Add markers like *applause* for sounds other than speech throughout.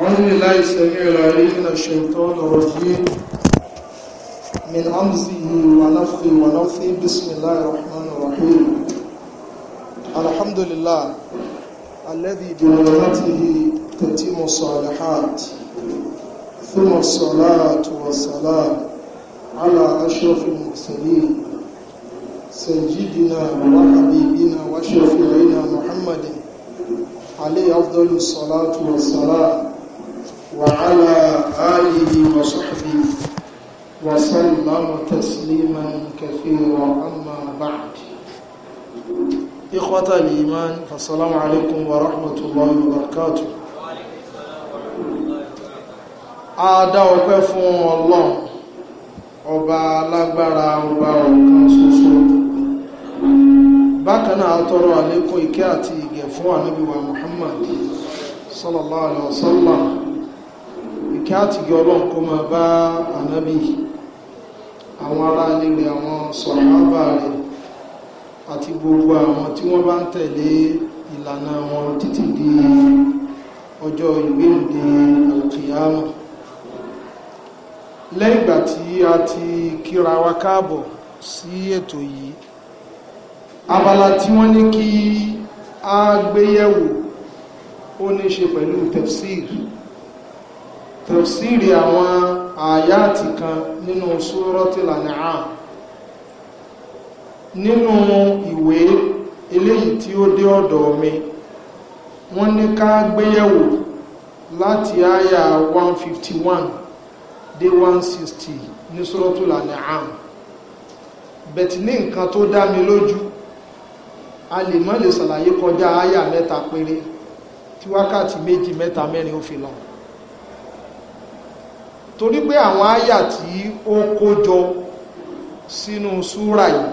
أعوذ الله السميع العليم من الشيطان الرجيم من أمزه ونفخه ونفخه بسم الله الرحمن الرحيم الحمد لله الذي بنعمته تتم الصالحات ثم الصلاة والسلام على أشرف المرسلين سيدنا وحبيبنا وشفيعنا محمد عليه أفضل الصلاة والسلام وعلى آله وصحبه وسلم تسليما كثيرا أما بعد إخوة الإيمان فالسلام عليكم ورحمة الله وبركاته Adá ọpẹ́ fún Ọlọ́run, ọba alágbára ọba ọ̀kan ṣoṣo. Bákan náà tọrọ àlékún ìkẹ́ àti ìgẹ̀ fún ànábì Muhammad sallallahu alaihi wasallam ìkẹ́ àtìgẹ́ ọlọ́run kó máa bá ànábì àwọn ará nílẹ̀ àwọn sọ̀rọ̀lábà rẹ̀ àti gbogbo àwọn tí wọ́n bá ń tẹ̀lé ìlànà wọn títí di ọjọ́ ìgbéǹde alkiyama lẹ́yìn ìgbà tí a ti kíra wa káàbọ̀ sí ètò yìí abala tí wọ́n ní kí a gbéyẹ̀wò ó ní ṣe pẹ̀lú tafsir tafsiri àwọn àyàtì kan nínú Suratul An'am nínú ìwé eléyìí tí ó dé ọ̀dọ̀ mi wọ́n ní ká gbéyẹ̀wò láti àyà 151 dé 160 ní Suratul An'am bẹ̀tì ní nǹkan tó dá mi lójú a lè mọ́ lè ṣàlàyé kọjá àyà mẹ́ta péré tí wákàtí méjì mẹ́ta mẹ́rin ó fi lọ torí pé àwọn àyà tí ó kójọ sínú súra yìí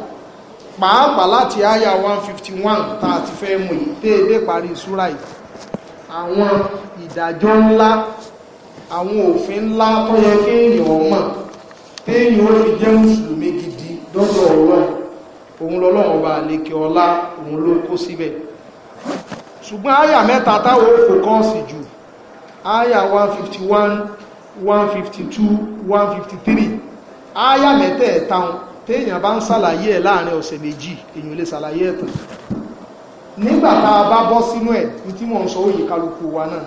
pàápàá láti àyà 151 tá a ti fẹ́ mú yìí déédé parí súra yìí àwọn ìdájọ́ ńlá àwọn òfin ńlá tó yẹ kéèyàn ọmọ téèyàn ó fi jẹ́ mùsùlùmí gidi dọ́dọ̀ ọ̀rọ̀ òun lọ́lọ́run bá lékè ọlá òun ló kó síbẹ̀ ṣùgbọ́n àyà mẹ́ta táwọn òkú kọ́ọ̀sì jù àyà 151 152 153 ááyà mẹ́tẹ̀ẹ̀ta téèyàn bá ń ṣàlàyé ẹ̀ láàrin ọ̀sẹ̀ méjì èyàn lè ṣàlàyé ẹ̀ tán nígbà tá a bá bọ́ sínú ẹ̀ ní tí wọ́n ń sọ òye kálukú wa náà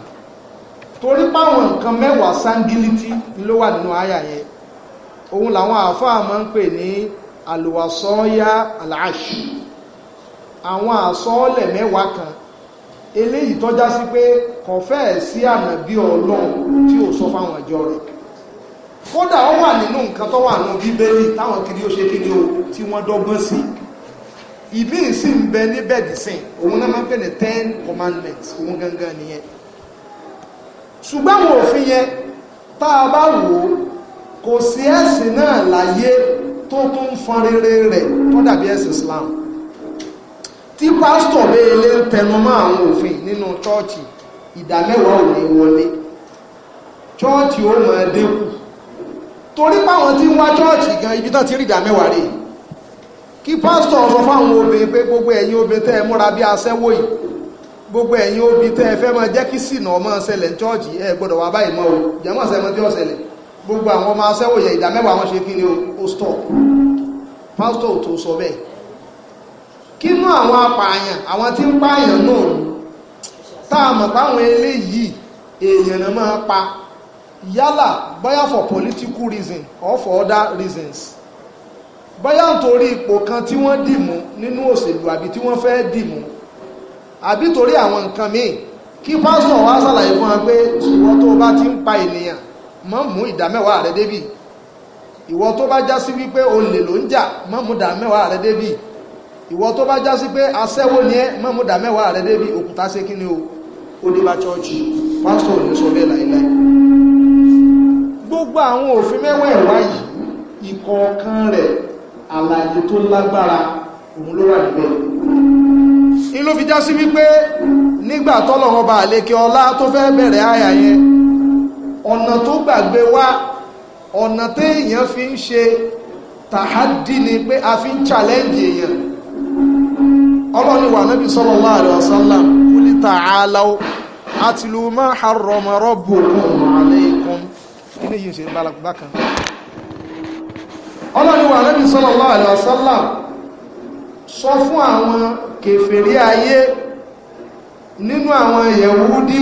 torí páwọn nǹkan mẹ́wàá sángílítì ló wà nínú àyà yẹn òun làwọn àáfàá máa ń pè ní àlùwàsọ́ọ́yá aláàṣù àwọn àsọ́ọ́lẹ̀ mẹ́wàá kan eléyìí tọ́já sí pé kò fẹ́ẹ̀ sí ànábì ọlọ́run tí ò sọ fáwọn ìjọ rẹ̀ kódà ó wà nínú nǹkan tó wà nínú bíbélì táwọn kiri ó ṣe kiri o tí wọ́n dọ́gbọ́n sí ìbí ìsì ń bẹ níbẹ̀ dìsìn òun náà máa ń pè ní ten commandments òun gangan nìyẹn ṣùgbọ́n àwọn òfin yẹn tá a bá wò ó kò sí ẹ̀sìn náà láyé tó tún fọn rere rẹ̀ tó dàbí ẹ̀sìn Islam tí pásítọ̀ béèlé ń tẹnu mọ́ àwọn òfin nínú chọ́ọ̀chì ìdámẹ́wàá ò ní wọlé chọ́ọ̀chì ó mọ̀ ẹ́ dínkù torí páwọn tí ń wá chọ́ọ̀chì gan ibi tán ti rí ìdámẹ́wàá rèé kí pásítọ̀ sọ fáwọn obìnrin pé gbogbo ẹ̀yin obìnrin tẹ́ ẹ múra bí aṣẹ́wó yìí gbogbo ẹ̀yin obìnrin tẹ́ ẹ fẹ́ máa jẹ́ kí sìnà ọmọ ṣẹlẹ̀ ní chọ́ọ̀chì ẹ gbọ́dọ̀ wá báyìí mọ́ o jẹ́mọ̀ sẹ́mọ́ tí ó ṣẹlẹ̀ gbogbo àwọn ọmọ aṣẹ́wó yẹn ìdámẹ́wàá wọn ṣe kí ni ó stọ̀ pásítọ̀ kínú àwọn apààyàn àwọn tí ń pààyàn náà tá a mọ̀ páwọn eléyìí èèyàn náà máa pa yálà bóyá for political reason or for other reasons bóyá nítorí ipò kan tí wọ́n dìmú nínú òṣèlú àbí tí wọ́n fẹ́ dìmú àbí torí àwọn nǹkan míì kí pásítọ̀ wá sàlàyé fún wa pé ìwọ tó bá ti ń pa ènìyàn má mú ìdámẹ́wàá rẹ débì ìwọ tó bá já sí wípé olè ló ń jà má mú ìdámẹ́wàá rẹ débì ìwọ tó bá já sí pé aṣẹ́wó ni ẹ́ mọ́múdà mẹ́wàá rẹ̀ débi òkúta ṣe kí ni o ó dé bá chọ́ọ̀chì pásítọ̀ ní sọ bẹ́ẹ̀ láìláì gbogbo àwọn òfin mẹ́wẹ̀ẹ̀wá yìí ìkọ̀ọ̀kan rẹ̀ àlàyé tó lágbára òun ló wà níbẹ̀ inú fi já sí wípé nígbà tọ́lọ́run bá àlékè ọlá tó fẹ́ bẹ̀rẹ̀ àyà yẹn ọ̀nà tó gbàgbé wá ọ̀nà téèyàn fi ń ṣe tàhádì ni pé a fi ń challenge èèyàn ọlọ́ni wà nábì sallallahu alaihi wasallam quli ta'alaw atlu ma harrama rabbukum alaykum ilé yìí ṣe bákan ọlọ́ni wà nábì sallallahu alaihi wasallam sọ fún àwọn kèfèrí ayé nínú àwọn yẹ̀wúdí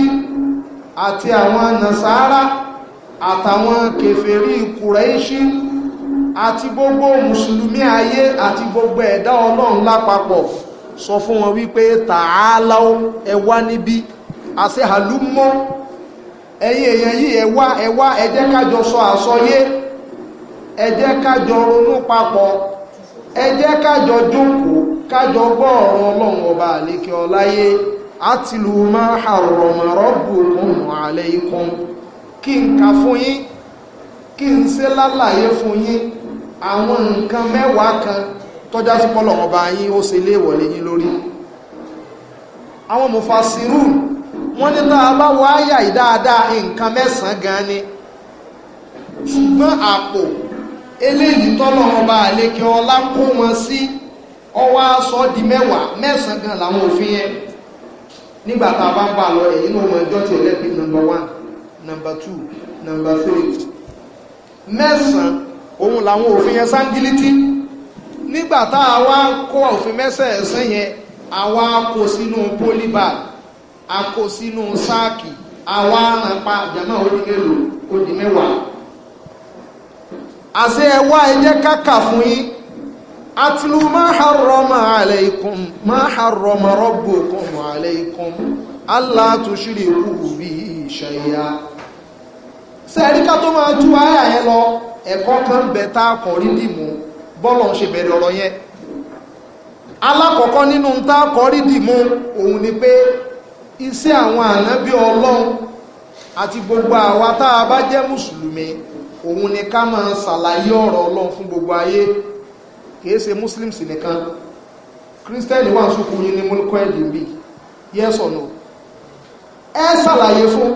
àti àwọn nàṣàárá àtàwọn kèfèrí kùrẹ́ṣí àti gbogbo mùsùlùmí ayé àti gbogbo ẹ̀dá ọlọ́run lápapọ̀ sọ fún wọn wípé tààlà ẹ wá níbí àṣẹ àlúmọ́ ẹ̀yin èèyàn yìí ẹ wá ẹ sọ àsọyé ẹ ronú papọ̀ ẹ jókòó kájọ gbọ́ ọ̀rọ̀ ọlọ́run ọba ọláyé máa kí n ka fún yín kí n ṣe lálàyé fún yín àwọn nǹkan mẹ́wàá kan tọ́já sí pọ́lọ̀ ọba yín ó ṣe lé ìwọ̀lé yín lórí àwọn mufasirun wọ́n ní tá a bá wọ àyà ìdáadáa nǹkan mẹ́sàn-án gan ni ṣùgbọ́n àpò eléyìí tọ́lọ̀ ọba àlékè ọlá kó wọn sí ọwọ́ aṣọ di mẹ́wàá mẹ́sàn-án gan làwọn òfin yẹn nígbà tá a bá ń bá lọ ẹ̀yìn náà mọ ẹjọ́ tí ẹlẹ́bí number one number two number three mẹ́sàn-án òun làwọn òfin yẹn sáńgílítì nígbà tá a wá ń kó òfin mẹ́sẹ̀ẹ̀sán yẹn àwa kó sínú polybag a kó sínú sáàkì àwa ràn pa jàmọ́ mélòó ó mẹ́wàá àṣẹ káka fún yín ma harrama alaykum ma harrama rabbukum alaykum alla tushriku bihi shay'a tó máa tú ayà yẹn lọ ẹ̀kọ́ kan bẹ̀ tá a kọ̀ bọ́lọ̀ ń ṣe bẹ̀rẹ̀ ọ̀rọ̀ yẹn alákọ̀ọ́kọ́ nínú tá a kọ́ rídì mú òun ni pé iṣẹ́ àwọn ànábí ọlọ́run àti gbogbo àwa tá a bá jẹ́ mùsùlùmí òun ni ká máa ṣàlàyé ọ̀rọ̀ ọlọ́run fún gbogbo ayé kìí ṣe muslims nìkan kírísítẹ́nì wà ń sùkú yín ní múlùkọ́ ẹ̀dùn bíi yes or no ẹ ṣàlàyé fún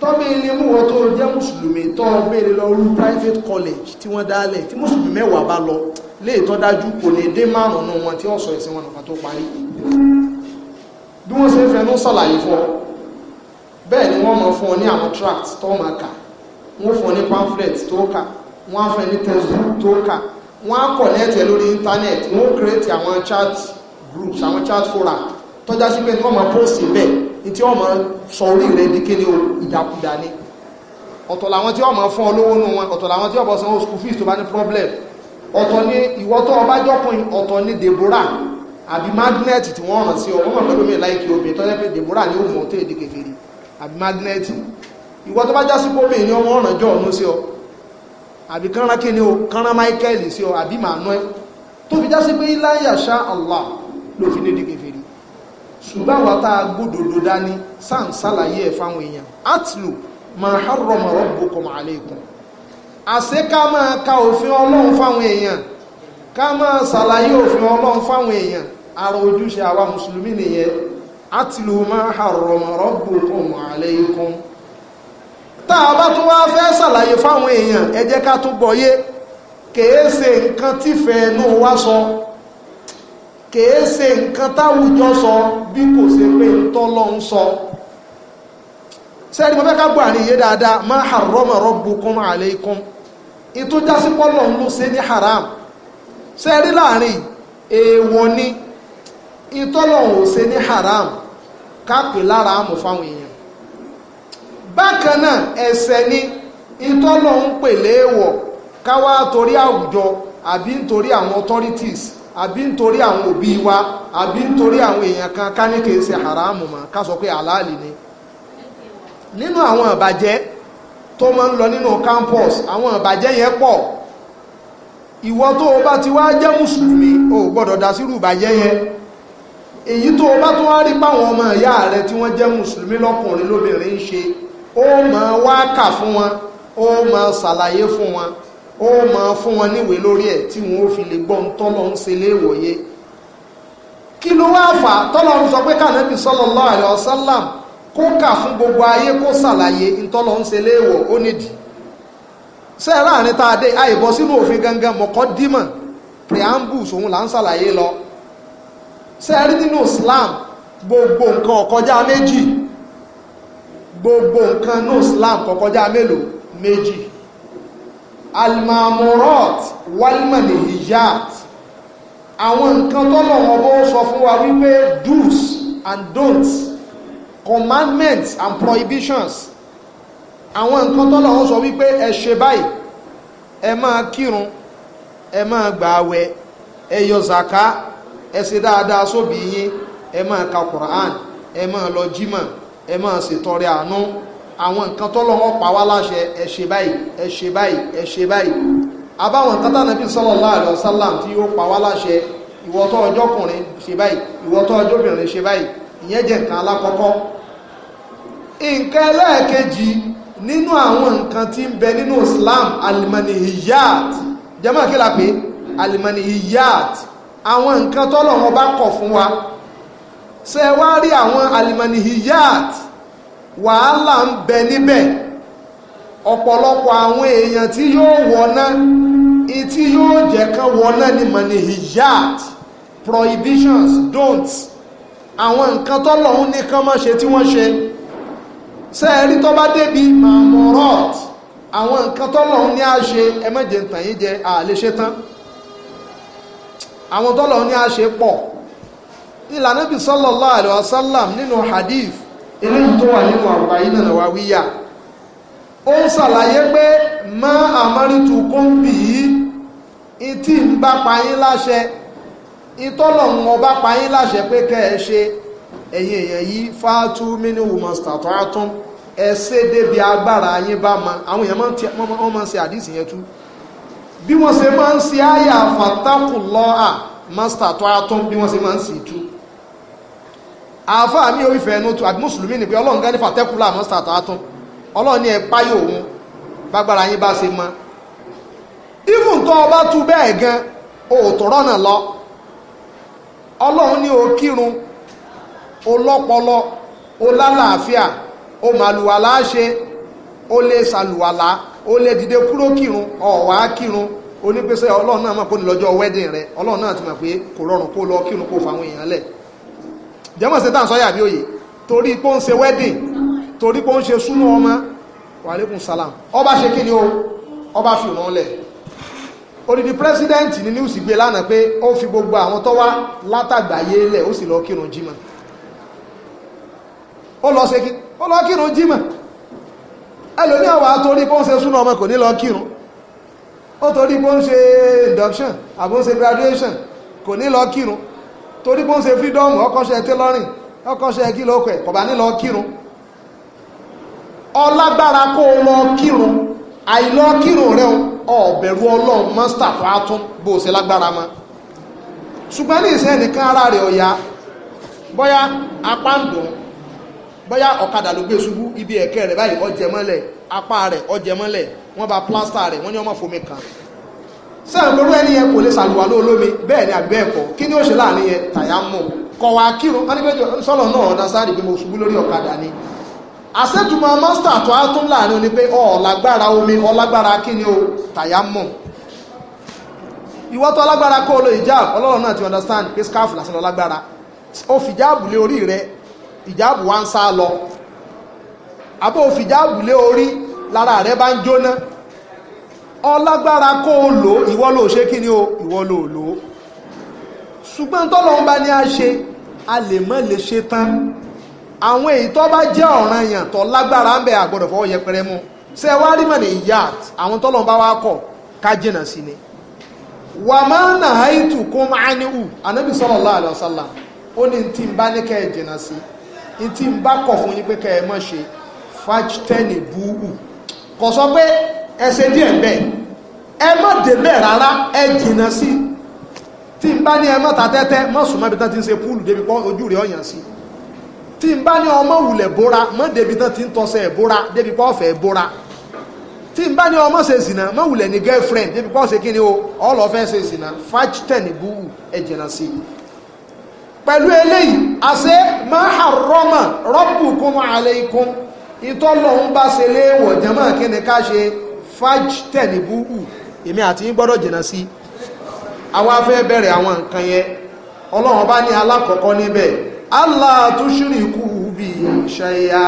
tọ́bí ilé múwọ́ tó jẹ́ mùsùlùmí tọ́ bèèrè lọ rú private college tí wọ́n dálẹ̀ tí mùsùlùmí mẹ́wàá bá lọ lè tọ́ dájú kò lè dé márùn-ún wọn tí ó sọ ẹ̀sìn wọn nǹkan tó parí bí wọ́n ṣe ń fẹnu sàlàyé fún ọ bẹ́ẹ̀ ni wọ́n máa fún ọ ní àwọn tract tó máa kà wọ́n fún ọ ní pamphlet tó kà wọ́n á fún ẹ ní textbook tó kà wọ́n á connect ẹ lórí internet wọ́n create àwọn chat groups àwọn chat forum tọ́já sí pé wọ́n máa post tí wọ́n máa sọ orí rẹ̀ di kéde ìdàkudà ni ọ̀tọ̀ làwọn tí wọ́n máa fún ọ lówó nù wọn ọ̀tọ̀ làwọn tí wọ́n bọ̀ sanwó school fees tó bá ní problem ọ̀tọ̀ ni ìwọ tó ọba jọ́kùnrin ọ̀tọ̀ ni Deborah àbí magnet tí wọ́n ràn sí ọ wọ́n mọ̀ pẹ̀lú mi láìkí obìnrin tó yẹ pé Deborah ni ó mọ̀ tó èdè kèfèrí àbí magnet ìwọ tó bá já sí pómi ní ọmọ ọ̀ràn jọ ọ̀nà sí ọ àbí kánrán kí ni o kánrán Michael sí ọ àbí Manuel tó fi já sí pé láyàṣá Allah ló fi ní dìgbèfè ṣùgbọ́n àwọn tá a gbódòdó dání sáà ń ṣàlàyé ẹ̀ fáwọn èèyàn atlu ma harrama rabbukum alaykum àṣẹ ká máa ka òfin ọlọ́run fáwọn èèyàn ká máa ṣàlàyé òfin ọlọ́run fáwọn èèyàn ara ojúṣe àwa mùsùlùmí nìyẹn atlu ma harrama rabbukum alaykum tá a bá tún wá fẹ́ ṣàlàyé fáwọn èèyàn ẹ jẹ́ ká tún gbọ́yé kèé ṣe nǹkan tífẹ̀ẹ́ nù wá sọ kèé se nǹkan táwùjọ sọ bí kò se pé ń tọ́lọ́ ń sọ sẹ́ni mo fẹ́ ká gbọ́ àníyé dáadáa má harrama rabbukum alaykum ìtó jásí pọ́lọ̀ ń ló ṣe ní haram sẹ́rí láàrin èèwọ̀ ni ìtọ́lọ̀ ò ṣe ní haram kápè lára àmọ̀ fáwọn èèyàn bákan náà ni ìtọ́lọ̀ ń pè léèwọ̀ káwá torí àwùjọ àbí nítorí àwọn authorities àbí nítorí àwọn òbí wa àbí nítorí àwọn èèyàn kan ká ní kìí ṣe haramu mọ́ ká sọ pé àlàálì ni nínú àwọn ìbàjẹ́ tó máa ń lọ nínú campus àwọn ìbàjẹ́ yẹn pọ̀ ìwọ tó o bá ti wá jẹ́ mùsùlùmí o gbọ́dọ̀ dá sírù ìbàjẹ́ yẹn èyí tó o bá tún wá rí páwọn ọmọ ìyá rẹ tí wọ́n jẹ́ mùsùlùmí lọ́kùnrin lóbìnrin ń ṣe ó máa wá kà fún wọn ó máa ṣàlàyé fún wọn ó máa fún wọn níwèé lórí ẹ̀ tí wọn ó fi lè gbọ́n tọ́lọ́ ń ṣe léèwọ̀ye kí ló wá fà tọ́lọ́ ń sọ pé kànábì sallallahu alaihi wasallam kó kà fún gbogbo ayé kó ṣàlàyé ntọ́lọ́ ń ṣe léèwọ̀ ó nídìí sẹ́ẹ̀ láàrin tá a dé àìbọ̀ sínú òfin gangan mọ̀kọ́ dímọ̀ preambles òun là ń ṣàlàyé lọ sẹ́ẹ̀rí nínú Islam gbogbo nǹkan ọ̀kọjá méjì gbogbo nǹkan nínú Islam kọ̀kọjá mélòó méjì almamurat walmanihiyat àwọn nǹkan tọ́lọ̀ wọn bó sọ fún wa wípé do's and don'ts commandments and prohibitions àwọn nǹkan tọ́lọ̀ wọn sọ wípé ẹ ṣe báyìí ẹ máa kírun ẹ máa gbààwẹ̀ ẹ yọ zaka ẹ ṣe dáadáa sóbì yín ẹ máa ka Quran ẹ máa lọ jímọ̀ ẹ máa ṣètọrẹ àánú àwọn nǹkan tọ́lọ́wọ́ pa wá láṣẹ ẹ ṣe báyìí ẹ ṣe báyìí ẹ ṣe báyìí àbáwọn nǹkan tánàbí sallallahu alaihi wasallam tí ó pa wá láṣẹ ìwọ́tọ́ ọjọ́kùnrin ṣe báyìí ìwọ́tọ́ ọjọ́bìnrin ṣe báyìí ìyẹn jẹ́ nǹkan alákọ̀ọ́kọ́ nǹkan ẹlẹ́ẹ̀kejì nínú àwọn nǹkan tí ń bẹ nínú Islam alimanihiyat jẹ́mọ́ kí la pé alimanihiyat àwọn nǹkan tọ́lọ́wọ́ bá kọ̀ fún wa ṣe wá rí àwọn alimanihiyat wàhálà ń bẹ níbẹ̀ ọ̀pọ̀lọpọ̀ àwọn èèyàn tí yóò wọná tí yóò jẹ́ kán wọná ni mọ̀ ní hijab prohibitions don't àwọn nǹkan tọ́lọ́hún ní kán má ṣe tí wọ́n ṣe sẹ́ẹ̀rí tó bá débi mamorot àwọn nǹkan tọ́lọ́hún ní a ṣe ẹ má jẹ ntàn yín jẹ àlè ṣe tán àwọn tọ́lọ́hún ní a pọ̀ ìlànà bí sallallahu alaihi wasallam nínú hadith eléyìí tó wà nínú àgbà yìí nànà wá wíyà ó ń ṣàlàyé pé má àmọ́rìtù kọ́ńbì yìí ìtì ń bá payín láṣẹ ìtọ́lọ̀ ń ọba payín láṣẹ pé kẹ́ ẹ ṣe ẹ̀yin èèyàn yìí fáátú mínú wùmọ̀sítàtọ̀ átún ẹ ṣe débi agbára yín bá ma àwọn èèyàn wọ́n máa ń ṣe àdìsí yẹn tú bí wọ́n ṣe máa ń ṣe àyà fàtàkùlọ́à mọ́sítàtọ̀ átún bí wọ́n ṣe máa ń ṣe tú afọ a ò rí fẹ̀ẹ́nu tu àbí mùsùlùmí ni pé ọlọ́run gan ní fàtẹ́kù láàmú sàtà tún ọlọ́run ní ẹ páyé òun bágbára yín bá ṣe mọ́ even tó ọba tú bẹ́ẹ̀ gan òòtọ́rọ́ náà lọ ọlọ́run ní o kírun o lọ́pọlọ o lálàáfíà o màlúwàlá ṣe o lè ṣàlùwàlá o lè dìde kúrò kírun ọ̀wá kírun onípèsè ọlọ́run náà rẹ ọlọ́run náà ti mọ̀ pé kò lọ kírun kó èèyàn jẹ́mọ̀ sí tàn sọ́yà bí òye torí pé ó ń ṣe wedding torí pé ó ń ṣe súnú ọmọ wàlékún salam ọba ṣe kí ni o ọba fi ìran lẹ̀ odidi president ní news gbé lánàá pé ó fi gbogbo àwọn tó wá látàgbáyé lẹ̀ ó sì lọ kírun jímọ̀ ó lọ ṣe ó lọ kírun jímọ̀ ẹlòmí àwọn àtórí pé ń ṣe súnú ọmọ kò ní lọ kírun ó torí pé ń ṣe induction àbó graduation kò ní lọ kírun torí bó ń ṣe fídọ́ọ̀mù ọkọ̀ṣẹ́ tẹ́lọ́rìn ọkọ̀ṣẹ́ kí ló kẹ̀ kọ̀bá ní lọ kírun ọlágbára kó o lọ kírun àìlọ kírun rẹ ọ̀bẹ̀rù ọlọ́run mọ́sítà tó á tún bó o ṣe lágbára mọ́ ṣùgbọ́n ní ìṣe ẹnìkan ara rẹ̀ ọ̀yà bóyá apá ń dùn bóyá ọ̀kadà ló gbé e ṣubú ibi ẹ̀kẹ́ rẹ̀ báyìí ọjẹ́ mọ́lẹ̀ apá rẹ̀ ọjẹ́ mọ́lẹ̀ wọ́n ba plásta rẹ̀ wọ́n ní ọmọ fomi kan sẹ́yìn lórú ẹni yẹn kò lè sàlùwà ní olómi bẹ́ẹ̀ ni àbí bẹ́ẹ̀ kọ́ kí ni ó ṣe láàrin yẹn tàyà mọ̀ kọ̀ wá kírun wọ́n ní pé sọ́lọ̀ náà ọ̀dà sáré pé mo ṣubú lórí ọ̀kadà ni àṣẹ́tùmọ̀ mọ́sítà tó á tún láàrin ni pé ọ̀lágbára omi ọlágbára kí ni ó tàyà mọ̀ ìwọ́ tó kó lo ìjáàbù ọlọ́run náà ti understand pé scarf lásán lọ ó fi ìjáàbù lé orí rẹ ìjáàbù wá ń sá lọ àbó fi ìjáàbù lé orí lára rẹ bá ń jóná ọlágbára kó o lò ìwọ ló ṣe kí ni o ìwọ ló lò ó ṣùgbọ́n tọ́lọ́run bá ní a ṣe a lè mọ́ lè ṣe tán àwọn èyí tó bá jẹ́ ọ̀ranyàn tó lágbára ń bẹ àgbọ̀dọ̀ fọwọ́ yẹpẹrẹ mú ṣe wá rí mọ̀ ní yàt àwọn tọ́lọ́run bá wá kọ̀ ká jìnà sí ni wà máa ń nà áìtù kó máa ní hù ànábì sallallahu alaihi ó ní ń bá ní kẹ́ ẹ̀ jìnà sí ní ń bá kọ̀ fún yín pé kẹ́ mọ̀ ṣe sọ pé ese dị díẹ̀ bẹ́ẹ̀ ẹ má dé rara rárá ẹ jìnnà sí tí n bá ní ẹ má ta tán ti ń ṣe púùlù débi pọ́ ojú rẹ̀ ọ̀yàn sí tí n bá ní ọmọ wulẹ̀ bóra má tán ti ń tọ́sẹ̀ bóra débi pọ́ ọ̀fẹ́ bóra tí n bá ní ọmọ ṣe ṣìnà má wulẹ̀ ní girlfriend débi pọ́ ṣe kí ni o ọlọ́fẹ́ ṣe ṣìnà fájítẹ̀ ní búhù ẹ jìnnà sí i pẹ̀lú eléyìí àṣẹ máa bá ṣe jẹ́mọ́ kí ni ká ṣe faj tẹ̀lé búhù èmi àti yín gbọ́dọ̀ jìnnà sí àwọn afẹ́ bẹ̀rẹ̀ àwọn nǹkan yẹn ọlọ́run bá ní alákọ̀ọ́kọ́ níbẹ̀ allah tushriku bi shay'a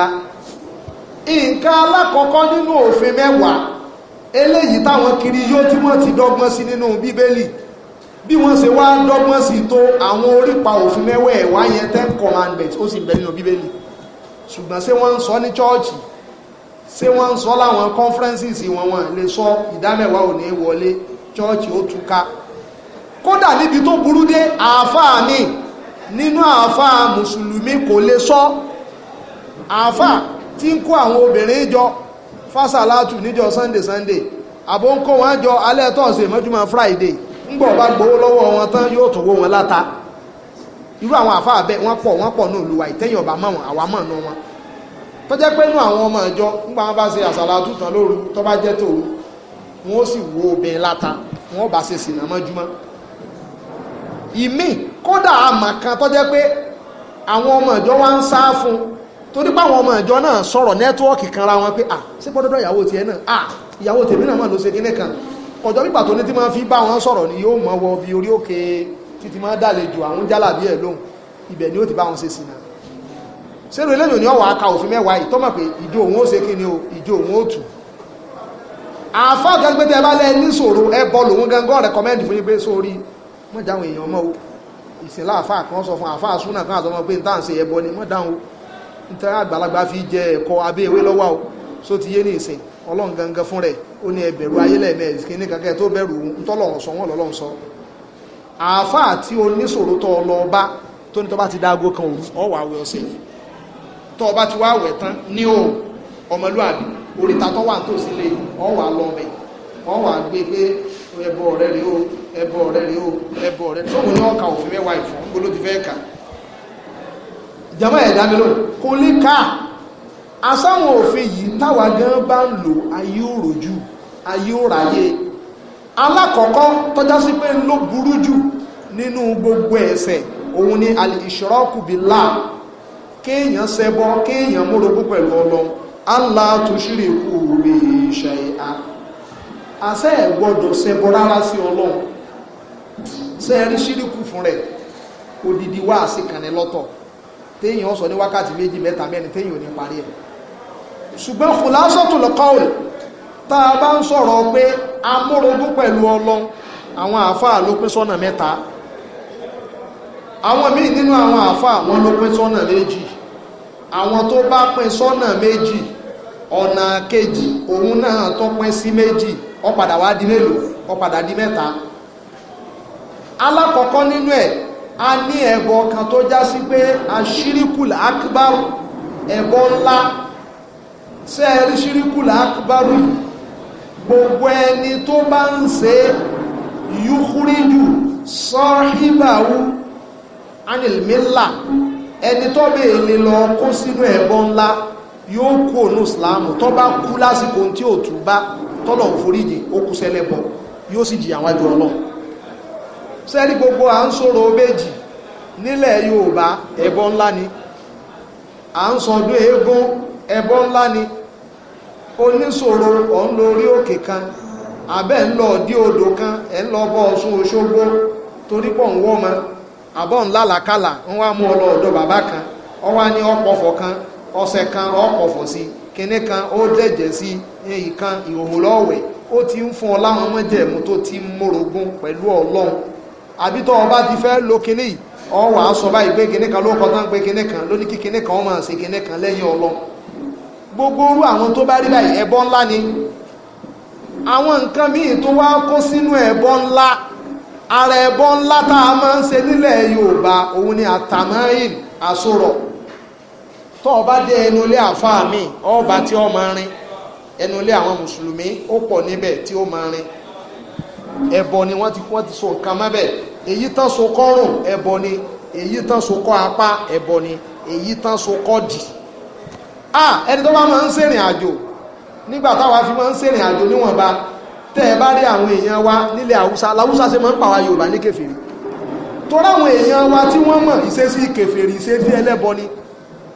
nǹkan alákọ̀ọ́kọ́ nínú òfin mẹ́wàá eléyìí táwọn kiri yóò tí wọ́n ti dọ́gbọ́n sí nínú bíbélì bí wọ́n ṣe wá dọ́gbọ́n sí tó àwọn orípa òfin mẹ́wẹ̀ẹ̀wá yẹn ten commandments ó sì bẹ nínú bíbélì ṣùgbọ́n ṣé wọ́n ń sọ ní chọ́ọ̀chì ṣé wọ́n ń sọ láwọn conferences wọn wọn lè sọ ìdámẹ́wàá ò ní wọlé chọ́ọ̀chì ó túká kódà níbi tó burú dé àáfàá mi nínú àáfàá mùsùlùmí kò lè sọ àáfàá tí ń kó àwọn obìnrin jọ fásálátù níjọ sunday sunday ń kó wọn jọ alẹ́ wọn tán yóò wọn láta irú àwọn bẹ́ẹ̀ wọ́n pọ̀ wọ́n pọ̀ ìtẹ́yìn ọ̀bà àwa wọn tó jẹ́ pé inú àwọn ọmọ ìjọ nígbà wọn bá ṣe àsàlátù tán lóru tó bá jẹ́ tòru wọn ó sì wo obìnrin láta wọn ó bá ṣe sìnà mọ́júmọ́ ìmí kódà àmà kan tó jẹ́ pé àwọn ọmọ ìjọ wa ń sá fún torí pé àwọn ọmọ ìjọ náà sọ̀rọ̀ nẹ́tíwọ́ọ̀kì kan ra wọn pé à ṣé gbọ́dọ̀dọ̀ ìyàwó tiẹ̀ náà à ìyàwó tèmi náà mà ló ṣe kíní kan ọjọ́ pípà tó ní tí máa fi bá wọn sọ̀rọ̀ ni yóò mọ̀ wọ bí orí òkè títí máa dàlejò àwọn jálàbí ẹ̀ lóhùn ibẹ̀ ni ó ti bá wọn ṣe sìnà sẹ́rù eléyìn ni ọwọ́ aka òfin mẹ́wàá yìí tọ́mọ̀ pé ìjọ òun ó ṣe kí ni o ìjọ òun ó tù àfá gẹ́gbẹ́tẹ́ bá lẹ́ ní sòro ẹbọ lòun gangan rẹ̀kọ́mẹ́ndì fún yín pé sórí mọ́ jáwọn èèyàn mọ́ o ìsìnlá àfá kan sọ fún àfá súnà kan àtọmọ pé níta ń ṣe ẹbọ ni mọ́ dáhùn nítorí àgbàlagbà fi jẹ ẹ̀kọ́ abẹ́ ewé lọ́wọ́ o só ti yé ní ìsìn ọlọ́run gangan fún rẹ̀ ó ní ẹbẹ̀rù ayé lẹ́ẹ̀mẹ́rin tó o bá ti wá wẹ̀ tán ní o ọmọlúwàbí oríta tó wà tó sílé ọwà lọ́bẹ̀ ọwà gbé pé ẹbọ ọ̀rẹ́ rẹ o ẹbọ ọ̀rẹ́ rẹ o ẹbọ ọ̀rẹ́ rẹ tóun ní ọkà òfin mẹ́wàá ìfọ̀n gbóló ti fẹ́ kà jama ẹ̀dá mi lò kò lè ká asáwọn òfin yìí táwa gan bá ń lò ayé ò ayé ò alákọ̀ọ́kọ́ tọ́já sí pé ló burú jù nínú gbogbo ẹ̀ṣẹ̀ òun ni al-ishraku billah kéèyàn ṣẹbọ kéèyàn múrogún pẹ̀lú ọlọ́run allah tó ṣírí ikú rè ṣàìhà àṣẹ ẹ̀ gbọ́dọ̀ ṣẹbọ rárá sí ọlọ́run ṣe rí ṣíríkù fún rẹ̀ odidi wá sí kànnì lọ́tọ̀ téèyàn sọ ní wákàtí méjì mẹ́ta mẹ́rin téèyàn ò ní parí ẹ̀ ṣùgbọ́n khulasatul qawl tá a bá ń sọ̀rọ̀ pé amúrogún pẹ̀lú ọlọ́run àwọn àáfàá ló pín sọ́nà mẹ́ta àwọn míì nínú àwọn àfà wọn ló pín sọ́nà méjì àwọn tó bá pín sọ́nà méjì ọ̀nà kejì òun náà tó pín sí méjì ó padà wá di mélòó ó padà di mẹ́ta alákọ̀ọ́kọ́ nínú ẹ̀ a ní ẹbọ kan tó já sí pé aṣíríkùlà akíbárù ẹbọ ńlá ṣé ẹ rí ṣíríkùlà akíbárù yìí gbogbo ẹni tó bá ń ṣe yúkúrídù sọ́híbàwú anilmila ẹni tó bẹ́ẹ̀ lè lọ kó sínú ẹbọ ńlá yóò kú ònú ìsìláàmù tó bá kú lásìkò tí ò bá tọ́lọ̀ foríjì ó kú yóò sì jì àwọn ẹjọ́ ọlọ́run sẹ́rí gbogbo à ń sọ̀rọ̀ obéjì nílẹ̀ Yorùbá ni à ń eégún ni oníṣòro ọ̀ ń kan ń kan ẹ̀ ń lọ bọ́ àbọ̀ ńlá làkàlà ń wá mú ọlọ ọ̀dọ̀ bàbá kan ọ wá ní ọ̀pọ̀fọ̀ kan ọ̀sẹ̀ kan ọ̀pọ̀fọ̀ sí kinní kan ó dẹ̀jẹ̀ sí èyí kan ìhòhò lọ́wẹ̀ ó ti ń fún ọ láwọn mọ́jẹ̀mú tó ti ń mórogún pẹ̀lú ọlọ́run àbí tó ọba ti fẹ́ lo kinní yìí ọ wà á sọ báyìí pé kinní kan ló kọ tán pé kinní kan ló ní kí kinní kan ó máa ṣe kinní kan lẹ́yìn ọlọ́run gbogbo orú àwọn tó ara ẹbọ ńlá tá a máa ń ṣe nílẹ̀ Yorùbá òun ni àtàmáyìn àsorọ̀ tó o bá dé ẹnu ilé àfáà mi ọba tí ó máa rin ẹnu ilé àwọn mùsùlùmí ó pọ̀ níbẹ̀ tí ó máa rin ẹbọ ni wọ́n ti wọ́n ti so nǹkan mọ́bẹ̀ èyí tán so kọ́rùn ẹbọ ni èyí tán so kọ́ apá ẹbọ ni èyí tán so kọ́ dì ah ẹni tó bá máa ń ṣèrìn àjò nígbà táwa fi máa ń ṣèrìn àjò níwọ̀nba tẹ́ ẹ bá rí àwọn èèyàn wa nílẹ̀ haúsá làwúsá ṣe máa ń pàwà yorùbá ní kèfèrí torí àwọn èèyàn wa tí wọ́n mọ̀ ìṣesí kèfèrí ìṣesí ẹlẹ́bọ ni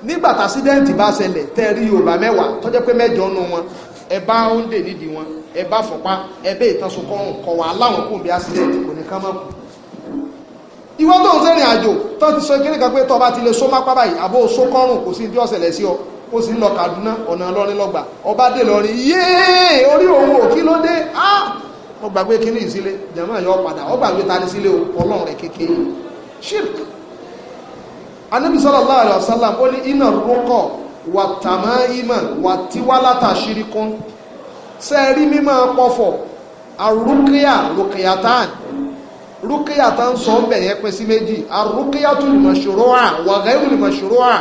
nígbà tásídẹ́ǹtì bá ṣẹlẹ̀ tẹ́ rí yorùbá mẹ́wàá tọ́jẹ́ pé mẹ́jọ nu wọn ẹ bá ń dè nídìí wọn ẹ bá fọ̀pá ẹ bẹ́ ìtànsókọ́rùn kọ̀ wá láwọn kò bí àsídẹ́ǹtì kò ní ká mọ́ kù ìwọ́n tó ń ó sì ń lọ Kaduna ọ̀nà lọ́rin lọ́gbà ọba dé lọ́rin yéé orí òun ò kí ló dé ah ó gbàgbé kíní ìsílé jàmáà yọ padà ó gbàgbé ta ní sílé ọlọ́run rẹ̀ kékeré shirk anabi sallallahu alaihi wasallam ó ní iná rúkọ wà tàmáìmà wà tíwálátà ṣirikún sẹ́ẹ̀rí mímọ́ pọ̀fọ̀ arúkíyà rúkíyàtàn rúkíyàtàn sọ ń bẹ̀yẹ pín sí méjì arúkíyàtù lùmọ̀ṣòro à wàgẹ́rù lùmọ̀ṣòro à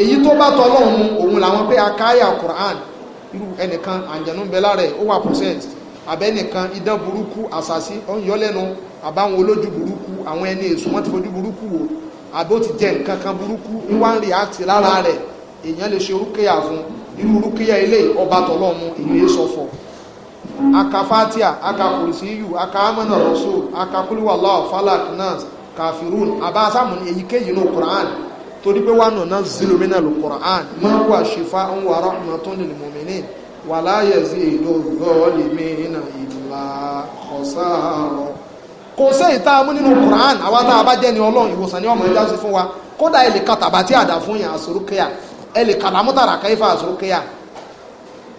èyí tó bá tọ́ lọ́hùn mu òun làwọn pé akáyà Quran irú ẹnìkan àǹjẹ̀nú ń bẹ lára ẹ̀ ó wà percent àbẹ́nìkan idán burúkú àṣàṣì ọ̀nyọ́lẹ́nu àbáwọn olójú burúkú àwọn ẹni èso wọn ti fojú burúkú wò àbí ó ti jẹ nǹkan kan burúkú ń wá ń rí àti lára rẹ̀ èèyàn lè ṣe rúkìá fún irú rúkìá ilé ọba tọ́lọ́mù ìwé sọ̀fọ̀ aka fatia aka kùrìsíyù aka amọ̀nà rasul aka kúlúwà lọ́wọ́ falak nas kafirun abáṣàmù èyíkéyìí ní Quran torí pé wánà náà zilu minal Qur'an ma huwa shifa'un wa rahmatun lil mu'minin wa la yazidu zalimina illa khasara kò sí ìta mú nínú Qur'an àwa tá a bá jẹ́ ni ọlọ́run ìwòsàn ní ọmọ ẹja sí fún wa kódà ẹ lè ka tàbá tí àdá fún yàn àsorókèyà ẹ lè kàlámútàrà káyífà àsorókèyà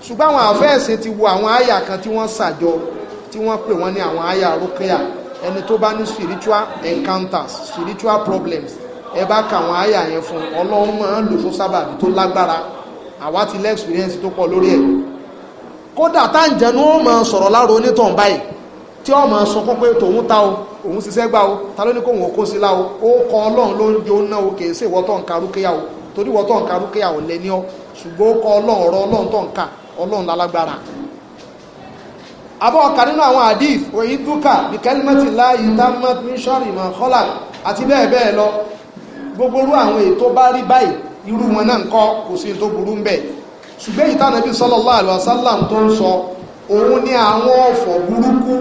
ṣùgbọ́n àwọn àfẹ́ẹ̀sìn ti spiritual encounters spiritual problems ẹ bá ka àwọn àyà yẹn fún ọlọ́run máa ń lò fún sábàbí tó lágbára àwa ti lẹ́ experience tó pọ̀ lórí ẹ̀ kódà táǹjẹ̀nu ó máa sọ̀rọ̀ láàrọ̀ onítàn báyìí tí ó máa sọ pé tòun ta o òun ṣiṣẹ́ gbà o ta ló ní kóhun ó kó sí lá o ó kọ ọlọ́run ló ń jó ná o kìí ṣe ìwọ tó ń ka rúkẹ́yà o torí ìwọ tó ń lẹ ní ọ ṣùgbọ́n ó kọ ọlọ́run ọ̀rọ̀ ọlọ́run tó ọlọ́run lálágbára abọ́ ọ̀ka nínú àwọn àdìf òyìn dúkà bí kẹ́límẹ́tì láàyè tá mọ́ ní mọ́ kọ́là àti bẹ́ẹ̀ bẹ́ẹ̀ lọ gbogbo irú àwọn ètò bá rí báyìí irú wọn náà kọ́ kò sí tó burú ń bẹ̀ ṣùgbọ́n èyí tánàbí sallallahu alaihi wasallam tó ń sọ òun ni àwọn ọ̀fọ̀ burúkú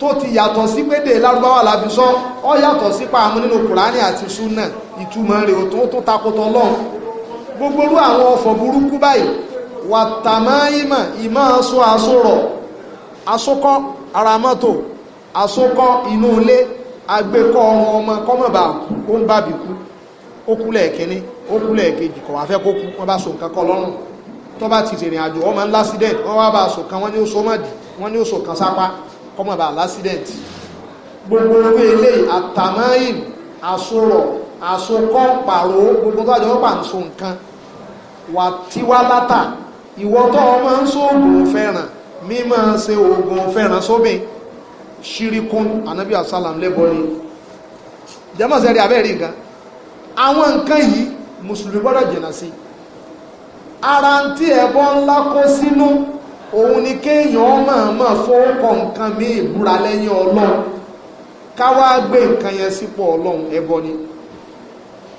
tó ti yàtọ̀ sí pédè lárúbáwá la fi sọ ọ yàtọ̀ sí pàmò nínú kùránì àti súnà ìtumọ̀ rẹ̀ ò tó takotọ lọ́hùn gbogbo irú àwọn ọ̀fọ̀ burúkú báyìí wàtàmáìmọ̀ ìmọ̀ aṣọ àṣọrọ̀ asókọ́ ara mọ́tò asókọ́ inú ilé agbékọ́ ọmọ ọmọ kọ́mọ̀bà ó ń bàbí kú ó kú lẹ́ẹ̀kíní ó kú lẹ́ẹ̀kejì kọ̀ wá fẹ́ kó kú wọ́n bá so nǹkan kọ́ lọ́rùn tó bá ti rìnrìn àjò wọ́n máa ń lásídẹ̀ǹt wọ́n wá bá so kan wọ́n ní ó so mọ̀dì wọ́n ní ó so kan sápá kọ́mọ̀ bá lásídẹ̀ǹt gbogbo owó eléyìí àtàmáyìn àsorọ̀ àsokọ́ pàrọ̀ gbogbo tó àjọ pà ń so nǹkan wà tiwá látà ìwọ tó o máa ń so oògùn fẹ́ràn mí máa ṣe oògùn fẹ́ràn sóbìn ṣíríkún ànábì àsálàm lẹ́bọ̀ọ́ ni jẹ́mọ̀ sẹ́rí abẹ́rẹ́ nǹkan àwọn nǹkan yìí mùsùlùmí gbọ́dọ̀ jìnà sí ara ń tí ẹbọ ńlá kó sínú òun ni kéèyàn mọ̀ọ́mọ̀ fọ́ọ̀kọ̀ nǹkan mí ìbúra lẹ́yìn ọlọ́run káwá gbé nǹkan yẹn sípò ọlọ́run ẹbọ ni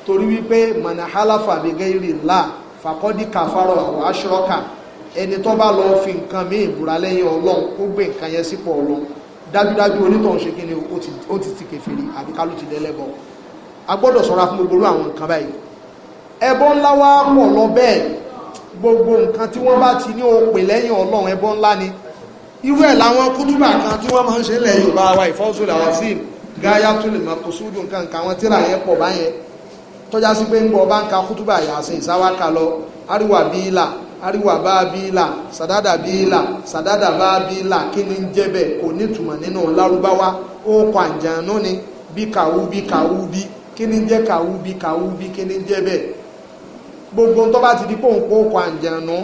torí wípé manahalafa bigayri Allah fàkọ́dí kàfàrọ̀ àwọn aṣọ́ọ̀kà ẹni tó bá lọ fi nǹkan mí ìbúra lẹ́yìn ọlọ́run ó gbé nǹkan yẹn sípò ọlọ́run dájúdájú onítọ̀hún ṣe kí ni ó ti ti kèfèrí àbíkálù ti dẹ́lẹ́bọ̀ọ́ a gbọ́dọ̀ sọ́ra fún gbogbo àwọn nǹkan báyìí ẹbọ ńlá wá pọ̀ lọ bẹ́ẹ̀ gbogbo nǹkan tí wọ́n bá ti ní òpè lẹ́yìn ọlọ́run ẹbọ ńlá ni irú ẹ̀ láwọn kútùbà kan tí wọ́n máa ń ṣe lẹ̀ yorùbá wa ìfọ́sùn làwọn sí gáyà tó lè máa kó sódù nǹkan nǹkan àwọn tíra yẹn pọ̀ báyẹn tọ́já sí pé ń bọ̀ bá ń ka kútùbà yàsìn ìsáwáka lọ ariwa bíílà ariwa bá bíílà sàdádà bíílà sàdádà bá bíílà kí ni ń jẹ́ bẹ́ẹ̀ kò nítumọ̀ nínú lárúbáwá ó kọ àǹjànú ni bí kàwú bí kàwú bí kí ni jẹ́ kàwúbí kàwúbí kí ni jẹ́ bẹ́ẹ̀ gbogbo tó bá ti di pòun kó kọ àǹjànú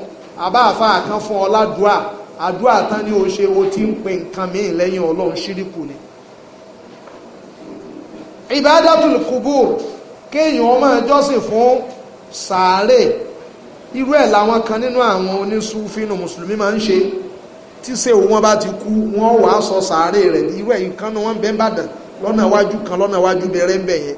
àbáàfà kan fún ọ ládùúà àdúà tán ni ó ṣe o ti ń pe nǹkan míì lẹ́yìn ọlọ́run ṣíríkù ni ibadatul kubur kéèyàn máa jọ́sìn fún sàárè irú ẹ̀ làwọn kan nínú àwọn onísúfínù mùsùlùmí máa ń ṣe tí ṣe wọn bá ti kú wọn wàá sọ sàárè rẹ̀ irú ẹ̀ nǹkan ni wọ́n ń bàdàn lọ́nà iwájú kan lọ́nà iwájú bẹ̀rẹ̀ ń bẹ̀ yẹn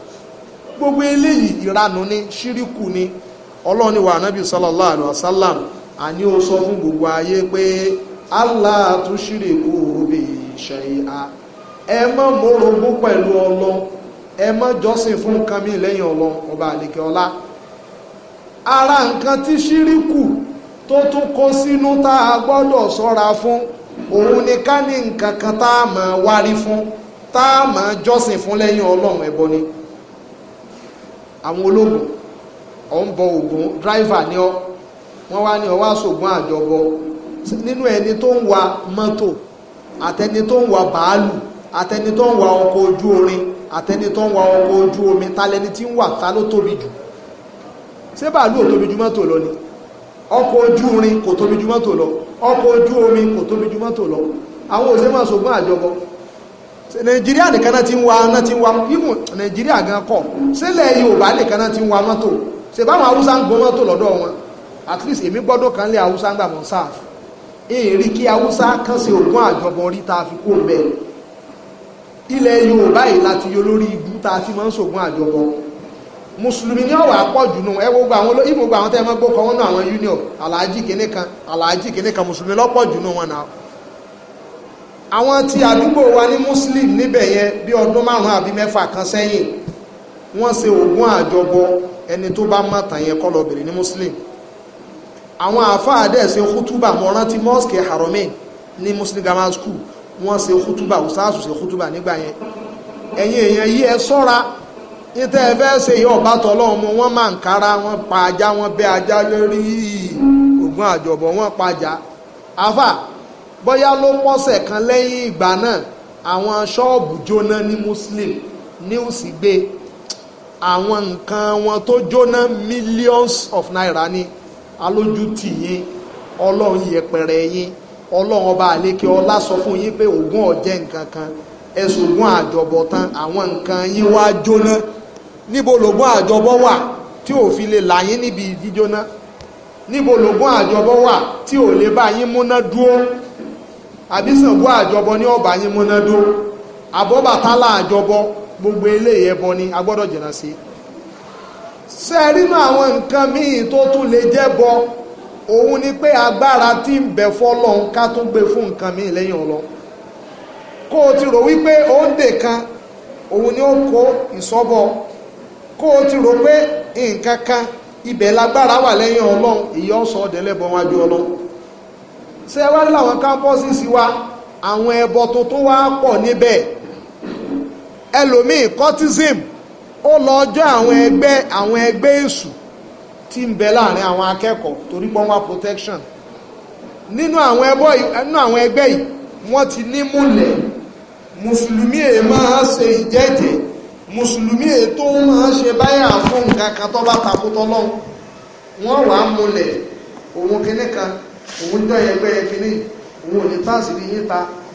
gbogbo eléyìí ìranù ni ṣíríkù ni ọlọ́run ni wà nábì sallallahu alaihi àní ó sọ fún gbogbo ayé pé allah tún ṣíríkù bi a ẹ mọ́ mórogún pẹ̀lú ọlọ́run ẹ mọ́ jọ́sìn fún nǹkan lẹ́yìn ọlọ́ ọba àlekẹ́ àwọn ológun ọ̀ ń bọ ògùn dráìvà ni ọ́ wọ́n wá ní ọwọ́ àṣògùn àjọbọ nínú ẹni tó ń wa mọ́tò àtẹni tó ń wa bàálù àtẹni tó ń wa ọkọ̀ ojú orin àtẹni tó ń wa ọkọ̀ ojú omi talẹni tí ń wà ta ló tóbi jù ṣé bàálù ò tóbi jù mọ́tò lọ ni ọkọ̀ ojú orin kò tóbi jù mọ́tò lọ ọkọ̀ ojú omi kò tóbi jù mọ́tò lọ àwọn òṣèlú àṣògùn àjọbọ nàìjíríà nìkan náà ti ń wa náà ti ń wa even nàìjíríà gan kọ sílẹ̀ yorùbá nìkan náà ti ń wa mọ́tò ṣe báwọn haúsá ń gbọ́ mọ́tò lọ́dọ̀ wọn at least èmi gbọ́dọ̀ kan lé haúsá ń gbà mọ́ sáf èèrí kí haúsá kan ṣe ògùn àjọbọ orí tá a fi kó bẹ́ẹ̀ ilẹ̀ yorùbá yìí láti yọ lórí ibú tá a ti máa ń ṣògùn àjọbọ mùsùlùmí ní ọ̀wà pọ̀jù nù ẹ gbogbo àwọn ìmùgbà àwọn tẹ́ ẹ mọ́ gbókọ̀ wọn náà àwọn union aláàjì kìnnìkan aláàjì kìnnìkan mùsùlùmí lọ́pọ̀jù nù wọn náà àwọn tí àdúgbò wa ní muslim níbẹ̀ yẹn bí ọdún márùn-ún àbí mẹ́fà kan sẹ́yìn wọ́n ṣe ògùn àjọbọ ẹni tó bá mọ̀tàn yẹn kọ́ ní muslim àwọn àáfàá dẹ̀ se kútúbà mo rántí mosque haromi ní muslim grammar school wọ́n ṣe kútúbà usaasu ṣe kútúbà nígbà yẹn ẹ̀yin èèyàn yí ẹ sọ́ra ní tẹ́ ẹ fẹ́ ṣe yí ọ̀bá tọ́lọ́run mu wọ́n máa ń kára wọ́n pa ajá wọ́n bẹ́ ajá lórí ògùn àjọbọ wọ́n pa ajá àáfàá bóyá ló pọ̀sẹ̀ kan lẹ́yìn ìgbà náà àwọn ṣọ́ọ̀bù jóná ní muslim news gbé àwọn nǹkan wọn tó jóná millions of naira ní alójú tì yín ọlọ́run yẹpẹrẹ yín ọlọ́run ọba àlékè ọlá sọ fún yín pé ògùn ọ̀jẹ̀ nǹkan kan ẹ̀sùn ògùn àjọbọ̀ tán àwọn nǹkan yín wá jóná níbo lògùn àjọbọ̀ wà tí ò fi lè là yín níbi jíjóná níbo lògùn àjọbọ̀ wà tí ò lè bá yín múná dúró àbí àjọbọ ní ọba yín múnádó àbọ̀bàtálá àjọbọ gbogbo eléyìí ẹbọ ni a jìnnà sí ṣe àwọn nǹkan míì tó tún lè jẹ́bọ òun ni pé agbára ti ń bẹ fọ́lọ́hun ká tún gbé fún nǹkan míì lẹ́yìn Ọlọ́hun kó o ti rò wípé kan òun ni ó kó kó ti rò pé nǹkan kan ibẹ̀ wà lẹ́yìn wájú ṣe wá wa àwọn ẹbọ tuntun wá pọ̀ níbẹ̀ ẹlòmíì cortism ó lọ jọ àwọn ẹgbẹ́ àwọn ẹgbẹ́ èṣù tí ń bẹ láàrin àwọn akẹ́kọ̀ọ́ torí pọ́n protection nínú àwọn ẹbọ nínú àwọn ẹgbẹ́ yìí wọ́n ti ní múlẹ̀ mùsùlùmí èè máa ṣe ìjẹ́jẹ́ mùsùlùmí èè tó máa ṣe báyà fún nǹkan kan tó bá takótọ́ lọ́wọ́ wọ́n wàá múlẹ̀ òun jọ ẹgbẹ́ òun ò ní táàsì rí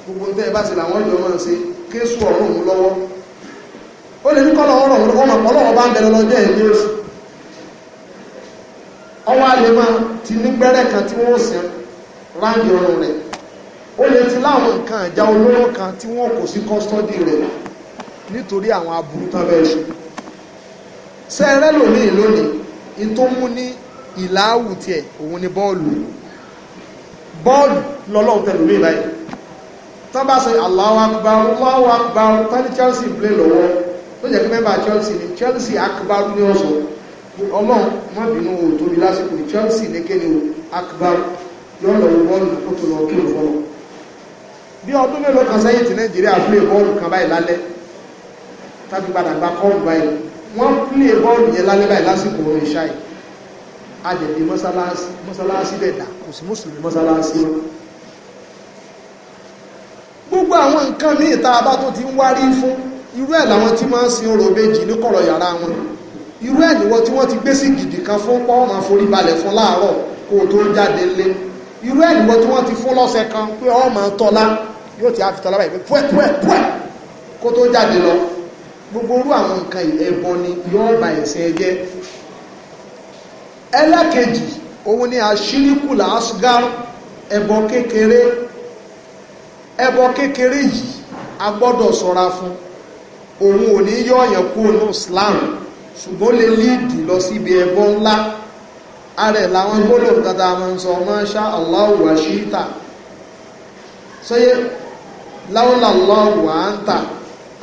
gbogbo tẹ́ bá ti làwọn ìjọ máa ṣe ọ̀rọ̀ òun lọ́wọ́ ó lè ní kọ́ lọ́wọ́ ọ̀rọ̀ òun ọlọ́wọ́ bá ń ẹ̀mí oṣù ọwọ́ alẹ́ máa ti ní gbẹ́rẹ́ kan tí wọ́n sìn láàyè ọ̀rọ̀ kan tí wọ́n kò sí kọ́sítọ́dì rẹ̀ nítorí àwọn aburú bọ́ọ̀lù lọ́lọ́run tẹ̀lómi láì tán bá sọ Allahu Akbar Allahu Akbar tán ní Chelsea play lọ́wọ́ tó jẹ́ pé mẹ́bà Chelsea ni Chelsea akbar ní ọ̀sọ̀ ọlọ́run má bínú o torí lásìkò Chelsea ní kéde o akbar yọ lọ́wọ́ bọ́ọ̀lù kó tó lọ kí ló fọlọ́ bí ọdún mélòó kan sẹ́yìn tí Nàìjíríà play bọ́ọ̀lù kan báyìí lálẹ́ tàbí padà gba kọ́ọ̀lù báyìí wọ́n play bọ́ọ̀lù yẹn lálẹ́ báyìí lásìkò orin ṣáyìí adẹ̀dẹ̀ mọ́sálásí mọ́sálásí dẹ̀dà kò sí mùsùlùmí mọ́sálásí gbogbo àwọn nǹkan míì tá a bá tó ti ń wárí fún irú ẹ̀ làwọn tí máa ń sin orò méjì ní kọ̀rọ̀ yàrá wọn irú ẹ̀ níwọ́ tí wọ́n ti gbé sí gidi kan fún pọ́ọ̀mà forí balẹ̀ fún láàárọ̀ kó tó ń jáde lé irú ẹ̀ níwọ́ tí wọ́n ti fún lọ́sẹ̀ kan pé ọmọ tọ́lá yóò ti àfi tọ́lá báyìí pẹ́ pẹ́ pẹ́ kó tó jáde lọ gbogbo orú àwọn nǹkan ẹbọ ni yóò ba ẹ̀sìn ẹjẹ́ ẹlẹ́kejì òun ni àṣíríkù làásgár ẹbọ kékeré ẹbọ kékeré yìí a gbọ́dọ̀ ṣọ́ra fún òun ò ní yọ ọ̀yàn kúrò ní Islam ṣùgbọ́n lè líìdì lọ síbi ẹbọ ńlá ààrẹ làwọn gbọ́dọ̀ tata máa sọ masha Allahu wa shita sọyẹ láúlà Allahu wa anta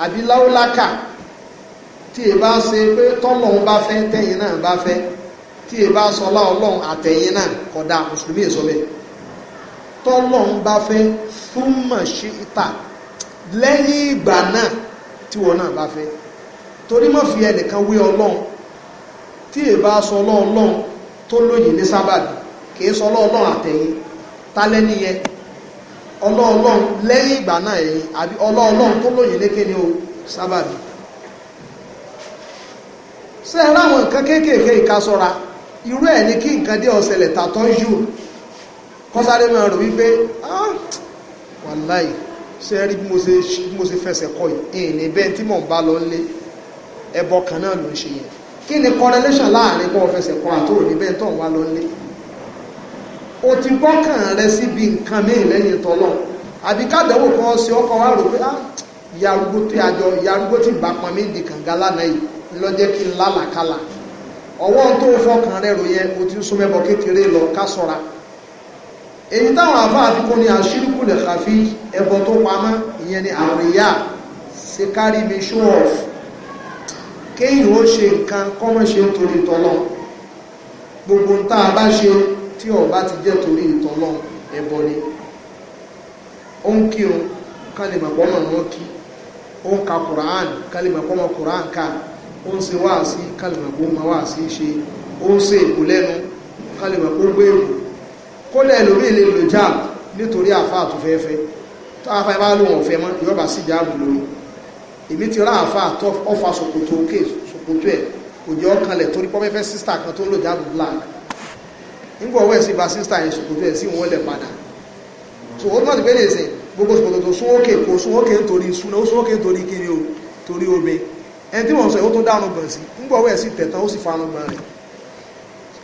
àbí láúláka tí ẹ bá ṣe pé tọ́lọ́hun bá fẹ́ tẹ́yìn náà bá fẹ́ tí bá sọlá ọlọ́run àtẹ̀yìn náà kọ̀dá mùsùlùmí èso bẹ́ẹ̀ tọ́lọ́run bá fẹ́ súnmọ̀ sí ìta lẹ́yìn ìgbà náà tí wọ́n náà bá fẹ́ torí mọ́ fi ẹnìkan wé ọlọ́run tí èbá sọlá ọlọ́run tó lóyìn ní sábàbí kìí sọlá ọlọ́run àtẹ̀yìn tálẹ́ni yẹn ọlọ́ọ̀lọ́run lẹ́yìn ìgbà náà ẹ̀yìn àbí ọlọ́ọ̀lọ́run tó lóyìn lékè o nǹkan kéékèèké irú ẹ̀ ní kí nǹkan dé ọ̀sẹ̀lẹ̀ tàtọ́ yù kọ́sáré máa rò wípé ah, wàláì ṣe rí bí mo ṣe fẹsẹ̀ kọ yìí ní bẹ́ẹ̀ tí mò ń bá lọ lé ẹbọ kan náà ló ń ṣe yẹn kí ni correlation láàrin kọ́ fẹsẹ̀ kọ àtò ní bẹ́ẹ̀ tó ń wá lọ lé o ti gbọ́kàn rẹ síbi nǹkan míì lẹ́yìn tọ́lọ́ àbí kádẹ́wò kan ṣe ọkọ̀ wá rò pé ìyá ah, ìyá arúgbó tí ìbá pọn mí di kànga lánàá yìí ló jẹ́ kí n lálàkálà ọwọ́ tó fọkàn rẹ̀ rò yẹn o ti ń súnmẹ́bọ kékeré lọ kásọ̀ra èyí táwọn àfáà fi kún ni àṣírìkù lè kàfí ẹbọ tó pamọ́ ìyẹn ni àríyá ṣe kárí mi show off kéyìn ó ṣe nǹkan kọ́mọ̀ ṣe torí tọ́lọ́ gbogbo tá a bá ṣe tí ó bá ti jẹ́ torí ìtọ́lọ́ ẹbọ ni ó ń kí o kálìmọ̀ pọ́mọ̀ ní ó kí ó ń ka Kùránì kálìmọ̀ pọ́mọ̀ Kùránì káà ó ń ṣe wáàsí kálìmọ̀ kó mọ wáàsí ṣe ó ń ṣe èkó lẹ́nu kálìmọ̀ kó gbé èrò kólẹ̀ lórí ilé lò jáàmù nítorí àfáà tó fẹ́ fẹ́ tó afá ibá ló wọ̀n fẹ́ mọ́ ìyọ́bà sí jáàmù lórí èmi ti rá àfáà tó ọfà ṣòkòtò òkè ṣòkòtò ẹ̀ kò jẹ́ ọkànlẹ̀ torí pọ́fẹ́fẹ́ sísítà kan tó ń lò jáàmù black nígbà ọwọ́ ẹ̀ sí ba sísítà yẹn ṣòkòtò ẹ̀ sí wọn lẹ̀ padà so ó mọ̀ sí pé ní ìsìn gbogbo ṣòkòtò tó sún òkè kò sún òkè nítorí súná ó sún òkè nítorí kíni o torí obe ẹni tí wọ́n sọ ìwọ́n tó dánu gbọ̀n sí ń gbọ́ wẹ̀ sí tẹ̀tàn ó sì fanu gbọ̀n rẹ̀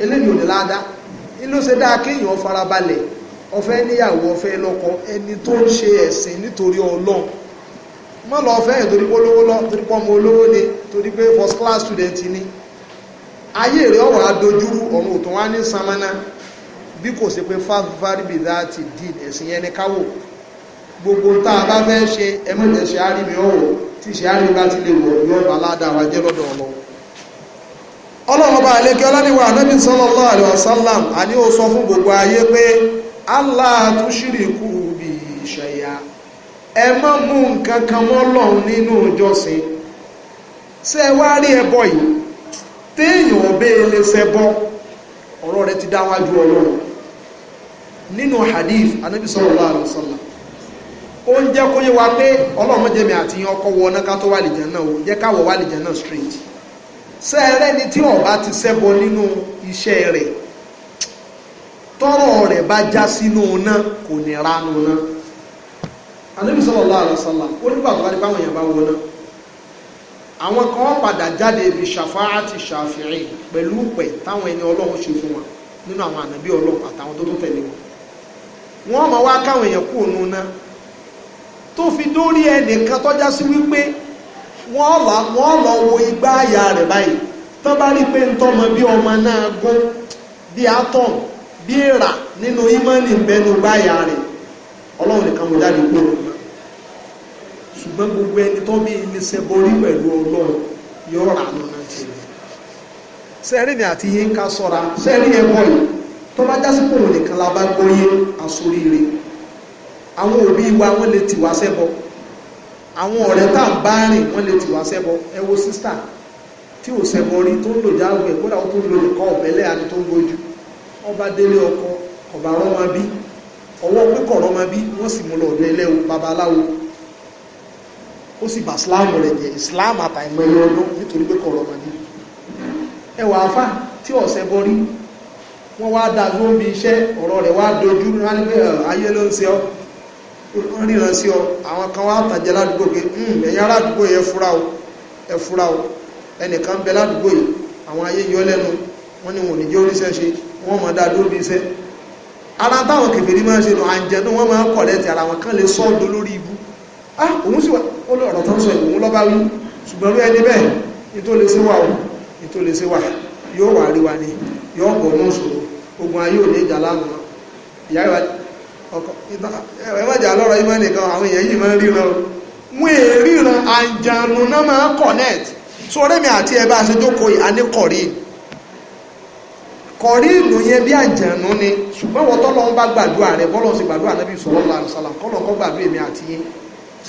eléyìí ò ní láadá ló ṣe dáa kéèyàn farabalẹ̀ ọ̀fẹ́ níyàwó ọ̀fẹ́ lọ́kọ ẹni tó ń ṣe ẹ̀sìn nítorí ọlọ́run mọ́ lọ ọ̀fẹ́ yẹn torí polówó lọ torí olówó ni torí pé first class student ni ayé rẹ̀ ọ̀wọ̀ adojúrú ọ̀run òtún wá ní samana bí kò sí pé fáfárí bìdá ti dín ẹ̀sìn yẹn ní gbogbo tá a bá fẹ́ ṣe ẹmọ́jẹ̀ ṣe àrími ọ̀wọ̀ tí ṣe àrími bá ti lè wọ̀ yóò bá jẹ́ lọ́dọ̀ bá lè anábì a ó sọ fún gbogbo ayé pé ẹ mú nǹkan kan mọ́ nínú ìjọsìn ṣé ẹ wá rí ẹbọ yìí téèyàn ṣẹbọ ọ̀rọ̀ rẹ ti dáwájú ọlọ́run nínú hadith anábì ó ń jẹ́ kó yé wa pé ọlọ́run jẹ́mi àti yan ọkọ̀ wọ ọ̀nà ká tó wà lìjẹ́ náà o jẹ́ káwọ̀ wà lìjẹ́ náà straight sẹ́ẹ̀rẹ́ ni tí ọba ti ṣẹ́bọ nínú iṣẹ́ rẹ̀ tọ́rọ̀ rẹ̀ bá já sínú iná kò ní ranu iná Ànábì sallallahu alaihi wasallam ó nígbà tó bá ní báwọn èèyàn bá wọná àwọn kan padà jáde ibi ṣàfáàtì ṣàfihàn pẹ̀lú pẹ̀ táwọn ẹni ọlọ́run ṣe fún wa nínú àwọn ànábì ọlọ́run àtàwọn tó tó tẹ̀lé wọn wọ́n máa wá káwọn èèyàn kú òun náà tó fi dórí ẹnìkan tọ́já sí wípé wọ́n lọ wọ́n lọ wo igbá àyà rẹ̀ báyìí tán bá rí pé ń tọ́mọ bí ọmọ náà gún bí atọ́m bí èrà nínú ímọ́nì bẹnu igbá àyà rẹ̀ ọlọ́run nìkan mo jáde kúrò ṣùgbọ́n gbogbo ẹni tó bí ilé ṣẹborí pẹ̀lú ọlọ́run yóò rà nù náà ti rẹ̀ sẹ́rí ni àti yín ká sọ́ra sẹ́rí ẹ̀kọ́ yìí tó bá jásí pòun nìkan la bá gbóyé àsoríire àwọn òbí wa wọ́n lè tì wá sẹ́bọ àwọn ọ̀rẹ́ tá à ń bá rìn wọ́n lè tì wá sẹ́bọ ẹ wo sísítà tí ò sẹ́bọ rí tó ń lò jáwé ẹ̀ kódà ó tó ń lo nìkan ọ̀bẹ̀lẹ̀ àti tó ń gojú ọba délé ọkọ ọba rọ́mọ bí ọwọ́ pípọ̀ rọ́mọ bí wọ́n sì mú lọ ọ̀dọ̀ ẹlẹ́wo babaláwo ó sì bá islam rẹ̀ jẹ́ islam àtàìmọ̀ ẹ̀yọ ọdún nítorí pé kọ̀ rọ́mọ bí ẹ wà áfà tí ò sẹ́bọ rí wọ́n wá dá lóbi iṣẹ́ ọ̀rọ̀ rẹ̀ wá dojú rán ayé ló ń ṣe ọ́ ríran sí ọ àwọn kan wá tàjẹ́ ládùúgbò pé hmm, ẹ̀yà ládùúgbò yẹ fúra o ẹ fúra o ẹnìkan bẹ ládùúgbò yìí àwọn ayé yọ lẹ́nu wọ́n ní wọn ò ní jẹ́ oríṣẹ́ ṣe wọ́n mọ̀ dáa dúró bí iṣẹ́ ara táwọn kèfèrí máa ń ṣe nù àǹjẹ̀nú wọ́n máa ń kọ̀ lẹ́tì ara wọn kan lè sọ ọ́dọ̀ lórí ibú ah òun sì wà ó lọ ọ̀rọ̀ tó ń sọ ìwọ̀n lọ́ba wí ṣùgbọ́n ló ẹni bẹ́ẹ̀ ètò lè ṣe wà o ètò lè ṣe wà yóò wà rí wa ni yóò bọ̀ ní òṣòro ogun ayé ò ní ìjà lánàá ìyá ìwádìí ọkọ̀ ẹ̀rẹ̀ mọ́jà lọ́rọ̀ ìmọ̀ nìkan àwọn èèyàn yìí máa ń ríran wọ́n èè ríran àjànù náà máa ń connect so ọ̀rẹ́ mi àti ẹ bá ṣe jókòó yìí a ní kọ̀rí kọ̀rí ìlú yẹn bí àjànù ni ṣùgbọ́n wọ́n tọ́lọ́ ń bá gbàdúrà rẹ̀ bọ́lọ̀ sí gbàdúrà náà bí sọ̀rọ̀ làrùsàlà kọ́lọ̀ kọ́ gbàdúrà èmi àti yín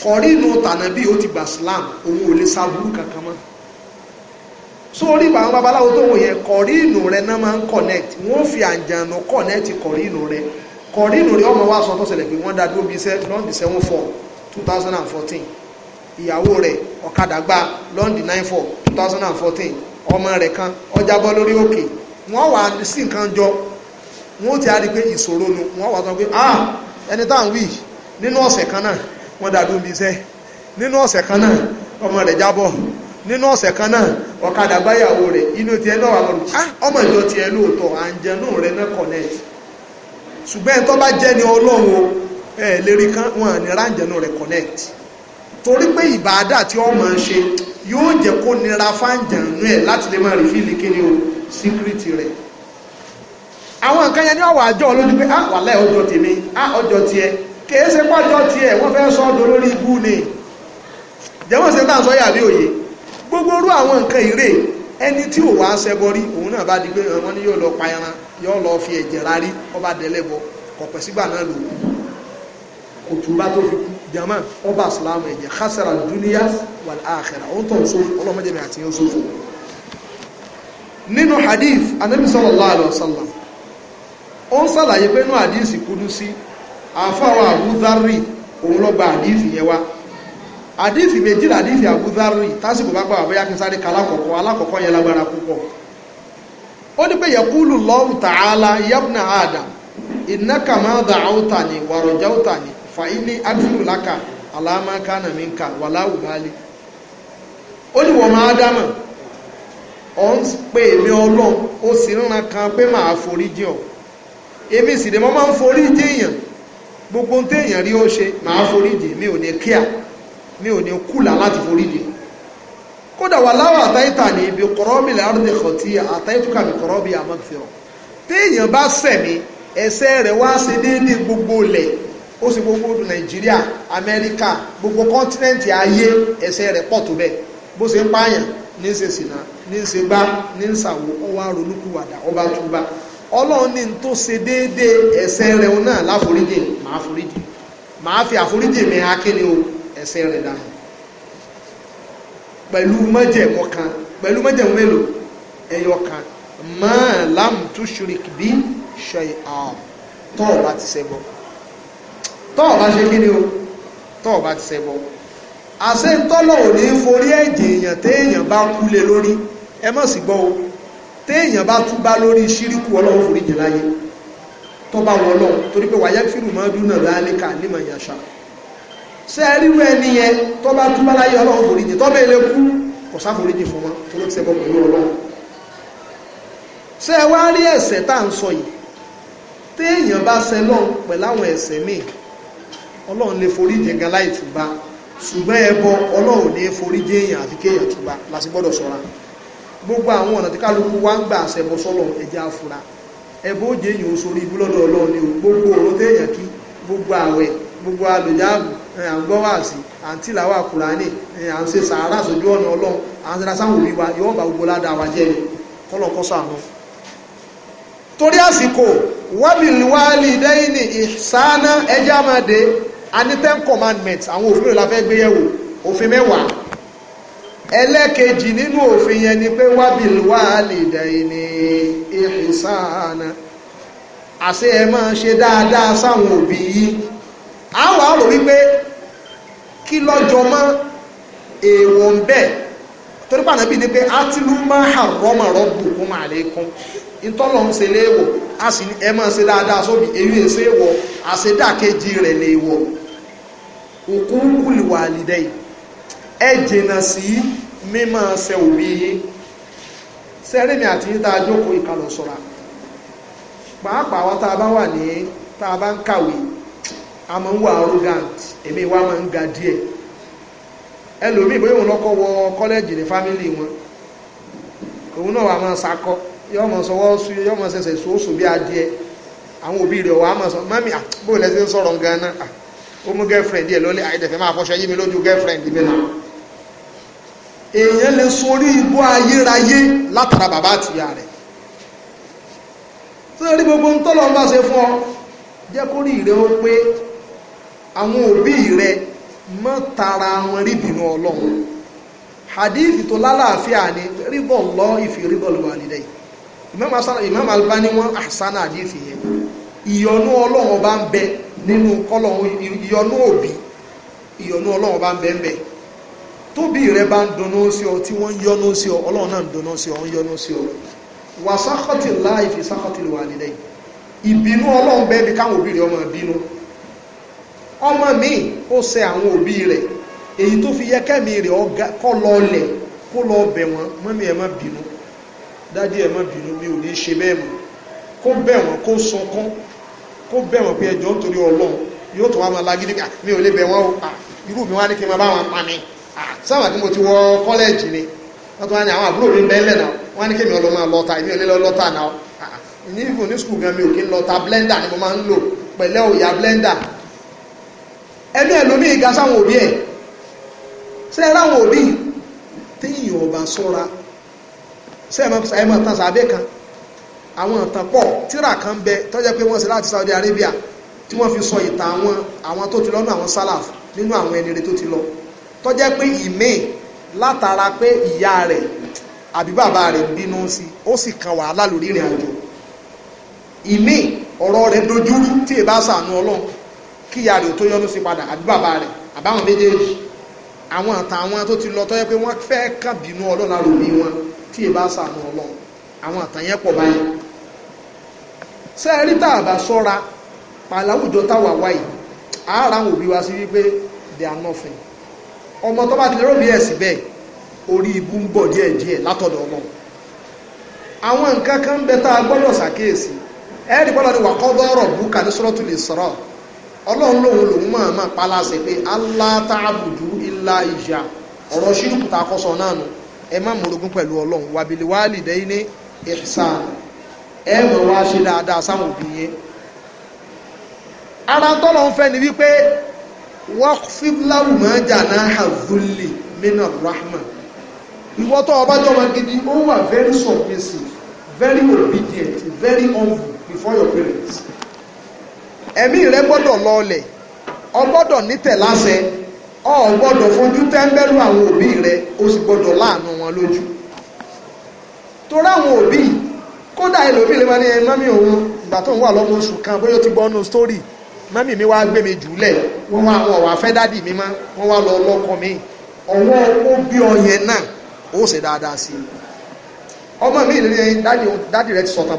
kọ̀rí ìlú tànàbí ó ti gbà slam òun ò lè sábúrú kankan mọ́ so orí ìgbà àwọn babaláwo tó wò yẹn kọ̀rí ìlú rẹ̀ náà máa ń connect wọ́n fi àjànù connect kọ̀rí ìlú rẹ̀ kọ̀rí ìròrí ọmọ wa sọ tó pé wọ́n dá dúró iṣẹ́ lọ́ndì seven four two ìyàwó ọmọ rẹ̀ kan ọjabọ lori lórí òkè wọ́n wà sí nǹkan jọ wọ́n ti rí pé ìṣòro ah ẹni tá kan náà wọ́n dá dúró iṣẹ́ nínú kan náà ọmọ rẹ̀ jábọ̀ nínú ọ̀sẹ̀ kan náà ọ̀kadà gbáyàwó rẹ̀ inú tiẹ̀ ah ọmọ ìjọ tiẹ̀ lóòótọ́ connect ṣùgbọ́n ẹni tó bá jẹ́ ni ọlọ́run ẹ̀ lérí kan wọn ní ráǹjẹ̀nù rẹ̀ connect torí pé ìbàdà tí wọ́n máa ń ṣe yóò jẹ́ kó nira fáǹjẹ̀nù ẹ̀ láti lè máa rìfíìlì kíni o síkírìtì rẹ̀ àwọn nǹkan yẹn ní ọ̀wọ̀ àjọ olójú pé ah wàhálà ọjọ́ tèmi ah ọjọ́ tiẹ̀ kìí ṣe pọ́jọ́ tiẹ̀ wọ́n fẹ́ sọ ọdọ lórí ibú ni jẹ́wọ́n ṣe táà sọ́yà bí òye gbogbo orú àwọn nǹkan ìrè ẹni tí ò wá ṣẹbọ rí òun náà bá di pé wọ́n ní yóò lọ pa ẹran yọ lọ fi ẹ̀jẹ̀ rárí ọba dẹlẹ́bọ kọ̀pẹ́ sígbà náà lò kò tún bá tó fi kú jama ọba asilamu ẹ̀jẹ̀ khasara dúníyà wal akhirah ó ń tọ̀ sófò ọlọ́mọdé mi àti yẹn sófò nínú hadith anabi sallallahu alaihi wasallam ó ń sàlàyé pé nínú hadith kudusi àfọwọ́ àbúdárì òun lọ gba hadith yẹn wá hadith méjìlá hadith àbúdárì tásìkò bá gbà wà bóyá kí n sáré kalá kọ̀kọ́ alákọ̀ọ́kọ́ yẹn lágbára púpọ̀ ó ní pé yẹkúlù lọ́wù tààlà yabna adam ìnáka máa dà áwùtà ni wàrọ̀jà áwùtà ni fàíní adúlù láka aláàmáka nà mí nkà wàláwù báálí ó ní wọ́n máa dámà ọ ń pè mí ọlọ́run ó sì ń ran kan pé màá forí ọ́ èmi sì dé máa ń forí èèyàn gbogbo téèyàn kódà wà láwọn àtàyítà ibi kọ̀rọ́mì láàrín ẹ̀kọ́ tí àtàyítùkà mi kọ̀rọ́mì àmọ́fẹ́rọ̀ téèyàn bá sẹ̀mí ẹsẹ̀ rẹ̀ wá ṣe déédéé gbogbo lẹ̀ ó sì gbogbo nàìjíríà amẹ́ríkà gbogbo kọ́ńtínẹ́ǹtì ayé ẹsẹ̀ rẹ̀ pọ̀ tó bẹ́ẹ̀ bó ṣe ń pààyàn ní ṣe ṣìnà ní ṣe gbá ní ṣàwò ọwọ́ ronúkúwàdà ọba túba ọlọ́run ní tó ṣe déédéé ẹsẹ̀ rẹ̀ náà láforíjì máa o pẹ̀lú mọ́jẹ̀mọ́ kan pẹ̀lú mọ́jẹ̀mọ́ mélòó ẹyọ kan máa lam tushrik bí shay'an tọ́ ọ bá ti ṣẹbọ tọ́ ọ bá ṣe kí ni o tọ́ ọ bá ti ṣẹbọ àṣẹ tọ́lọ̀ ò ní forí ẹ̀jẹ̀ èèyàn téèyàn bá kú lé lórí ẹ mọ̀ sí gbọ́ o téèyàn bá tú bá lórí ṣíríkù ọlọ́run forí jìn láyé tọ́ bá wọn lọ torí pé wàyẹ́ fìrùmọ́ dúnà lálẹ́ kà nímọ̀ yàṣà ṣe ríru ẹni yẹn tó bá túbá láyé ọlọ́run foríjì tó bẹ́ẹ̀ kú kò sáforíjì fún wọn tó ló ti ṣẹbọ pẹ̀lú ọlọ́run ṣe wá rí ẹ̀ṣẹ̀ tá à ń sọ yìí téèyàn bá ṣe lọ́n pẹ̀láwọn ẹ̀ṣẹ̀ míì ọlọ́run lè foríjì gan láì túbá ṣùgbọ́n ẹbọ ọlọ́run ní foríjì èèyàn àfi kéèyàn gbogbo àwọn ọ̀nà tí kálukú wá ń gbà ṣẹbọ sọ́lọ̀ ẹja afura ẹbọ èèyàn ibú lọ́dọ̀ gbogbo gbogbo àwẹ̀ à ń gbọ́ wáàsí à ń tìlàwà kùránì à ń ṣe sàárà sójú ọ̀nà ọlọ́run à ń ṣe rasáwò rí yóò bá gbogbo ládàá wa jẹ́ ni kọ́lọ̀kọ́sọ torí àsìkò wábìlìwálì dẹ́yìnì ìsáná ẹjẹ́ àmàdé àní ten commandments àwọn òfin rẹ̀ la fẹ́ gbé yẹ̀wò òfin mẹ́wàá ẹlẹ́kejì nínú òfin yẹn ni pé wábìlìwálì dẹ́yìnì ìsáná àṣẹ ẹ máa ṣe dáadáa sáwọn òbí yìí àwọn àrò wípé kí lọ́jọ́ mọ́ èèwọ̀ ń bẹ̀ torí pàdé bíi ni pé atilu máa harrama rabbukum alaykum ìtọ́lọ̀ ń ṣe léèwọ̀ a sì ẹ máa ṣe dáadáa sóbi èyí ẹ̀ ṣe wọ̀ àṣedákejì rẹ̀ léèwọ̀ òkú kùlì wàlídẹ́ yìí ẹ jìnnà sí mímọ́ ṣe òbí yìí sẹ́rìmì àti níta jókòó ìkàlọ̀ sọ̀ra pàápàá wa tá a bá wà ní tá a bá ń kàwé a máa ń wà arrogant èmi wa máa ń ga díẹ̀ ẹlòmíì bóyá òun lọ́kọ́ wọ kọ́lẹ́jì ní fámìlì wọn òun náà wà máa sakọ yọ́ máa sọ wọ́n sún yọ́ máa sẹsẹ̀ sóòsù bí adìẹ àwọn òbí rẹ̀ wà máa sọ mami bó lẹ́sẹ̀ ń sọ̀rọ̀ gan-an ó mú girlfriend yẹ lọ́lẹ̀ àìdẹ̀fẹ́ máa fọṣọ yí mi lójú girlfriend mi náà èèyàn lè sorí ibú ayérayé látara bàbá àtìyá rẹ̀ sórí gbogbo ń tọ́lọ́ ń bá ṣe fún ọ jẹ́ kórìí rẹ̀ ó pé àwọn òbí rẹ mọ́ tara wọn rí bínú ọlọ́run hadithi tó lálàáfíà ni ríbọ̀ lọ ìfì ríbọ̀ lọ́wọ́ àlìdẹ́ Imam Albani wọn àṣánà hadithi yẹn ìyọnú ọlọ́run bá ń bẹ nínú kọ́lọ́run ìyọnú òbí ìyọnú ọlọ́run bá ń bẹ ń bẹ tóbi rẹ bá ń dunnú sí ọ tí wọ́n ń yọnú sí ọ ọlọ́run náà ń dunnú sí ọ ń yọnú sí ọ wà láì fi sákọ̀tì lọ́wọ́ àlìdẹ́ ìbínú ọlọ́run bẹ́ẹ̀ bí káwọn òbí rẹ ọmọ bínú ọmọ mi ó ṣe àwọn òbí rẹ̀ èyí tó fi yẹ kẹ́mi rẹ̀ kọ́ lọ lẹ̀ kó lọ bẹ̀ wọ́n mọ́mí ẹ̀ má bínú dádì ẹ̀ má bínú mi ò ní ṣe bẹ́ẹ̀ mọ́ kó bẹ̀ wọ́n kó sọkún kó bẹ̀ wọ́n pé ẹjọ́ nítorí ọlọ́run yóò tó wá máa lagídí mi ò lè bẹ̀ wọ́n o irú mi wá ní kí n máa bá wọn pa mi sáwà tí mo ti wọ kọ́lẹ́ẹ̀jì ni wọ́n tó wá ní àwọn àbúrò mi bẹ́ẹ̀ lẹ̀ náà wọ́n ní kémi ọlọ́mọ lọ́ta èmi ò lè lọ lọ́ta náà ní ìfò ní skul gan mi ò kí ń lọ́ta blender ni mo máa ń lò pẹ̀lẹ́ òòyà blender ẹ̀mí ẹ̀ lómi ìga sáwọn òbí ẹ̀ ṣé ẹ ráwọn òbí téèyàn ọba sọ́ra ṣé ẹ mọ̀ tán sàbẹ̀ kan àwọn ìtàn pọ̀ tíra kan bẹ tọ́jẹ́ pé wọ́n ṣe láti Saudi Arabia tí wọ́n fi sọ ìtàn àwọn àwọn tó ti lọ́nà àwọn salaf nínú àwọn ẹni rẹ tó ti lọ tọ́jẹ́ pé ìmíì látara pé ìyá rẹ̀ àbí bàbá rẹ̀ bínú sí ó sì kan wàhálà lórí ìrìn àjò ìmíì ọ̀rọ̀ rẹ̀ dojúrú tí ì bá sànú ọlọ́run kíyàrí tó yọ́nú sí padà àbí rẹ̀ àbáwọn méjèèjì àwọn àtàwọn tó ti lọ tọ́yẹ́ pé wọ́n fẹ́ kàn bínú ọlọ́run àrò bí wọn tí ì bá sànù ọlọ́run àwọn àtàyẹ́ pọ̀ báyìí tá a bá pàláwùjọ táwa àwọn òbí wa sí wípé they are ọmọ tó bá ti lérò bí orí ibú ń bọ̀ díẹ̀ díẹ̀ látọ̀dọ̀ àwọn nǹkan kan ń bẹ tá a gbọ́dọ̀ ṣàkíyèsí ni ọlọ́run lòun lòun máa máa paláṣẹ pé Allah ta'budu illa ìyá ọ̀rọ̀ ṣírùkù tá a kọ́ sọ náà nù ẹ má mọ̀rọ̀gún pẹ̀lú ọlọ́run wàbílì wàálì dẹ́yìn ní ihsan ẹ mọ̀ wá ṣe dáadáa sáwọn òbí yẹn ara tọ́lọ̀ ń fẹ́ ni wípé waqfid lahum janaha dhulli mina rahman ìwọ tó o bá gidi ó wà very submissive very obedient very humble before your parents ẹ̀mí rẹ gbọ́dọ̀ lọọlẹ̀ ọ gbọ́dọ̀ nítẹ̀ láṣẹ ọ gbọ́dọ̀ fojú tẹ́ńbẹ́lú àwọn òbí rẹ o sì gbọ́dọ̀ láàánú wọn lójú torí àwọn òbí kódà ẹlòmíì lè máa ní ẹni mọ́mí òun ìgbà tó ń wà lọ́mọ oṣù kan bóyá ó ti gbọ́ mi gbé mi wọ́n wá wọn wá fẹ́ dádì mi mọ́ wọ́n wá lọ mi ọwọ́ ó bí ọyẹn náà ó dáadáa sí ọmọ mi ìlérí dádì rẹ ti sọ̀tàn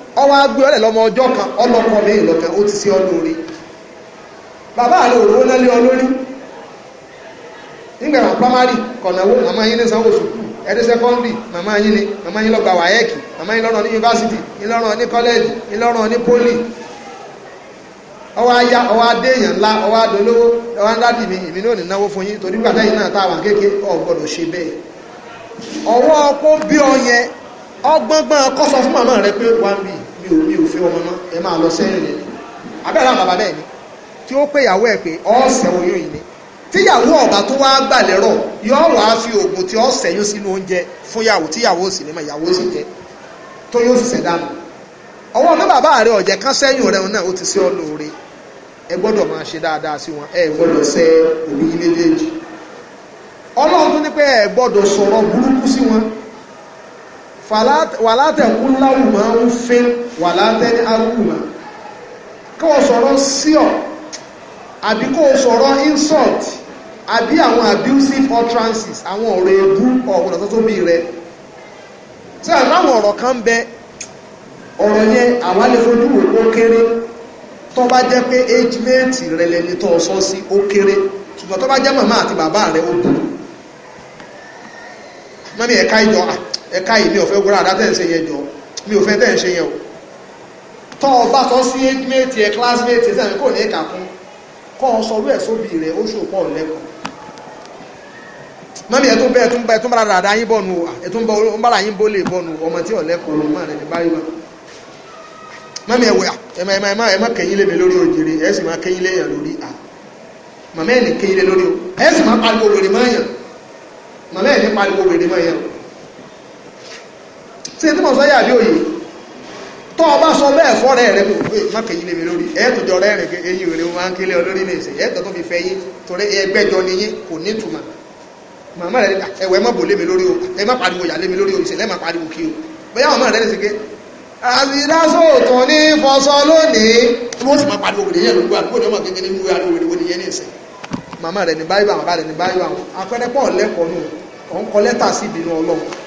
ọwọ́ agbé ọ̀rẹ́ lọ́mọ ọjọ́ kan ọlọ́kọ mi ìlọ́kẹ́ ó ti sí ọdún rí bàbá àlọ́ òróró lẹ́lé ọlórí nígbà wọn primary kọ̀nàwó màmá yín ní sanwó sùkúù ẹdí secondary màmá yín ni màmá yín màmá yín lọ́rùn ní yunifásitì ńlọ́rùn ní kọ́lẹ́jì ńlọ́rùn ní pólì ọwọ́ ayá ọwọ́ adé èèyàn ńlá ọwọ́ adolówó ọwọ́ mi ìmí ọgbọ́ngbọ́n pé omi ò fẹ́ ọmọ mọ́ ẹ máa lọ sẹ́yìn rẹ̀ abẹ́rẹ́ àwọn bàbá bẹ́ẹ̀ ni tí ó pé ìyàwó ẹ̀ pé ọ̀sẹ̀ oyún yìí ni tíyàwó ọ̀bà tó wá gbà lẹ́rọ̀ yóò wá fi oògùn tí ọ̀sẹ̀ yóò sínú oúnjẹ fún yàwó tíyàwó sì ní mọ̀ ìyàwó sì jẹ tó yóò sì ọwọ́ bàbá ọ̀jẹ̀ kan sẹ́yìn náà ó ti ẹ gbọ́dọ̀ máa ṣe dáadáa sí wọn ẹ gbọ́dọ̀ òbí méjèèjì ọlọ́run tó ní ẹ gbọ́dọ̀ sọ̀rọ̀ burúkú wàlátẹ̀kún láwùmọ̀ ń fẹ́ wàlátẹ̀ ní arúgbùmọ̀ kí wọ́n sọ̀rọ̀ sí ọ̀ àbí kó o sọ̀rọ̀ insult àbí àwọn abusive utterances àwọn ọ̀rọ̀ ebú ọ̀gbọ̀n tó tó bí rẹ tí àwọn àwọn ọ̀rọ̀ kan bẹ ọ̀rọ̀ yẹn àwọn alẹ́fojú wò ó kéré tó bá jẹ́ pé age mate rẹ lẹni tó sọ sí ó kéré ṣùgbọ́n tó bá jẹ́ màmá àti bàbá rẹ ó burú mọ́mí ẹ̀ka ìjọ ah, ẹ̀ka yìí mi ò fẹ́ gbọ́ra àdá tẹ̀ ń ṣe yẹn jọ mi ò fẹ́ tẹ̀ ń ṣe yẹn o tọ́ ọ bá tọ́ sí ẹ́gbẹ́tì ẹ̀ kílásímẹ́tì ẹ̀ sẹ́yìn kò ní ìkà fún kọ́ ọ sọ wẹ́ẹ̀ sóbì rẹ̀ ó ṣòpọ̀ lẹ́kọ̀ọ́ mọ́mí ẹ̀ tó bẹ́ẹ̀ tó ń bá ẹ̀ tó ń bára dáadáa yín bọ̀nu ẹ̀ tó ń bára yín bó lè bọ̀nu ọmọ tí ò lẹ́kọ̀ọ́ ló máa rẹ̀ ní báyìí wọn. mọ́mí ẹ̀ wẹ̀ ẹ̀mọ ẹ̀mọ ẹ̀mọ ẹ̀mọ kẹ́yìn lé mi lórí òjèrè ẹ̀ sì máa kẹ́yìn lé yàn lórí à màmá ẹ̀ ní kẹ́yìn lé lórí o ẹ̀ sì pariwo wèrè mọ́ ṣe tí mo sọ yà bí òye tọ́ ọ bá sọ bẹ́ẹ̀ fọ́rẹ́ rẹ mákèyí lèmi lórí ẹ̀ẹ́tù jọ rẹ́rìn kí eyín rẹ wọn ń kílẹ̀ olórí ní ìsìn ẹ̀ẹ́tù tó fi fẹ́ yín torí ẹgbẹ́jọ ni yín kò ní ìtumọ̀ màmá rẹ ah, ẹwẹ́ má bò lèmi lórí o ẹ má pariwo yà lèmi lórí o ìsìn lẹ́ẹ̀ma pariwo kí o bẹ́ẹ̀ àwọn ọmọ rẹ lè ṣe ké àbídásó tó ní fọṣọ lónìí tí wọ́n sì máa pariwo wèrè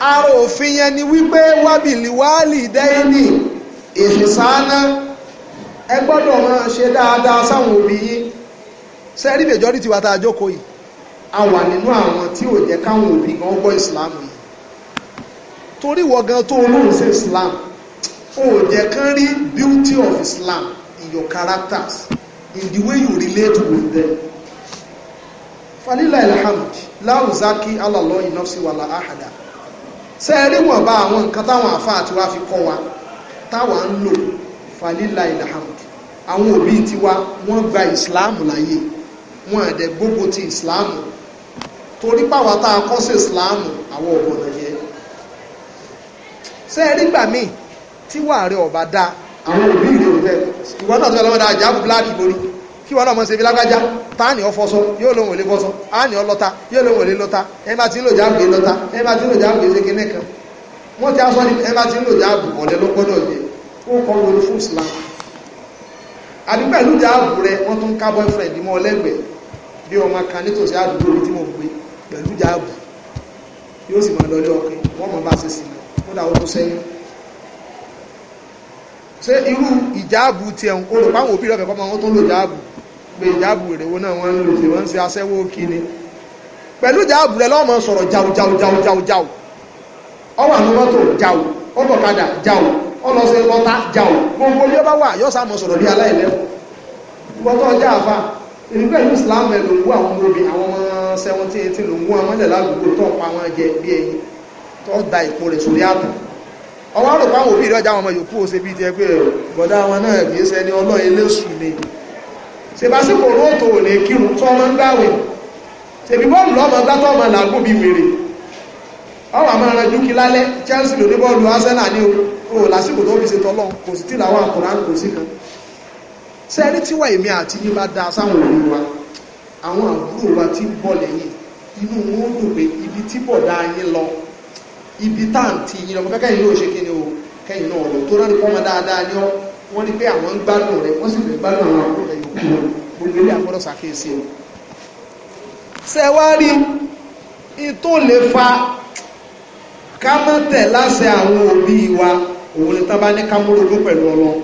ara òfin yẹn ni wípé wábìlì wáàlì dẹ́yìnì ìfìsáná ẹ gbọ́dọ̀ máa ṣe dáadáa sáwọn òbí yín sẹ́rí ìbèjọ́ rí tiwa tá a jókòó yìí a wà nínú àwọn tí ò jẹ́ káwọn òbí gan gbọ́ ìsìláàmù yìí torí wọ gan tó olóhùn sí ìsìláàmù ò jẹ́ kán rí beauty of Islam in your characters in the way you relate with them falila alhamd láwùzákì alàlọ́ ìnáfsíwàlà àhàdà ṣe é rí wọ̀nba àwọn nǹkan táwọn àfa àti wa fi kọ́ wa táwa ń lò falila ilhamd àwọn òbí tiwa wọ́n gba ìsìláàmù láyè wọ́n àdẹ gbogbo ti ìsìláàmù torí páwa tá a kọ́ sí ìsìláàmù àwọn ọ̀bọ̀nà yẹ ṣe é rí gbà míì tí wàá rẹ ọ̀bà dáa àwọn òbí rẹ ò fẹ́ ìwọ náà tó fẹ́ lọ́wọ́ dáa jáàbù bíláàkì borí kí wọn náà mọ̀ ṣe fi lágbájá ta ni ọ fọṣọ yóò lóun òlé fọṣọ a ni ọ lọta yóò lóun òlé lọta ẹ bá ti ń lò jáàbù yìí lọta ẹ bá ń lò jáàbù yìí ṣèké nìkan wọn ti aṣọ ni ẹ bá ń lò jáàbù ọ̀lẹ́ ló gbọ́dọ̀ jẹ ó kọ́ lórí fún Islam àbí pẹ̀lú jáàbù rẹ wọ́n tún ká boyfriend mọ́ ọlẹ́gbẹ̀ẹ́ bí ọmọ kan nítòsí àdúgbò mi tí mo gbé pẹ̀lú jáàbù yóò sì máa lọlé ọkẹ wọ́n mọ̀ bá ṣe sì náà kódà ó tó sẹ́yìn ṣé irú ìjáàbù tiẹ̀ ń kó lò páwọn òbí rẹ̀ fẹ́ kọ́ wọn tó ń lò jáàbù pé ìjáàbù èrèwó náà wọn ń lò sí wọ́n ń ṣe aṣẹ́wó kíni pẹ̀lú ìjáàbù rẹ lọ́mọ sọ̀rọ̀ jáù jáù jáù jáù jáù àwọn jáù jáù jáù gbogbo bá wà bí ọjà àfa ọmọ obìnrin àwọn ọmọ seventy eighteen ló ń wú àwọn tó bí ẹyin tó da ìpò rẹ̀ sórí òbí ọmọ yòókù bíi ti náà sèbásìkò róòtò ò lè kírun tó ọmọ ń gbáwẹ̀ tèbí bọ́ọ̀lù ọmọ gbátọ́ ọmọ làágùn bí wèrè ọwọ́ àmọ́ ara júkí lálẹ́ Chelsea ló ní bọ́ọ̀lù Arsenal ní o lásìkò tó fi ṣe tọ́lọ́ kò sí tí làwọn àkùnrán kò sí kan sẹ́rí tí wà èmi àti yín bá da sáwọn òbí wa àwọn àbúrò wa ti ń bọ̀ lẹ́yìn inú wọn dùn pé ibi tí bọ̀ dá yín lọ ibi táǹtì yín lọ mo fẹ́ kẹ́yìn ṣe kí ni o kẹ́yìn náà lọ tó rẹ́ni wọ́n ní pé àwọn ń gbádùn rẹ̀ wọ́n sì fẹ́ gbádùn àwọn àbúrò rẹ̀ àgbọ́dọ̀ ṣàkíyèsí o ṣe wá rí tó lè fa ká má tẹ̀ láṣẹ àwọn òbí wa òun ni tán bá ní ká múrogún pẹ̀lú ọlọ́run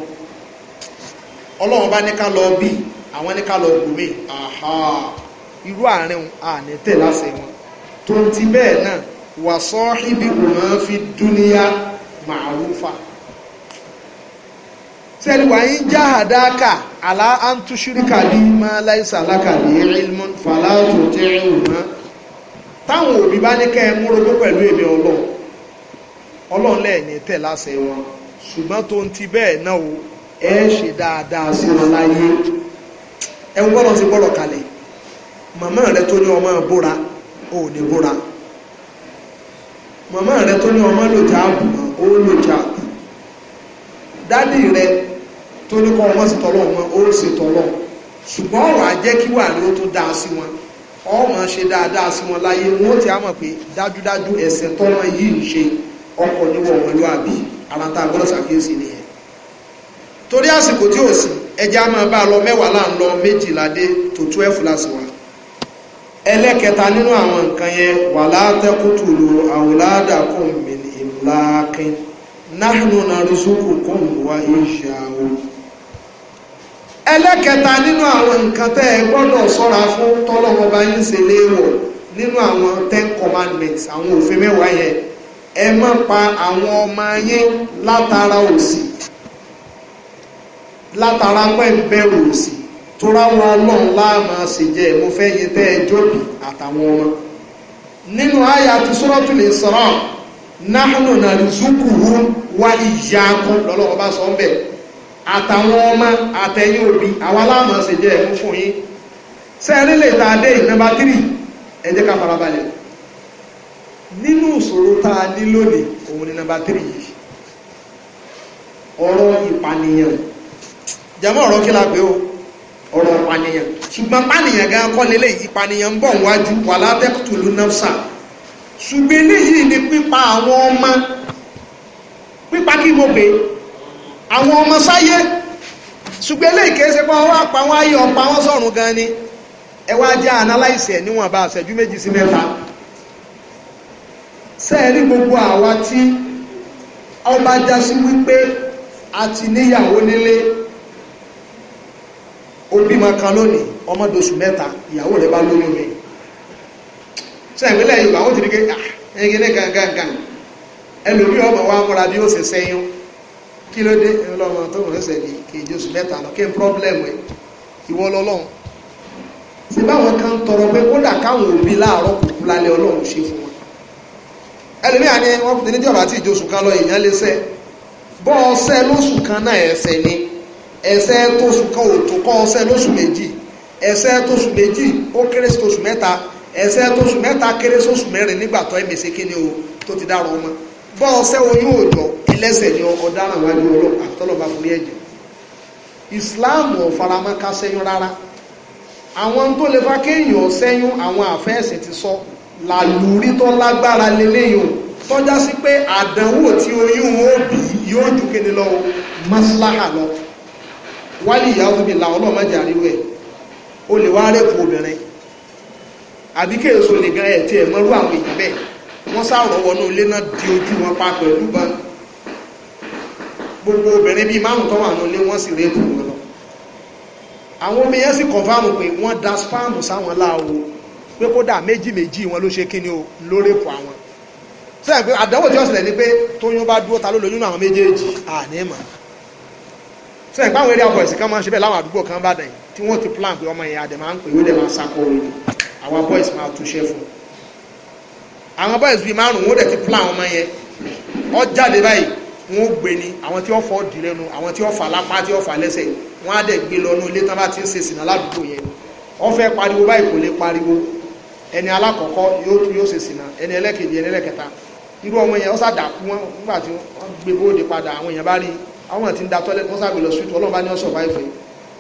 ọlọ́run bá ní ká lọ bí àwọn ní ká lọ gbòmí àhà irú àárín àní tẹ̀ láṣẹ wọn tó ti bẹ́ẹ̀ náà wà sọ́ ibi kò máa fi dúníyà màálùfà sẹ́ni wà ń já àdáka àlá àǹtúṣúríkà má láìsà lákàlẹ̀ ilmọ̀ fàlàtò tẹ́ ìwọ̀n táwọn òbí bá ní kẹ́ ẹ múrogún pẹ̀lú èmi ọlọ́run ọlọ́run lẹ́ẹ̀ni tẹ̀ wọn ṣùgbọ́n tó ń ti bẹ́ẹ̀ náà o ẹ ṣe dáadáa sí wọn láyé ẹ ń gbọ́dọ̀ sí gbọ́dọ̀ màmá rẹ tó ní ọmọ ò ní màmá rẹ tó ní ọmọ lòjà dálì rẹ tó ní kọ́ wọn sì tọ́lọ́ wọn ó sì tọ́lọ́ ṣùgbọ́n ọ̀rọ̀ ajẹ́ kí wà ní ó tó dáa sí wọn ọmọ ṣe dáadáa sí wọn láyé wọn ó ti àmọ̀ pé dájúdájú ẹ̀ṣẹ̀ tọ́lọ́ yìí ń ṣe ọkọ̀ níwọ̀ wọn ló àbí ara tá a gbọ́dọ̀ ṣàkíyèsí nìyẹn torí àsìkò tí ò sí ẹja máa bá a lọ mẹ́wàá là ń lọ méjìlá dé tó twelve láti wà ẹlẹ́kẹta nínú àwọn nǹkan yẹn wàlá tẹ́kùtù lò àwòládàkùn mìíràn ìmúlákin nahnu narzuqukum wa iyyahum ẹlẹ́kẹta nínú àwọn nǹkan tẹ́ ẹ gbọ́dọ̀ sọ́ra fún tọ́lọ́mọ bá yín ṣe léèwọ̀ nínú àwọn commandments àwọn òfin mẹ́wàá yẹn ẹ má pa ọmọ yín látara òṣì latara pẹ́ńbẹ́rù òṣì tó ráwọn ọlọ́run ma sì jẹ́ mo ti Suratul náhùnù náà zùkùrù wá ìyáàkún lọ́lọ́wọ́ bá sọ ń bẹ̀ àtàwọn ọmọ àtẹ̀yìn òbí àwọn aláàmọ̀ ṣe jẹ́ ẹ̀mú fún yín sẹ́ẹ̀rí lè ta dé ìnàmbá tírì ẹ jẹ́ ká farabalẹ̀ nínú ìṣòro tá a ní lónìí òun ni nàmbá tírì yìí ọ̀rọ̀ ìpànìyàn jẹ́mọ́ ọ̀rọ̀ kí la pé o ọ̀rọ̀ ìpànìyàn ṣùgbọ́n pànìyàn gan kọ́ lélẹ̀ ìpànìyàn ń bọ̀ wájú wàlá taqtulu nafsa ṣùgbọ́n eléyìí ni pípa àwọn ọmọ pípa kí mo pè àwọn ọmọ sáyé ṣùgbọ́n eléyìí kìí ṣe pé wọ́n wá pa wọ́n ayé ọ̀pá wọ́n sọ̀rùn gan ni ẹ wá jẹ́ analyse ẹ̀ níwọ̀n bá ṣẹ́jú méjì sí mẹ́ta sẹ́ẹ̀rí gbogbo àwa tí ọba já sí wípé a ti níyàwó nílé ó bímọ kan lónìí ọmọdé oṣù mẹ́ta ìyàwó rẹ̀ bá lóyún mi ṣe ìpínlẹ̀ yorùbá wọ́n ti rí ẹgbẹ́ ní gangan ẹlòmí ọmọ wa múra bí ó ṣe sẹ́yún kí ló dé ọlọ́mọ tó wọ́n ṣẹ̀ ní kejì oṣù mẹ́ta lọ kí n pọ́blẹ́mù ẹ̀ ìwọ lọ́lọ́run ṣe báwọn kan tọrọ pé kódà káwọn òbí láàárọ̀ kùkú lálẹ́ ọlọ́run ṣe fún wọn ẹlòmí àní wọn kò ní jọba tí ìjọsù kan lọ èèyàn lè ṣe bọ́ ọṣẹ lóṣù kan náà ẹ̀ṣẹ̀ ni ẹ̀ṣẹ̀ tóṣù kan ò tó kọ́ ọṣẹ lóṣù méjì ẹ̀ṣẹ̀ tóṣù méjì ó kéré sí tóṣù mẹ́ta ẹsẹ tó sùn mẹ́ta kéré sóṣù mẹ́rin nígbà tó ẹmí ṣe kíni o tó ti dárò ọmọ bọ ọsẹ oyún òjọ ẹlẹ́ṣẹ̀ ni ọ̀daràn wájú ọlọ́pàá tọlọba forí ẹ̀jẹ̀ islam ò faramọ́ ká ṣẹ́yún rárá àwọn tó lè fa kéèyàn ṣẹ́yún àwọn àfẹẹsì ti sọ làlùrí tó lágbára lélẹyìn o tọ́já sí pé àdánwò tí oyún ó bí yóò ju kíni lọ maslaha lọ wálé ìyá obìnrin làwọn ọlọ́mọdé àríwẹ̀ o lè obìnrin àbí kéèso nìkan ẹ̀ tí ẹ̀ mọ́rú àwọn èèyàn bẹ́ẹ̀ wọ́n sáàrọ̀ wọnú ilé náà di ojú wọn pa pẹ̀lú bá gbogbo obìnrin bíi márùn tó wà nílé wọ́n sì rẹ́pù wọn lọ àwọn omi yẹn sì kọ̀nfàmù pé wọ́n da spáàmù sáwọn láàwo pé kódà méjì méjì wọn ló ṣe kíni o ló rẹ́pù àwọn sẹ́yìn pé àdánwò tí wọ́n sílẹ̀ ni pé tóyún bá dúró ta ló lóyún àwọn méjèèjì àníìmọ̀ sẹ́yìn pé àwọn eré àbọ̀ ẹ̀sìn kan máa ń ṣe bẹ́ẹ̀ láwọn àdúgbò kan bá dẹ̀ tí wọ́n ti plan pé ọmọ yẹn àdẹ̀ máa ń pè é ó dẹ̀ máa ń sakó orin àwọn boys máa túnṣe fún àwọn boys bíi márùn ún ó dẹ̀ ti plan ọmọ yẹn ó jáde báyìí wọn ó gbé ni àwọn tí wọ́n fọ́ dì lẹ́nu àwọn tí wọ́n fà lápá tí wọ́n fà lẹ́sẹ̀ wọ́n á dẹ̀ gbé lọ ní ilé tán bá ti ń ṣe sìnà ládùúgbò yẹn wọ́n fẹ́ pariwo báyìí kò lè pariwo ẹni alákọ̀ọ́kọ́ yóò ṣe sìnà ẹni ẹlẹ́kejì ẹni ẹlẹ́kẹta irú ọmọ yẹn wọ́n sàdàkú wọn nígbà tí wọ́n gbé bóde padà àwọn èèyàn bá rí àwọn tí ń da tọ́lẹ̀ wọ́n sàgbé lọ sùtù ọlọ́run bá ní ọ̀sọ̀ báyìí fún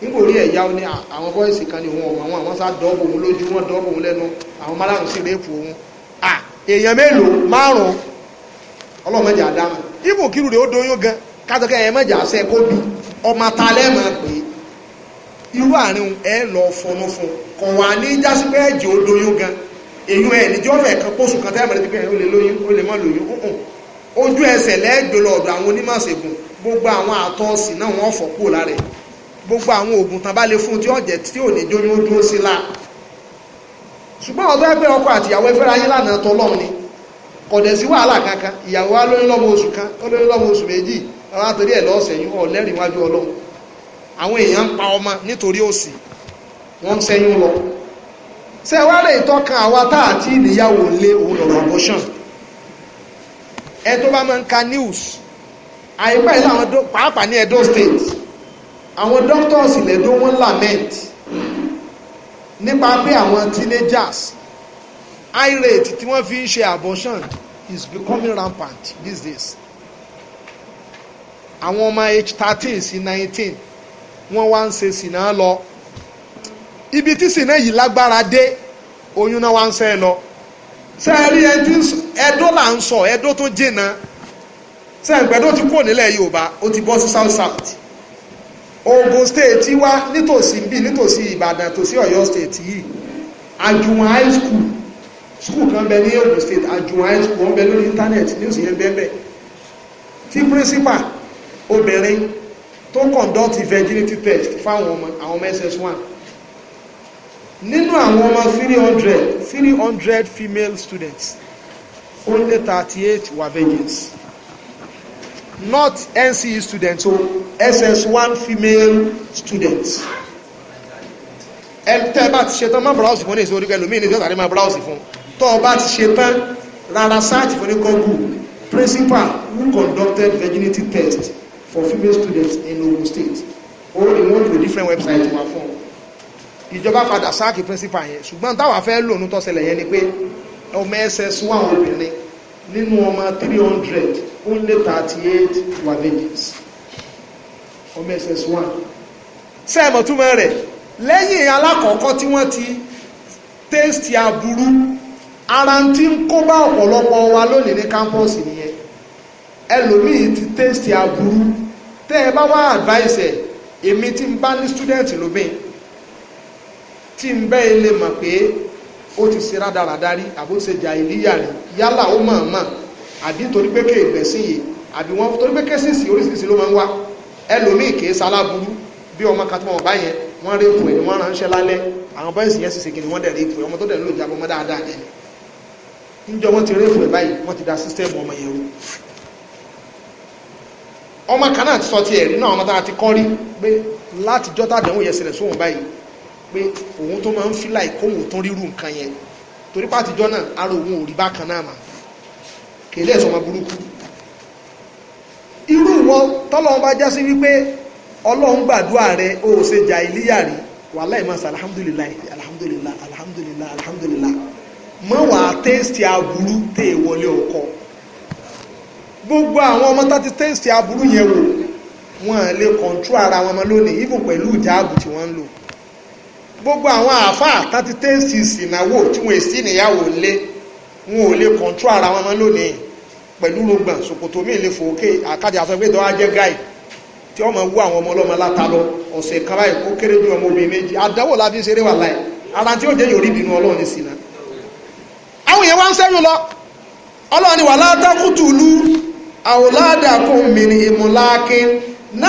nígbò rí ẹ̀yà ó ní àwọn bọ́ìsì kan ní òun ọ̀wọ̀ àwọn àwọn sá dọ́ọ̀bù òun lójú wọn dọ́ọ̀bù òun lẹ́nu àwọn márùn sí réèpù òun à èèyàn mélòó márùn ọlọ́mọdé àdámà ibò kírù rẹ̀ ó doyún gan kátọ́kẹ́ ẹ̀yẹ mọ̀jà sẹ́ kó bi ọmọ ta lẹ́mọ̀ pé irú àárín ẹ lọ fọnú fún kàn wá ní jásí pé ẹ̀jẹ̀ ó doyún gan èyún ẹ̀ níjọ́ fẹ̀ kan pósù kan tẹ́ẹ̀mọ̀ ojú ẹsẹ̀ lẹ́ẹ̀gbẹ̀lọ́ọ̀dọ̀ àwọn onímọ̀ ṣègùn gbogbo àwọn àtọ́ọ̀sì náà wọ́n fọ̀ kúrò lára ẹ̀ gbogbo àwọn oògùn tán bá lè fún tí ọ̀jẹ̀ tí ò ní jóyún ó dúró sí la ṣùgbọ́n ọ̀dọ́ ẹgbẹ́ ọkọ àti ìyàwó ẹfẹ́ra yín lánàá tọ́lọ́ ni kọ̀dẹ̀ sí wàhálà kankan ìyàwó wa lóyún lọ́mọ oṣù kan ó lóyún lọ́mọ oṣù méjì àwọn àtòrí ẹ̀ lọ́ọ̀sẹ̀ yìí ọ̀ lẹ́rìí wájú ọlọ́run àwọn èèyàn ń pa ọmọ nítorí òṣì wọ́n ń sẹ́yún lọ ṣé wá lè tọ́kan àwa tá àti ìníyàwó lé òun lọ́rọ̀ abortion ẹ tó bá máa ń ka news àìpẹ́ ìlànà pàápàá ní Edo State àwọn doctors ilẹ̀dó wọ́n lament nípa pé àwọn teenagers high rate tí wọ́n fi ń ṣe abortion is becoming rampant these days àwọn ọmọ age thirteen sí nineteen wọ́n wá ń ṣe sìnà lọ ibi tí sìnà yìí lágbára dé oyún náà wá ń ṣe lọ ṣe é rí ẹdó là ń sọ ẹdó tó jìnnà ṣe ẹgbẹ́dó ti kúrò nílẹ̀ Yorùbá ó ti bọ́ sí south south Ogun state wá nítòsí bíi nítòsí Ìbàdàn tòsí Ọ̀yọ́ state yìí Àjùwọ̀n high school school kan bẹ ní Ogun state Àjùwọ̀n high school wọ́n bẹ lórí internet news yẹn bẹ́ẹ̀ tí principal obìnrin tó conduct virginity test fáwọn ọmọ àwọn ọmọ SS1 nínú àwọn ọmọ three hundred female students only thirty eight were virgins. Mm -hmm not NCE students o SS1 female students ẹ tẹ́ bá ti ṣetán má browse fún ní ìṣòro ẹlòmíì ní ìṣòro àti má browse fún tọ́ ọ bá ti ṣetán rárá search fún ní Google principal who conducted virginity test for female students in Ogun State ó ní wọ́n lò different website wà fún ìjọba padà sáàkì principal yẹn ṣùgbọ́n táwa fẹ́ lò ní tọ́sẹ̀lẹ̀ yẹn ni pé ọmọ ss1 obìnrin nínú ọmọ 300 only 38 were virgins ọmọ ss1 sẹ́ẹ̀mọ̀ túmọ̀ rẹ̀ lẹ́yìn alákọ̀ọ́kọ́ tí wọ́n ti tẹ́sítì aburú ara tí ń kó bá ọ̀pọ̀lọpọ̀ wa lónìí ní kámpọ́ọ̀sì nìyẹn ẹlòmíì ti tẹ́sítì aburú tẹ́ ẹ bá wá advice èmi tí ń bá ní student lóbìn tí ń bẹ́ ilé mọ̀ pé ó ti ṣe rádaràda rí àbó ṣe jà ìlíyà rí yálà ó mọ̀ mọ̀ àbí torí pé kéè gbẹ̀sìn yìí àbí wọn torí pé kẹ́sìsì oríṣiríṣi ló máa ń wá ẹlòmíì kìí sálábùrú bí ọmọ katima ọba yẹn wọ́n rí èpò ẹni wọ́n ránṣẹ́ lálẹ́ àwọn bọ́ìsì yẹn sì ṣe kìnnìwọ́n dẹ̀ rí èpò ọmọ tó dẹ̀ ló ìjàbọ̀ ọmọ dáadáa yẹn níjọ wọ́n ti rí èpò ẹ̀ báyìí wọ́n ti da sísítẹ́ẹ̀mù ọmọ yẹn rú ọmọ kan náà ti sọ ti ẹ̀rí náà ọmọ tá a ti kọ́ rí pé láti jọ́tà yẹn sílẹ̀ sóhun báyìí pé òun tó máa ń fílà ìkóhùn tó ríru nǹkan yẹn torí pàtijọ́ náà ara òun ò rí bákan náà mà kèlé ẹ̀sọ́ ọmọ burúkú irú wọn tọ́lọ́run bá jásí wípé ọlọ́run gbàdúrà rẹ ó ṣe jà ìlíyà rí wàhálà ìmọ̀ọ́sí alhamdulilayi alhamdulilayi alhamdulilayi alhamdulilayi mọ́ wàá tẹ́sítì aburú tẹ́ ẹ wọlé ọkọ gbogbo àwọn ọmọ tó ti tẹ́sítì aburú yẹn wò wọn lè kọ̀ǹtú ara wọn lónìí even pẹ̀lú ìjáàbù tí wọ́n ń lò gbogbo àwọn àáfàá tàti tẹ́sì ìsìnàwó tí wọ́n èsì níyàwó lé wọn ò lè kọ̀ntró ara wọn mọ́ lónìí pẹ̀lú rògbòn ṣòkòtò míì lè fòókè àkàdé àfẹ́gbẹ́dọ́ á jẹ́ gáì tí ọmọ wú àwọn ọmọ ọlọ́mọ láta lọ ọ̀sẹ̀ kan báyìí kó kéré ju ọmọ obìnrin méjì àdánwò ṣeré wà láì ara tí ó jẹ́ ọlọ́run sí náà àwọn èèyàn wá ń sẹ́yìn lọ ọlọ́run wà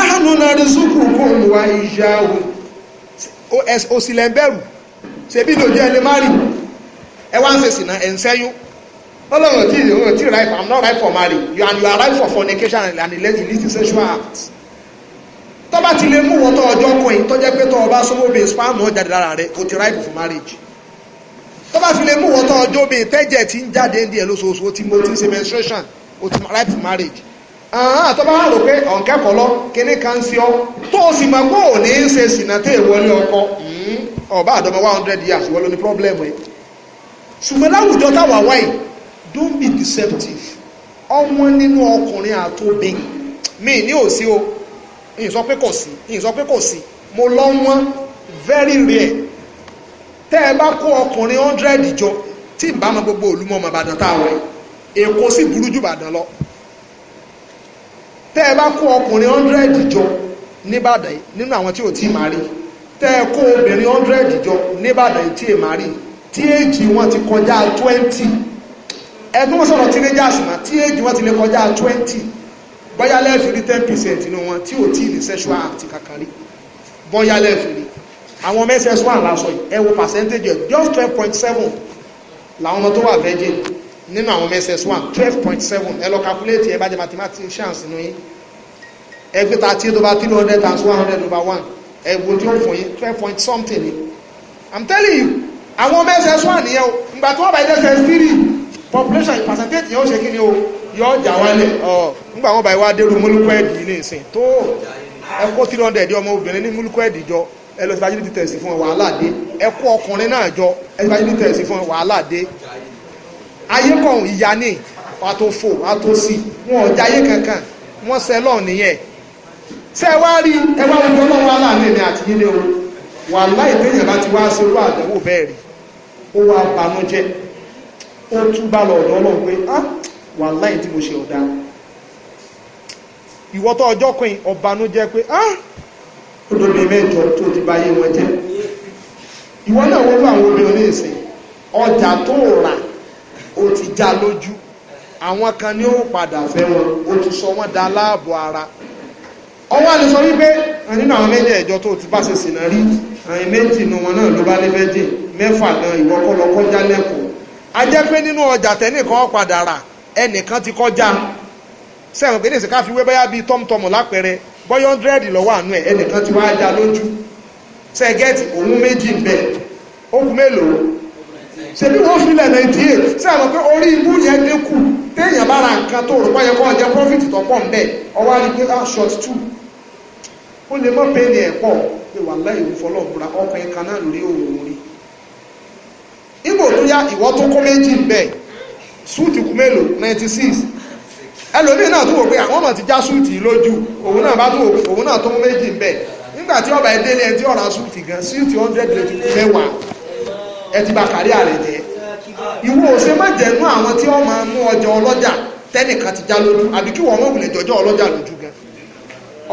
náà nù náà rí òsì lẹ́ ń bẹ̀rù ṣebí ní ojú ẹni mari ẹ wá ń ṣe sìnà ẹ̀ ń sẹ́yún ọlọ́run tí ìròyìn tí right i'm not right for marriage you and you are right for fornication and illicit sexual acts tọ́ba ti lè mú wọn tọ́ ọjọ́ kan yìí tọ́jẹ́ pé tọ́ ọba sọ́wọ́ bíi spam náà jáde lára rẹ̀ o ti right for marriage tọ́ba ti lè mú wọn tọ́ ọjọ́ bíi tẹ́jẹ̀ tí ń jáde ń di ẹ̀ lóṣooṣù o ti mo ti ń ṣe menstruation o ti right for marriage àwọn àtọ́bá wà rò pé ọ̀nkẹ́kọ̀ọ́ lọ kíní kan sí ọ tó o sì mọ̀ pé ò ní í ṣe sìnà tẹ́ ìwọlé ọkọ hmm, ọba àdọ́mọ one hundred years wọ́n ló ní problem ẹ̀ ṣùgbọ́n láwùjọ táwa wáyé don't be deceptive ọmọ nínú ọkùnrin àtòbìn mi ní ò sí o ìyìn sọ pé kò sí ìyìn pé kò sí mo lọ wọ́n very rare tẹ́ ẹ bá kó ọkùnrin hundred jọ tí ìbámu gbogbo òlùmọ̀ ọmọ Ìbàdàn táwọn Èkó sì burú jù Ìbàdàn lọ tẹ́ ẹ bá kó ọkùnrin hundred jọ nìbàdàn nínú àwọn tí ò tí ì máa rí tẹ́ ẹ kó obìnrin hundred jọ nìbàdàn tí ì máa rí tí èjì wọn ti kọjá twenty ẹgbẹ́ wọn sọ̀rọ̀ teenagers mà tí èjì wọn ti lè kọjá twenty bóyá lẹ́ẹ̀fì rí ten percent nínú wọn tí ò tí ì ní sexual act kankan rí bóyá lẹ́ẹ̀fì rí àwọn mss one lásọ yìí ẹ wo percentage just twelve point seven làwọn ọmọ tó wà virgin nínú àwọn twelve point seven. ẹ lọ calculate ẹ bá jẹ́ mathematicians nínú yín ẹgbẹ́ ta tí ó bá 300 times hundred over 1 ẹgbẹ́ tí ó fún yín twelve point something ni i'm telling you àwọn ss1 nìyẹn o ìgbà tí wọ́n bá ss3 population percentage yẹn ó ṣe kí ni o yọ ọjà wálẹ̀ ọ nígbà wọn bá wá dérú múlùkọ́ ẹ̀dì ní ìsìn tó ẹ kó 300 di ọmọ obìnrin ní múlùkọ́ ẹ̀dì jọ ẹ lọ sí fagility test fún wàhálà dé ẹ kó ọkùnrin náà jọ ẹ sí fagility test fún wàhálà dé ayé kan ìyá ni àtòfò àtòsí wọn ò jáyé kankan wọn ṣe lọ́ọ̀ nìyẹn ṣé ẹ wá rí ẹ wá rí ọlọ́run aláàánú ẹ̀mí àti yílé o wà láì téèyàn bá ti wá sí irú àdánwò bẹ́ẹ̀ rí ó wá banújẹ́ ó túbà lọ́dọ̀ ọlọ́run pé ah wà láì tí mo ṣe ọ̀dà ìwọ tó ọjọ́ kan ọ̀bànújẹ́ pé ah olóbi mẹ́jọ tó ti báyé wọn jẹ́ ìwọ náà wọ́n bá àwọn obìnrin ní ìsìn ọjà tó rà ó ti já lójú àwọn kan ní ó padà fẹ́ wọn ó ti sọ wọ́n da láàbò ara ọwọ́ àlè sọ wípé nínú àwọn méjì ẹ̀jọ tó ti bá ṣe sìnà rí àwọn méjì inú wọn náà ló bá lé fẹ́jì mẹ́fà náà ìwọ kọ́ lọ kọjá lẹ́kọ̀ọ́ a jẹ́ pé nínú ọjà tẹ́nìkan padà rà ẹnìkan ti kọjá sẹ́wọ̀n pé ní ìsìnká fi wé báyà bíi tọ́mùtọ́mù lápẹẹrẹ bọ́yọ́ dírẹ́dì lọ́wọ́ àánú ẹ̀ ẹnìkan ti wá já lójú sẹ́gẹ́ẹ̀tì òun méjì ń ó kú mélòó ṣèbí wọ́n filẹ̀ ninety eight ṣé àmọ́ pé orí ibú yẹn dínkù téèyàn bá ra nǹkan tó kọ́ ọ jẹ profit tó pọ̀ nbẹ̀ ọwọ́ àrí pé ah, short two ó lè mọ́ pé ní ẹ̀pọ̀ pé wà láì wí fọlọ́ bùra ọkùnrin kan náà lórí òun rí tó yá tó kó méjì kú mélòó ninety six náà tó wò pé ọba ẹdẹ ẹ ẹ ti ba kárí ààrẹ jẹ ìwọ òṣè má jẹnu àwọn tí wọn máa mú ọjà ọlọ́jà tẹnìkan ti já lójú àbí kí wọn mọ òwúlẹ̀ jọjọ ọlọ́jà lójú gan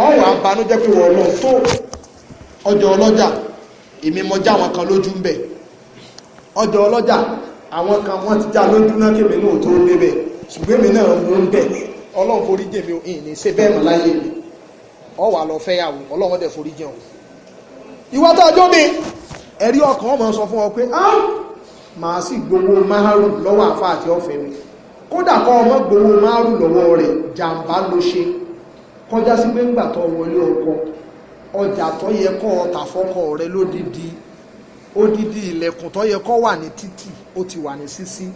ọwọ́ àbánújẹ́ pé wọ́n lọ tó ọjọ́ ọlọ́jà èmi mọ já àwọn kan lójú ń bẹ̀ ọjọ́ ọlọ́jà àwọn kan wọ́n ti já lójú náà kèmí náà tó débẹ̀ ṣùgbọ́n èmi náà mú ń bẹ̀ ọlọ́run forí jèmi ò ní ṣe bẹ́ẹ̀ mọ̀ láyé mi ọwọ́ àlọ́ fẹ́yàwó ọlọ́run dẹ̀ forí jẹun ìwọ́tọ̀ ọjọ́ mi ẹ̀rí ọkàn ọmọ sọ fún ọ pé á màá sì gbowó márùn lọ́wọ́ àfá àti ọ̀fẹ́ mi kódà ọmọ gbowó márùn lọ́wọ́ rẹ̀ jàǹbá ló ṣe kọjá sí pé ńgbà tó wọlé ọkọ ọjà tó yẹ kọ́ ọ̀tà fọ́kọ rẹ̀ lódìdí odidi ilẹ̀kùn tó yẹ kọ́ wà ní títì ó ti wà ní sísí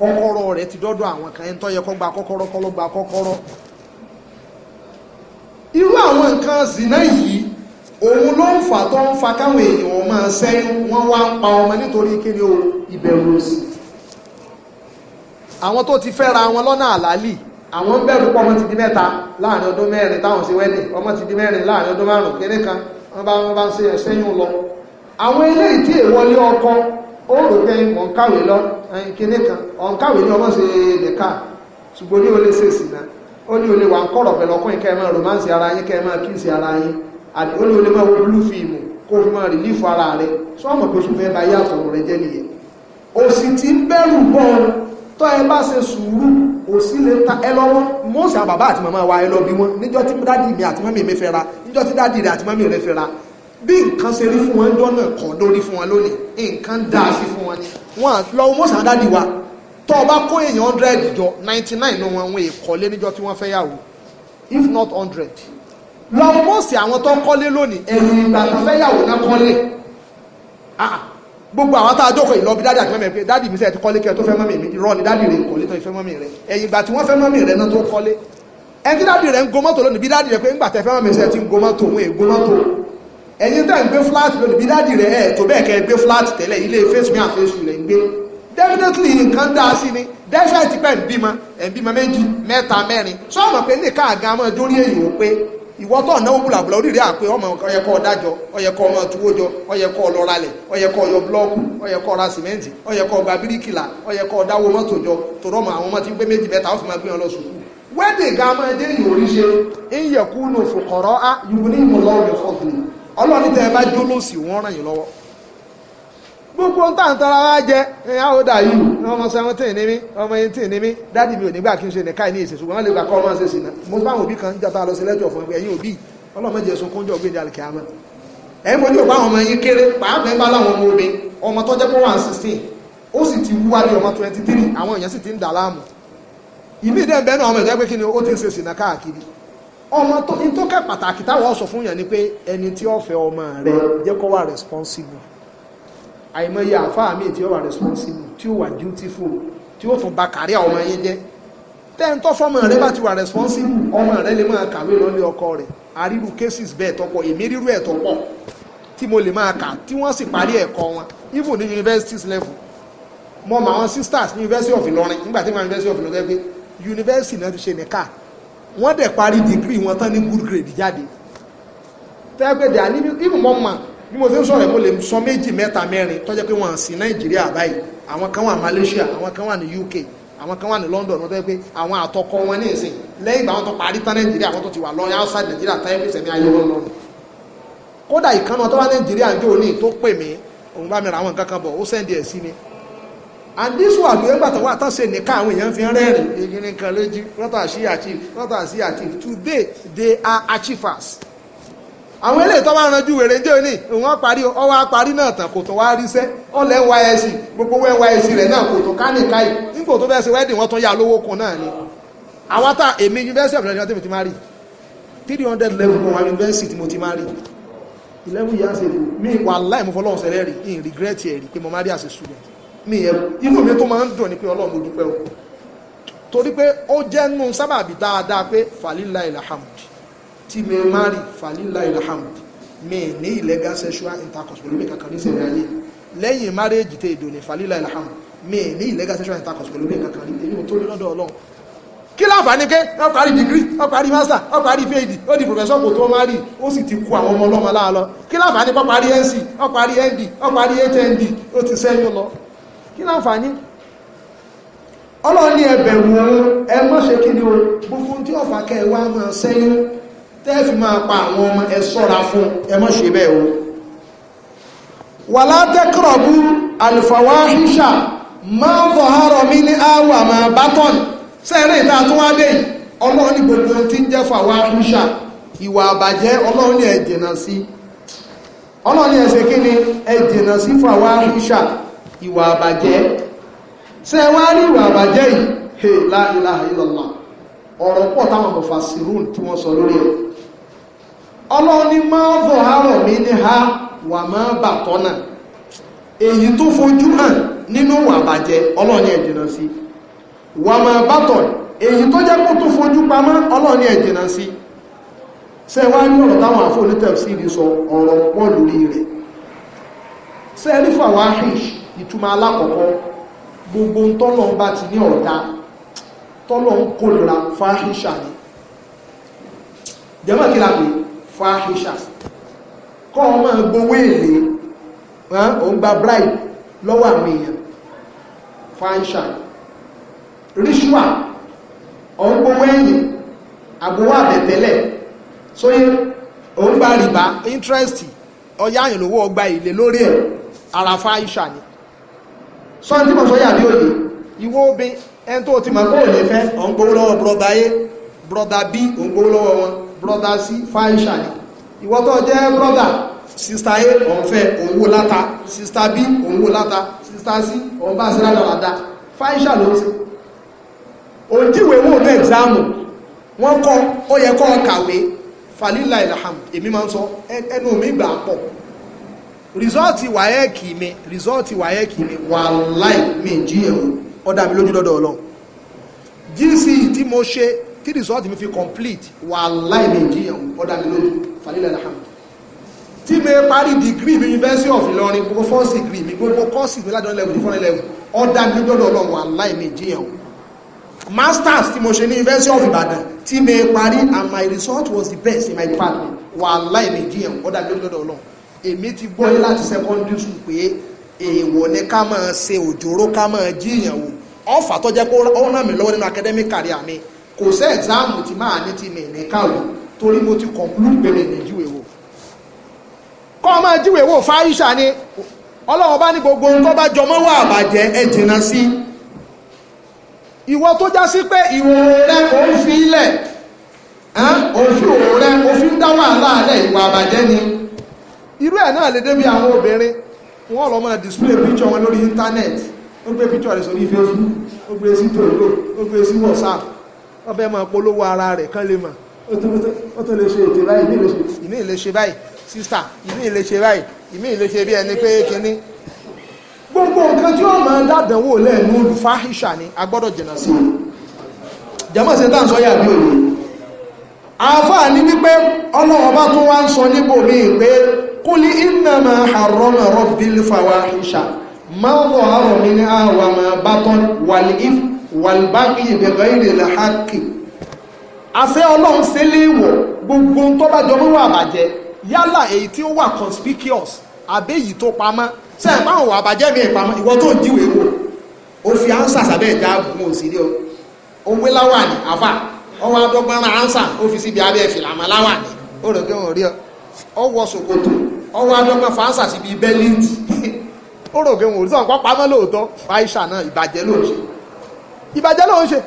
kọ́kọ́rọ́ rẹ̀ ti dọ́dọ̀ àwọn kan ẹni tó yẹ kọ́ gba kọ́kọ́rọ́ kọ́ ló gba kọ́kọ́rọ́ irú àwọn nǹkan zìnà òun ló ń fà tó ń fa káwọn èèyàn wọn máa sẹ́yún wọ́n wá ń pa ọmọ nítorí kíni o ìbẹ̀rù òṣì àwọn tó ti fẹ́ra wọn lọ́nà àlálì àwọn ń bẹ̀rù pọ̀ ọmọ ti di mẹ́ta láàrin ọdún mẹ́rin táwọn sí wẹ́dì ọmọ ti di mẹ́rin láàrin ọdún márùn kéré kan wọ́n bá wọ́n bá ń ṣe ẹ̀sẹ́yún lọ àwọn ilé ìtí ìwọlé ọkọ ó rò pé wọ́n kàwé lọ kéré kan ọ̀n kàwé ní ọmọ ṣe nìka ṣùgbọ́n ní o ṣèṣì náà ó ní o wà ń kọ̀rọ̀ pẹ̀lú ọkùnrin kẹ́ romance ara yín kẹ́ kíìsì ara yín àbí ó ní olè máa blue film kó fi máa rìlífù ara rẹ̀ sọ ọmọ pé sùn fẹ́ bá yá àtọ̀rọ̀ rẹ̀ jẹ́ nìyẹn òsì tí ń bẹ̀rù bọ́ tọ́ ẹ bá ṣe sùúrù òsì lè ta ẹ lọ́wọ́ mọ́ọ̀sì àwọn bàbá àti màmá wa ẹ lọ bí wọn níjọ́ tí dádì mi àti mọ́mì mi fẹ́ ra níjọ́ tí dádì rẹ̀ àti mọ́mì rẹ̀ fẹ́ ra bí nǹkan ṣe rí fún wọn ẹjọ́ náà kọ̀ lórí fún wọn lónìí nǹkan dáa sí fún wọn ni wọn lọ́wọ́ mọ́ọ̀sì àwọn dádì wa tọ́ ọ kó èèyàn hundred jọ ninety nine ní wọn wọn èkọ́lé níjọ́ tí wọ́n fẹ́ yàwó if not hundred lọ mọ́ọ̀sì àwọn tó ń kọ́lé lónìí ẹ̀rù ìgbà tó fẹ́ yàwó náà kọ́lé ah, ah. gbogbo àwọn tá a jókòó yìí lọ bí dádì àti mọ́mì pé dádì mi sẹ́ẹ̀ ti kọ́lé kẹ́ tó fẹ́ mọ́mì mi irọ́ ni dádì rẹ̀ kò lè tó fẹ́ mọ́mì rẹ̀ ẹ̀yìn ìgbà tí wọ́n fẹ́ mọ́mì rẹ̀ náà tó kọ́lé ẹni tí dádì rẹ̀ ń go mọ́tò lónìí bí dádì rẹ̀ pé ńgbà tẹ́ fẹ́ mọ́mì sẹ́ẹ̀ ti ń go mọ́tò òun ègo mọ́tò ẹ̀yin tẹ́ ń gbé fúláàtì lónìí bí dádì rẹ̀ ẹ̀ tó bẹ́ẹ̀ face me and face you definitely nǹkan dá sí ni definitely pẹ́ ń bímọ ẹ̀ ń bímọ méjì mẹ́ta mẹ́rin sọ́ọ̀mọ̀ pé nìkan àga mọ́ jórí èyí ò pé ìwọ́tọ̀ náà búlàbúlà orí rẹ̀ àpé ọmọ ọyẹkọ́ ọdájọ́ ọyẹkọ́ ọmọ tuwójọ ọyẹkọ́ ọlọ́ralẹ̀ ọyẹkọ́ ọyọ blọ́ọ̀kù ọyẹkọ́ ọra sìmẹ́ǹtì ọyẹkọ́ ọgbà bíríkìlà ọyẹkọ́ ọdáwó jọ àwọn ọmọ tí ń pé méjì mẹ́ta ó fi máa gbé wọn wẹ́ẹ̀dì ga ṣe gbogbo ń tàn tara wá jẹ ẹ̀yà ó dà yìí ọmọ seventeen ni mí ọmọ eighteen ni mí dáàdì mi ò nígbà kí n ṣe ní lè gbà kọ́ ọmọ ṣe mo bá àwọn òbí kan jọta lọ sí lẹ́jọ́ fún ẹ̀yìn òbí ọlọ́mọdé ẹ̀sùn kúnjọ́ gbé dàlùkì àmọ́ ẹ̀ ń bójú òpá àwọn ọmọ kéré pàápàá one sixteen ó sì ti àìmọye àfáà míì tí ó wà responsible tí ó wà dutiful tí ó tún ba kárí àwọn ọmọ yín jẹ́ tẹ́ńtọ́ fọ́mọ rẹ bá ti wà responsible ọmọ rẹ lè máa kàwé lọ́lé ọkọ rẹ̀ àrírú cases bẹ́ẹ̀ tọ́pọ̀ èmi rírú ẹ̀ tọ́pọ̀ tí mo lè máa kà tí wọ́n sì parí ẹ̀kọ́ wọn even ní universities level mo mọ àwọn sisters ní University of Ilorin nígbà tí wọ́n University of Ilorin gẹ́gẹ́ university náà ti ṣe nìka wọ́n dẹ̀ parí degree wọn tán ní good grade jáde tẹ́gbẹ̀dẹ̀ àní even mo mọ̀ bí mo ṣe ń sọ̀rọ̀ mo lè sọ méjì mẹ́ta mẹ́rin tó pé wọ́n sí nàìjíríà báyìí àwọn kan wà malaysia àwọn kan wà ní uk àwọn kan wà ní london wọ́n tó pé àwọn àtọkọ wọn ní ìsìn lẹ́yìn ìgbà wọn tó parí tán nàìjíríà wọn tó ti wà lọ́yìn outside nàìjíríà táyé pèsè ní ayé wọn lọ́nà kódà ìkànnà tó wà nàìjíríà ń jó ní tó pè mí òun bá mi ra àwọn nǹkan kan bọ̀ ó sẹ́ndì today they are achievers àwọn eléyìí tó bá ranjú wèrè jẹ́ òní ìwọ́n parí ọwọ́ parí náà tàn kò tó wá rí sẹ́ ọ̀lẹ́ nysc gbogbo owó nysc rẹ̀ náà kò tó kánìkáì nígbò tó fẹ́ẹ́ ṣe wẹ́ẹ̀dì wọ́n tún yá lówó kan náà ni àwọn ata èmi university of nigeria tí mo ti máa rí three hundred level kan university tí mo ti máa rí eleven years ago mi wà láì mo fọlọ́run sẹ́rẹ́ rí in regret ẹ̀ rí pé mo máa as a student mi yẹ inú mi tó máa ń dùn ni pé ọlọ́run mo dúpẹ́ o torí pé ó jẹ́ nù sábàbí dáadáa pé fàlílà ìlàhàmù tí mi máa rí falila ilhamd mi ní illegal sexual intercourse pẹ̀lú mi kankan ní sẹ̀rẹ̀ ayé lẹ́yìn márèèjì tẹ èdò ní falila ilhamd mi ní illegal sexual intercourse pẹ̀lú mi kankan ní èyí tó rí lọ́dọ̀ ọlọ́run kí láǹfààní ké ó parí degree ó parí master ó parí phd ó di professor kò tó máa rí ó sì ti kó àwọn ọmọ ọlọ́mọ láàlọ́ kí láǹfààní kó parí nc ó parí nd ó parí hnd ó ti sẹ́yìn lọ kí láǹfààní ọlọ́run ní ẹbẹ̀rù ẹ má ṣe kí ni o gbogbo tí ọ̀fà kẹ́ ẹ wá máa sẹ́yìn tẹ́ẹ̀fì máa pa àwọn ọmọ ẹ fún ṣe bẹ́ẹ̀ o wà látẹ́kọ̀rọ̀bú máa fọ̀hárọ̀ mi ní àwọ̀ àmà bátọ̀n sẹ́rìn ìta tó ọlọ́run ní gbogbo tí ń jẹ́ fawahisha ìwà àbàjẹ́ ọlọ́run ní ẹ sí ọlọ́run kí ni ìwà àbàjẹ́ ọlọ́run ní máa bọ̀ àárọ̀ mi ní ha wà máa bà tọ́nà èyí tó fojú hàn nínú wà bàjẹ́ ọlọ́run ní ẹ̀jìnà sí wà máa bà tọ̀ èyí tó jẹ́ kó tó fojú pamọ́ ọlọ́run ní ẹ̀jìnà sí ṣe wá ní ọ̀rọ̀ táwọn àfọ́ onítẹ̀síìdì sọ jẹ́mọ̀ kí la fáhíṣà kọ́ ọmọ gbowó èlé òun gba bribe lọ́wọ́ àwọn èèyàn fáhíṣà ríṣùà òun gbowó ẹ̀yìn àbúwọ́ àbẹ̀tẹ́lẹ̀ sóyé òun gba rìbá interest ọyá àyànlówó ọgbà èlé lórí ẹ̀ ara fáhíṣà ni sọ́n tí mo sọ yàbí òye ìwọ obìn ẹni tó ti mọ̀ kó ò ní fẹ́ òun gbowó lọ́wọ́ brọ́dà A brọ́dà B òun gbowó lọ́wọ́ wọn brother c fáìṣà ni ìwọ tó jẹ́ brother sista a òun fẹ́ òun sista b òun wò sista c òun bá sílá dáradá fáìṣà ló ti òun jíwèé wò ní ẹ̀gzámù wọ́n kọ́ ó yẹ kọ́ kàwé falila ilham èmi máa ń sọ ẹnu mi gbà pọ̀ rìsọ́ọ̀tì wáyẹ́ẹ̀kì mi rìsọ́ọ̀tì wáyẹ́ẹ̀kì mi wà láì mi jíyẹ̀wò ọ̀dà mi lójú lọ́dọ̀ ọlọ́run gc e tí mo ṣe tí result mi fi complete wallahi mi jiyàn ọ̀dà mi lónìí falilẹ̀ alhamdu tí mi parí degree mi University of Ìlọrin gbogbo first degree mi gbogbo course mi ládùn level different level ọ̀dà mi gbọ́dọ̀ ọlọ́run wallahi mi jiyàn masters tí mo ṣe ní University of Ìbàdàn tí mi parí and my result was the best in my department wallahi mi jiyàn ọ̀dà mi gbọ́dọ̀ ọlọ́run èmi ti gbọ́ yín láti secondary school pé èèwọ̀ ni ká máa ṣe òjòrò ká máa jíyàn wò ọ̀fà tó jẹ́ pé ó ràn mí lọ́wọ́ nínú academic career mi kò sẹ́ ẹ̀gzáàmù tí máa ní ti mi ní kàwé torí mo ti conclude pé mi ní jíwèé wò kọ́ máa jíwèé wò fáyíṣà ni ọlọ́run bá ní gbogbo ohun tó bá jọmọ́ wà àbàjẹ́ ẹ jìnnà sí ìwọ tó já sí pé ìwòrò rẹ ò ń fi ilẹ̀ òfin òwò rẹ òfin dá wàhálà rẹ ìwà àbàjẹ́ ni irú ẹ̀ náà lè débi àwọn obìnrin wọ́n lọ máa display picture wọn lórí internet ó gbé picture rẹ̀ sórí Facebook ó gbé sí tòló ó gbé sí WhatsApp wọ́n fẹ́ máa polówó ara rẹ̀ kán lè mọ̀ ó tún lè ṣe ètè báyìí ìmí ìlè ṣe báyìí sísà ìmí ìlè ṣe báyìí ìmí ìlè ṣe bí ẹni pé kínní. gbogbo nǹkan tí ó máa ń dàdánwò lẹ́nu olùfáhìṣà ni a gbọ́dọ̀ jìnnà sí i jẹ́mọ̀ sí táà ń bí òye àáfàá ní wípé ọlọ́wọ́n bá tún wá ń sọ níbò míì pé kúlí innama harrama rabbil fawahisha máa ń lọ àrọ̀ mi ní àwọn àmà wàlbákì ìbẹ̀rẹ̀ ìrìnlẹ̀ hákì àṣẹ ọlọ́run ṣe léèwọ̀ gbogbo tó bá jọ wíwà àbàjẹ́ yálà èyí tí ó wà conspicuous àbẹ́ èyí tó pamọ́ ṣe é báwọn wà àbàjẹ́ mi ìpamọ́ ìwọ tó ń jíwèé wò ó fi ánsà sábẹ́ ìjà àbùkù òsì ní o òwe láwà ní àfà ọwọ́ adọ́gbọ́n ra ánsà ó fi síbi abẹ́ fìlàmọ́ láwà ní ó rò pé wọ́n rí ọ ọwọ́ ṣòkòtò ọwọ́ adọ́gbọ́n fa ánsà síbi bẹ́líǹtì *laughs* ó rò pé wọ́n rí sọ̀nkọ́ pamọ́ lóòótọ́ fáìṣà náà ìbàjẹ́ lóòótọ́ ìbàjẹ́ ló ń ṣe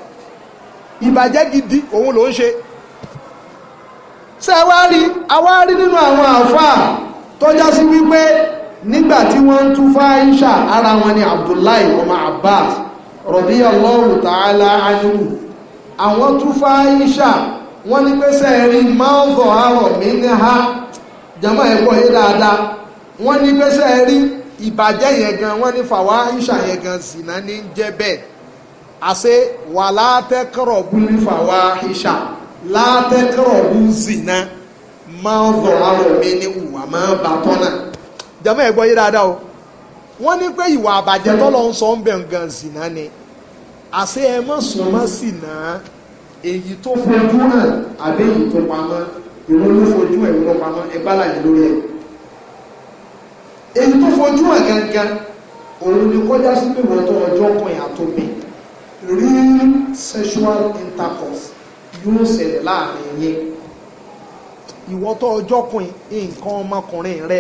ìbàjẹ́ gidi òun ló ń ṣe ṣe wá rí awá rí nínú àwọn àfáà tọ́já sí wípé nígbà tí wọ́n ń tú fáìṣà ara wọn ni Abdullahi ọmọ Abbas radiyallahu ta'ala anhu àwọn tú fáìṣà wọ́n ní pé sẹ́ẹ̀rí máa ń bọ̀ àrọ̀ mí ní ha jama ẹ̀kọ́ yé dáadáa wọ́n ní pé sẹ́ẹ̀rí ìbàjẹ́ yẹn gan wọ́n ní fàwa yẹn gan sì náà ní jẹ́ bẹ́ẹ̀ àṣẹ wà látẹ́kọ̀rọ̀ búlífà wá ìṣà látẹ́kọ̀rọ̀ bú zìnà máa ń zọ̀ àrùn mi ní ìwà máa ń bá tọ́nà. jẹ́mọ́ ẹ̀ gbọ́ yí dáadáa o wọ́n ní pé ìwà àbàjẹ́ tọ́lọ́ ń sọ ń bẹ̀ gan zìnà ni àṣẹ ẹ mọ̀ sùn mọ́ sí náà èyí tó fojú hàn àbí èyí tó pamọ́ ìwọ́n ló fojú ẹ̀ wọ́n pamọ́ ẹ bá láyé lórí ẹ̀ èyí tó fojú hàn gangan òun ni kọjá sí pé wọ́n tó ọjọ́ kan yà tó bẹ́ẹ̀ real sexual intercourse yóò ṣẹlẹ̀ láàrin yín ìwọ tó ọjọ́kùn nǹkan ọmọkùnrin rẹ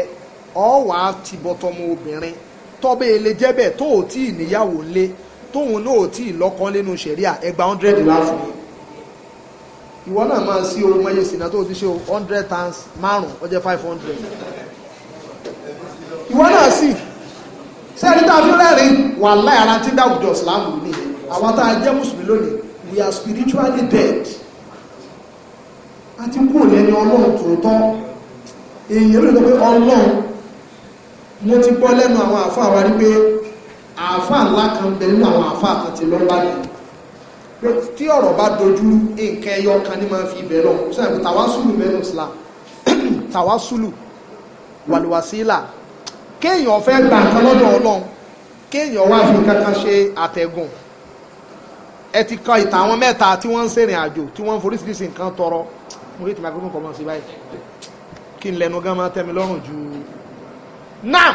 ọ wàá ti bọ́tọ́mọ obìnrin tọ́bẹ̀ èlé jẹ́bẹ̀ tó ò tí ì níyàwó lé tóun náà ò tí ì lọ́kàn lẹ́nu ṣẹ̀ríà ẹgbà hundred láàfin ìwọ náà máa sí ohun mọ́yé sínú tó ti ṣe hundred times márùn ó jẹ́ five hundred ìwọ náà sì sẹ́ni tá a fi rẹ́rìn wàhálà ara tí dáwùjọ ìsìlámù nìyẹn àwọn tá a jẹ́ mùsùlùmí lónìí we are spiritually dead a ti kú lẹ́ni ọlọ́run tòótọ́ èèyàn ló lọ pé ọlọ́run mo ti gbọ́ lẹ́nu àwọn àáfàá wa rí pé àáfàá ńlá kan bẹ nínú àwọn àáfàá kan ti lọ́ba ni pé tí ọ̀rọ̀ bá dojú nǹkan ẹyọ kan ní máa fi ibẹ̀ lọ sẹ́yìn pé tàwásùlù mẹ́nu islam *clears throat* tàwásùlù wàlúwàsílà kéèyàn fẹ́ gbà nǹkan lọ́dọ̀ ọlọ́run kéèyàn wá fi kankan ṣe àtẹ̀gùn ẹ ti kọ ìtàn àwọn mẹ́ta tí wọ́n ń ṣèrìn àjò tí wọ́n ń foríṣiríṣi nǹkan tọrọ mo rí tìmọ̀ akókò kọ́mọ sí báyìí kí n lẹnu gan máa tẹ́ mi lọ́rùn ju. náà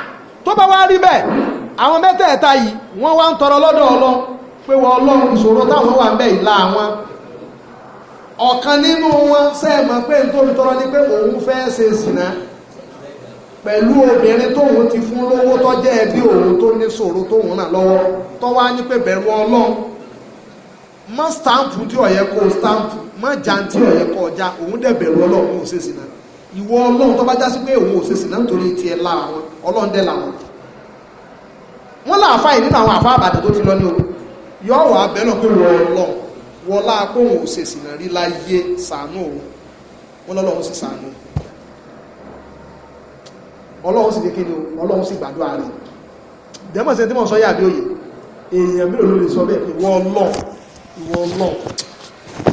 tó bá wá rí bẹ́ẹ̀ àwọn mẹ́tẹ̀ẹ̀ta yìí wọ́n wá ń tọrọ lọ́dọ̀ ọlọ́run pé wọ́n ọlọ́run ìṣòro táwọn wà ń bẹ̀ ìlà àwọn ọ̀kan nínú wọn sẹ́ẹ̀mọ̀ pé n tóbi tọrọ ni pé òun fẹ́ ṣe sìnà pẹ̀lú obìnrin tóun ti fún lówó tọ́jẹ́ ẹbí òun tó ní ṣòro tóun náà lọ́wọ́ tọ́wá ní pé bẹ̀rù ọlọ́run má stamp tí ọ̀yẹ́ kó stamp má jan tí ọ̀yẹ́ kó ọjà òun dẹ̀ bẹ̀rù ọlọ́run ò ṣèṣì náà ìwọ ọlọ́run tó bá já sí pé òun ò ṣèṣì náà nítorí tiẹ̀ lára wọn ọlọ́run dẹ̀ làwọn. wọ́n láàfáà yìí nínú àwọn àfáà àbàdàn tó ti lọ ní o yọ wà abẹ́ náà pé wọ ọlọ́run wọlá kóhun ò ṣèṣì náà rí láyé sànú òun wọ́n lọ́lọ́run sì sànú ọlọ́run sì kékeré ọlọ́run sì gbàdúrà rẹ̀ dẹ́mọ̀ sí ẹni tí mo sọ yà bí òye èèyàn mélòó ló lè sọ bẹ́ẹ̀ ìwọ ọlọ́run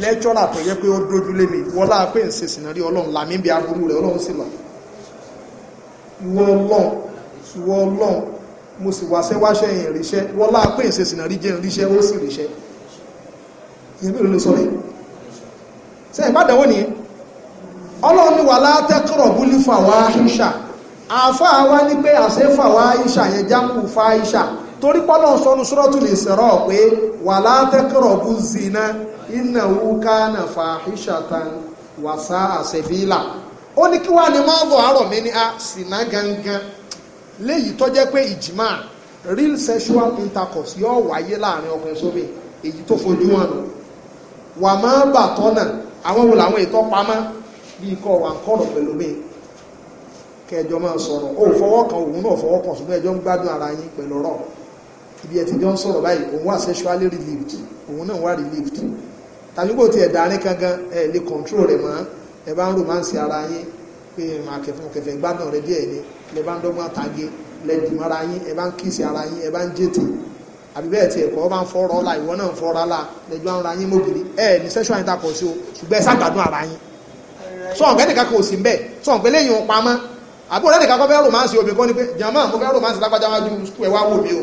lẹ́jọ́rà tó yẹ pé ó dójú lé mi ìwọ láà pé ń ṣe sìnárí ọlọ́run làmí bí aburú rẹ̀ ọlọ́run sì là ìwọ ọlọ́run ìwọ ọlọ́run mo sì wáṣẹ́ wáṣẹ́ yẹn ríṣẹ́ ìwọ láà pé ń ṣe sìnárí jẹ́ ríṣẹ́ ó sì ríṣẹ́ yẹn bí ló sọ rẹ̀ ṣe ìbádàwó nìyẹn ọlọ́run ni wà látẹ́kọ̀rọ̀ búlí fàwa ìṣà àfáà wá ní pé àṣẹ fàwa ìṣà yẹn jákù fa ìṣà torí pọ́lọ̀ ń sọ́nu suratul Isra pé wala taqrabu zina innahu kana fahishatan wa sa'a sabila ó ní kí wá ní máa ń mi ní a sìnà gangan léyìí tó jẹ́ pé ìjìmá real sexual intercourse yóò wáyé láàrin ọkùnrin sómi èyí tó fojú wà máa bà àwọn wo làwọn ètò pamọ́ bí ikọ̀ wà ń kọ̀rọ̀ ibi ẹ̀ ti jọ ń sọ̀rọ̀ báyìí òun wà sexually relieved òun náà wà relieved tàbí kò tiẹ̀ darin kankan ẹ̀ lè control rẹ̀ mọ́ ẹ bá ń romance ara yín pé màá kẹfọn kẹfẹ gbádùn rẹ díẹ̀ ni lẹ bá ń dọ́gbọ́n àtàgé lẹ dùn ara yín ẹ bá ń kíìsì ara yín ẹ bá ń jètè àbí bẹ́ẹ̀ tiẹ̀ kọ́ bá ń fọ́ra ọ̀la ìwọ náà ń fọ́ra la lẹ́jọ́ ara yín mọ́bìnrin ẹ ní sexual intercourse o ṣùgbọ́n ẹ ṣàgbádùn ara yín sọ̀n pé nìkan kò sí ń bẹ̀ sọ̀n pé lẹ́yìn òun pamọ́ àbúrò lẹ́nìkan kọ́ fẹ́ romance obìnrin kan ní pé jàmọ́ mo fẹ́ romance lágbájá wájú skul ẹ̀ wá wò mí o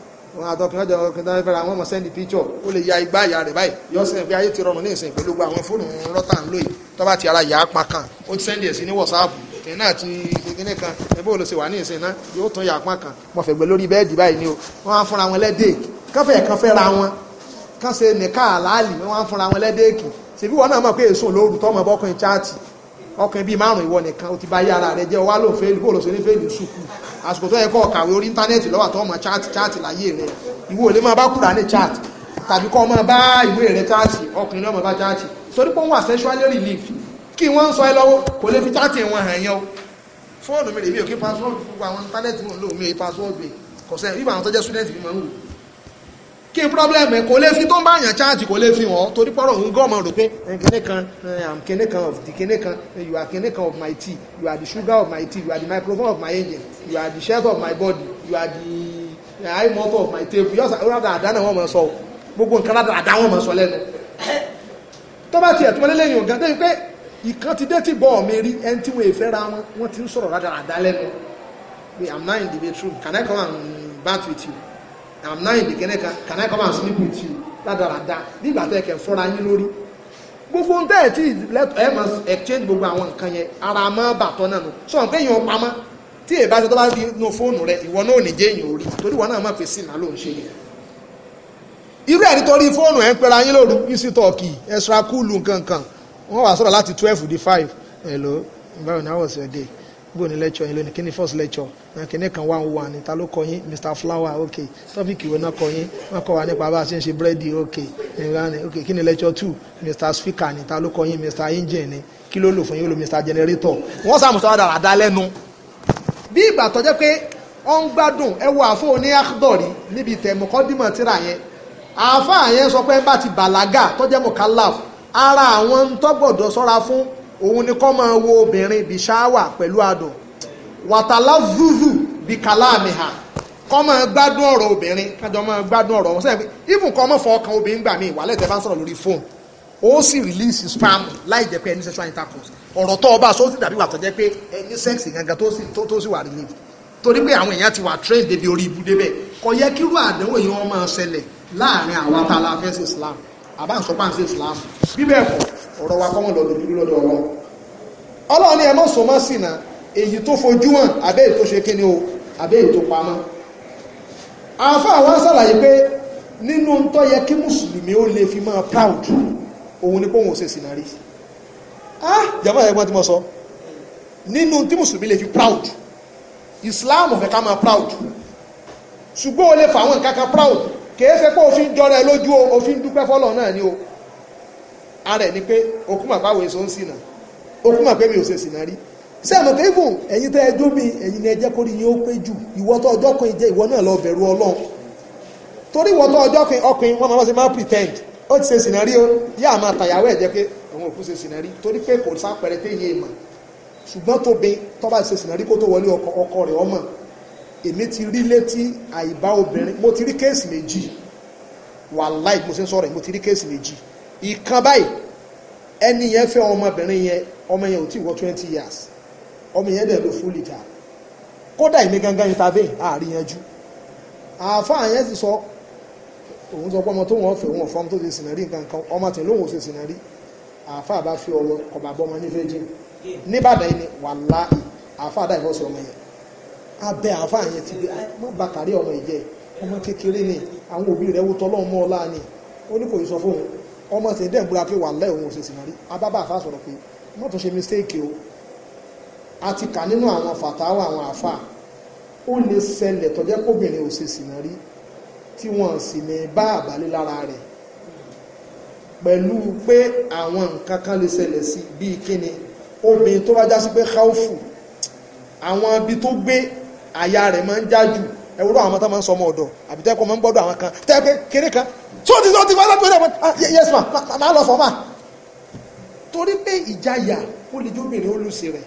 wọn àtọkùnrin ọjọ́ ọkùnrin tó ń fẹ́ra wọn mọ̀ sẹ́ndì píchọ̀ ó lè ya igbá ìyá rẹ̀ báyìí yọ sẹ́yìn pé ayé ti rọrùn ní ìsìn pẹ̀lú àwọn fóònù lọ́tà ń lò yìí tó bá ti ara yà á pa kan ó ti sẹ́ndì ẹ̀ sí ní wọ̀sáàpù ẹ̀ náà ti kíní kan ẹ̀ bó ló ṣe wà ní ìsìn náà yóò tún yà á pa kan mo fẹ̀gbẹ́ lórí bẹ́ẹ̀dì báyìí ni o wọ́n á fúnra wọn lẹ́dẹ̀ káfẹ́ kan fẹ́ra wọn kán ṣe nìka àlàálì wọ́n á fúnra wọn lẹ́dẹ̀ẹ́kì ṣèbí wọn náà mọ̀ pé èso lóru tọ́mọ bọ́kùnrin chaati ọkàn bíi márùn ìwọ nìkan ó ti bá yára rẹ jẹ́ wá ló fẹ́ẹ̀lì bóòlù sí ní fẹ́ẹ̀lì sùkú àsìkò tó yẹ kọ́ kàwé orí íńtánẹ́ẹ̀tì lọ́wọ́ àtọ́ ọmọ chat chat láyé rẹ ìwọ lè máa bá kúrà ní chat tàbí kọ́ ọmọ bá ìwé rẹ chat ọkùnrin ọmọ bá chat torí pé wọ́n wà sexually relieved kí wọ́n ń sọ ẹ lọ́wọ́ kò lè fi chat wọn hàn yẹn o fóònù mi rè mí ò kí password gbogbo àwọn íńtánẹ́ẹ̀tì mò ń lò mí ò kí password gbé kọ̀sẹ́ bíbá kí problem ẹ kò lè fi tó ń bá yàn chaati kò lè fi hàn torí pọ́rọ̀ ń gọ́ọ̀mọ̀ rò pé kíní kan am kíní kan of the kíní kan you are kíní kan of my tea you are the sugar of my tea you are the microphone of my engine you are the shirt of my body you are the eh, eye motor of my table yọ́sà ó rádà àdá náà wọ́n mọ̀ sọ gbogbo nǹkan rádà àdá wọ́n mọ̀ sọ lẹ́nu tó bá tiẹ̀ tó wọlé lẹ́yìn ọ̀gá débi pé ìkan ti dé ti bọ̀ mi rí ẹni tí wọ́n èèfẹ́ ra wọn wọ́n ti ń sọ̀rọ̀ rádà àdá lẹ́nu I'm not in the bedroom can I come and bat with you i'm 9 in kan can i come and sleep with you nígbà tó ẹ̀kẹ́ fọ́ra yín lórí gbogbo ń tẹ́ẹ̀ tí máa exchange gbogbo àwọn nǹkan yẹn ara máa bàtọ́ náà nù sọ̀rọ̀ pé èèyàn pamọ́ tí èèyàn bá ṣe tó bá fi nu fóònù rẹ ìwọ náà ò ní jẹ́ èèyàn orí torí ìwọ náà máa fi sínú ló ń ṣe yẹn irú ẹ̀ nítorí fóònù ẹ̀ ń pera yín lóru isi tọ́ọ̀kì twelve five bó ni lecture yín lónìí kí first lecture náà kí kan one one ta ló kọ yín mr flower ok topic ìwé náà kọ yín wọ́n kọ́ wa nípa bá a ṣe ń ṣe búrẹ́dì ok ok kí lecture two mr speaker ni ta ló kọ yín mr engine ni kí ló lò fún yín ó mr generator wọ́n sàmùsọ àdàrà dá lẹ́nu bí ìgbà tó jẹ́ pé ó ń gbádùn ẹ wo àfọ oní àkdọ̀rí níbi tẹ̀mọ̀kọ́dìmọ̀ tíra yẹn àáfàá yẹn sọ pé bá ti bàlágà tó jẹ́ mọ̀kálàf ara àwọn ń tọ́gbọ̀dọ̀ sọ́ra fún òun ni kọ́ máa wo obìnrin bí ṣáwà pẹ̀lú adùn wàtàlá zuzu bí kàláàmì hà kọ́ máa gbádùn ọ̀rọ̀ obìnrin kájọ máa gbádùn ọ̀rọ̀ wọn sẹ́yìn pé even kọ́ máa fọ ọkàn obìnrin gbà mí ìwàlẹ̀ tẹ́ bá sọ̀rọ̀ lórí fóònù ó sì release spam láì jẹ́ pé ẹni sexual intercourse ọ̀rọ̀ tó ọba sóòtì dàbí wà tó jẹ́ pé ẹni sẹ́ẹ̀sì gangan tó sì wà relieved torí pé àwọn èèyàn ti wà trained débi orí ibú débẹ̀ kò yẹ kírú àdánwò yìí wọ́n máa ṣẹlẹ̀ láàrin àwọn tá fẹ́ sí Islam àbá ń sọ pá ń sí islam bíbẹ̀ ẹ̀kọ́ ọ̀rọ̀ wa kọ́mọ̀ lọ́dọ̀ dúdú lọ́dọ̀ ọ̀rọ̀ ọlọ́run ni ẹ mọ̀ sọ mọ́ sí na èyí tó fojú hàn àbẹ́ èyí tó ṣe kíni o àbẹ́ èyí tó pamọ́ àáfàá wa ṣàlàyé pé nínú ń tọ́ yẹ kí mùsùlùmí ó lè fi máa proud òun ni kóhun ṣe sínà rí ah jàmbá ẹ̀gbọ́n tí mo sọ nínú tí mùsùlùmí lè fi proud islam ò fẹ́ ká máa proud ṣùgbọ́n ó lè fà àwọn nǹkan kan proud kìí ṣe pé òfin jọra ẹ lójú o òfin dúpẹ́ fọlọ́ náà ni o ara ẹ̀ ni pé ma mà pàwọ̀ èso ń ṣìnà okú mà pé mi ò ṣe ṣìnà rí sẹ́ẹ̀mù kéfù ẹ̀yin tẹ́ ẹjọ́ mi ẹ̀yin ni ẹjẹ́ kórìí ó pé jù ìwọ́ tó ọjọ́ kan ìjẹ́ ìwọ náà lọ bẹ̀rù ọlọ́run torí ìwọ́ tó ọjọ́ kan ọkùnrin wọn máa ó ti ṣe rí o tàyàwó èmi ti rí létí àìbá obìnrin mo ti rí kéèsì méjì wàláì mo ṣe ń sọ̀rọ̀ mo ti rí kéèsì méjì ìkan báyìí ẹni yẹn fẹ́ ọmọbìnrin yẹn ọmọ yẹn ò tí wọ twenty years ọmọ yẹn dẹ̀ ló fún lìjà kódà èmi gangan intervene àárín yẹn jù àáfàá yẹn ti sọ òun sọ pé ọmọ tó wọn fẹ́ wọn fọm tó ṣe sìnàrí nǹkan kan ọmọ tí lóun ò ṣe sìnàrí àáfàá bá fi ọwọ́ kọba bọmọ ní fẹjẹ nìbàdàn yìí ni wàláì àáfàá dá ìfọsọ ọmọ yẹn abẹ àáfàá yẹn ti gbé mọ bàkàrí ọmọ ìjẹ ọmọ kékeré ni àwọn òbí rẹ̀ wò tọ́lọ́ mọ́ ọlá ni ó ní kò sọ fóun ọmọ sì dẹ̀ ń búra pé wà lẹ́ òun ò sì sì mọ̀ rí abábà àfa sọ̀rọ̀ pé mọ́ tó ṣe mistake o a ti kà nínú àwọn fàtàwọ̀ àwọn àfa ó lè ṣẹlẹ̀ tọ́jẹ́ kóbìnrin ò sì sì mọ̀ rí tí wọ́n sì ní bá àbálé lára rẹ̀ pẹ̀lú pé àwọn nǹkan kan lè ṣẹlẹ̀ sí bíi kíni obìnrin tó bá já pé káwùfù àwọn ibi tó gbé aya rẹ̀ máa ń já ẹwúrọ àwọn tó máa ń sọmọ ọ̀dọ̀ àbí tẹkọ máa ń àwọn kan tẹpẹ kéré kan tó ti tó ti fọlá tó dẹ ma lọ fọ ma. torí pé ìjayà ó lè jó obìnrin ó rẹ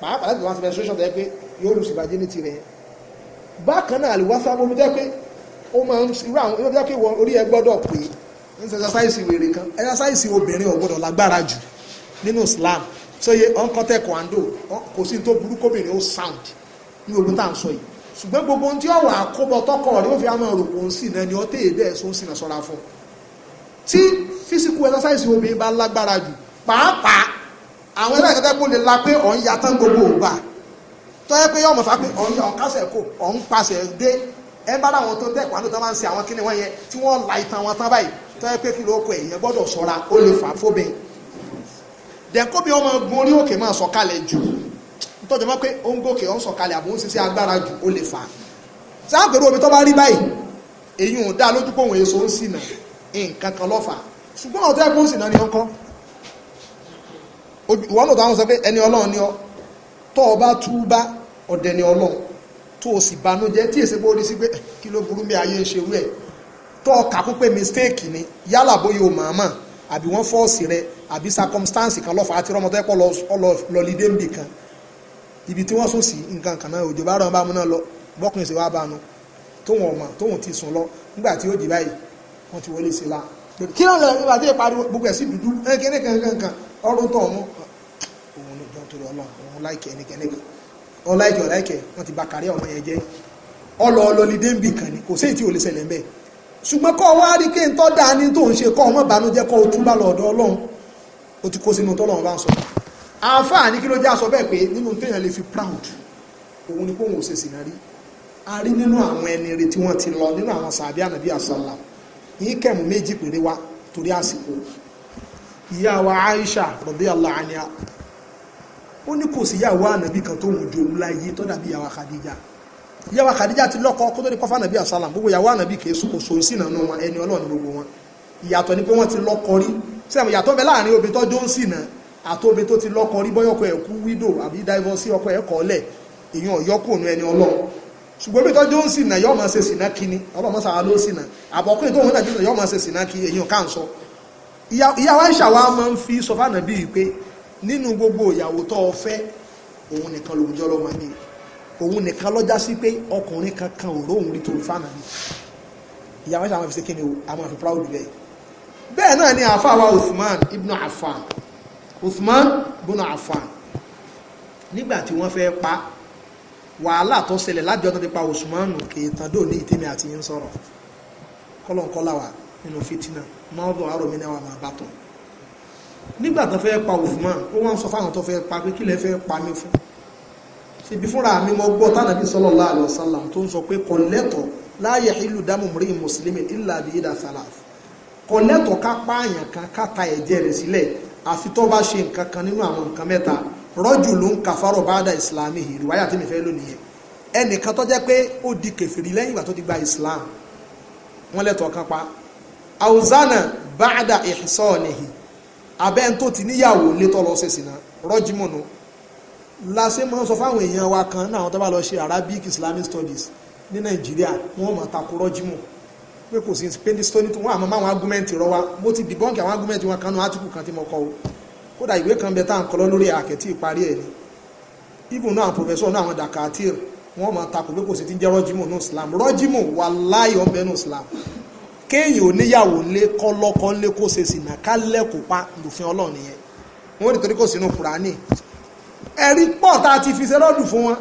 pàápàá láti wọn administration tẹ pé yóò lùsì bàjẹ́ ní tirẹ̀ bákan náà àlùwá sábà omi tẹ ó máa ń irú àwọn orí ẹ gbọ́dọ̀ pé ń ní ogun tá à ń sọ yìí ṣùgbọ́n gbogbo ohun tí ó wà kóbọ tọkọ rẹ̀ ó fi àwọn òròpò ń sìn náà ni ó tèè bẹ́ẹ̀ sọ ń sìn náà sọ́ra fún un tí physical exercise obìnrin bá lágbára jù pàápàá àwọn ẹgbẹ́ ìkẹ́kẹ́ kó lè la pé ọ̀n ya tán gbogbo ògbà tó yẹ pé yọ ọmọ fà pé ọ̀n ya ọ̀n kásẹ̀ kò ọ̀n pàṣẹ dé ẹ bá dáwọn tó dẹ́kun àti tó máa ń ṣe àwọn kíni wọ́n yẹn tí wọ́n la itan wọn tọ́jú mọ́ pé ó ń gòkè ó ń sọ̀kalẹ̀ àbò ó ń ṣiṣẹ́ agbára jù ó lè fà á sáà pẹ̀lú omi tó bá rí báyìí èyí ò dá lójú pé òun èso ń sì nà nǹkan kan lọ́fà ṣùgbọ́n ọ̀tọ́ ẹ̀kọ́ ń sì nà ni ó ń kọ́ ìwọ́n lòtọ́ àwọn sọ pé ẹni ọlọ́run ni ọ tọ́ ọ bá túbá ọ̀dẹ̀ ni ọlọ́run tó o sì banújẹ́ tí èsè bóri sí pé eh, kí ló burú mi ayé ń ṣe rú ẹ̀ tọ́ ọ kàkú pé mistake ni yálà bóyá o màmá àbí wọ́n fọ́ọ̀sì rẹ àbí circumstance kan lọ́fà àti rọmọtọ́ ẹ̀kọ́ kan ibi tí wọ́n sùn sí nǹkan kan náà òjò bá rọ̀ bá mú náà lọ bọ́kùnrin sì wá bá nu tóun ọ̀mà tóun ti sùn lọ nígbà tí ó jí báyìí wọ́n ti wọlé sí la kí ló ń lọ nígbà tí ìpariwo gbogbo ẹ̀ sí dúdú ẹnikẹ́ni kankan kan ọdún tó ọmú òun ló jọ torí ọlọ́run òun láìkẹ́ ẹnikẹ́ni kan ọ láìkẹ́ ọ láìkẹ́ wọ́n ti ba kárí ọmọ yẹn jẹ́ ọlọ ọlọni dénbì kan ni kò sí èyí ò lè ṣẹlẹ̀ mbẹ́ ṣùgbọ́n kọ́ wá rí kí n tọ́ da ni tó ń ṣe kọ́ ọmọ ìbànújẹ́ kọ́ o túbà lọ́dọ̀ ọlọ́run o ti kó sínú tọ́lọ́run àǹfààní kí ló jẹ́ àsọ bẹ́ẹ̀ pé nínú téèyàn lè fi proud òun ni kóhun òṣèṣì náà rí a rí nínú àwọn ẹni rẹ̀ tí wọ́n ti lọ nínú àwọn sàbí ànàbí àsàlà yìí kẹ̀mù méjì péré wa torí àsìkò ìyá wa Aisha radiyallahu anha ó ní kò sí ìyàwó ànàbí kan tó ń jo òun láyé tó dàbí ìyàwó Khadija ìyàwó Khadija ti lọ́kọ kó tó ní kọ́fà ànàbí àsàlà gbogbo ìyàwó ànàbí kì í ni pé wọ́n ti lọ́kọ rí sẹ́wọ̀n ìyàtọ̀ bẹ àtòbí tó ti lọ́kọ rí bọ́yọ̀kọ ẹ̀ kú wídò ọkọ ẹ̀ kọ́lẹ̀ èèyàn ọ̀yọ́kùnrin ẹni ọlọ́run ṣùgbọ́n bí tọ́jú ń sìnà yọ́ máa ṣe sìnà ni ọlọ́mọ sàrà ló tó ń ṣe kí èèyàn ká ń sọ ìyá wa máa gbogbo ìyàwó tó o fẹ́ òun nìkan jọ́ ni òun nìkan lọ́jà kankan ò rí torí ni ìyá wa ṣe o a máa Uthman bùnà Affan nígbà tí wọ́n fẹ́ pa wàhálà tó ṣẹlẹ̀ láti ọdún nípa Usman kì í tán dò ní ìtẹ́mi àti yín sọ̀rọ̀ kọ́lọ̀nkọ́lá wa nínú fitina mọ́ọ̀dọ̀ àròmínà wa máa bá tán nígbà tó fẹ́ pa Usman ó wọ́n sọ fáwọn tó fẹ́ pa pé kílẹ̀ fẹ́ pa mí fún ṣebí fúnra mi mo gbọ́ tánàbí sallallahu alaihi wasallam tó ń sọ pé kò lẹ́tọ̀ọ́ la yahilu damu mri muslimin illa bi ida salaf kò lẹ́tọ̀ọ́ ká pààyàn kan ká ta ẹ̀jẹ̀ rẹ̀ sílẹ̀ àfi tó bá ṣe nǹkan kan nínú àwọn nǹkan mẹ́ta rọ́jù ló ń kàfárọ̀ báadà ìsìlámì yìí ìrùwáyà tí mi fẹ́ lónìí yẹn ẹnìkan tó jẹ́ pé ó di kẹfìrí lẹ́yìn ìgbà tó ti gba ìsìlámù wọ́n lẹ́tọ̀ọ́ kan pa àwùzánà báadà ìsọ̀ọ̀nìhì abẹ́ni tó ti níyàwó létọ́ lọ ṣèṣì náà rọ́jìmọ̀nù lásìkò mọ́ sọ fáwọn èèyàn wa kan náà àwọn tó bá lọ ṣe Arabic Islamic Studies ní Nàìjíríà wọ́n mọ̀ takò rọ́jìmọ̀nù pé kò sí pendistoni tó wọn àmọ́ máwọn agúmẹ́ǹtì rọ wa mo ti dìbọ́ǹkì àwọn agúmẹ́ǹtì wọn kan náà átíkù kan tí mo kọ o kódà ìwé kan bẹ tá à ń kọlọ lórí àkẹ́tì ìparí ẹ̀ ni even náà professor náà àwọn dakatir wọn máa takò pé kò sí ti jẹ́ rọ́jímù ní islam rọ́jímù wà láì ọ̀bẹ ní islam kéèyàn oníyàwó lé kọ́lọ́kọ́ lé kó ṣe sìnà ká lẹ́kọ̀ọ́ pa lùfin ọlọ́run yẹn wọn ò ní torí kò sínú kùránì ẹ̀rí pọ̀ tá a ti fi ṣe lọ́dún fún wọn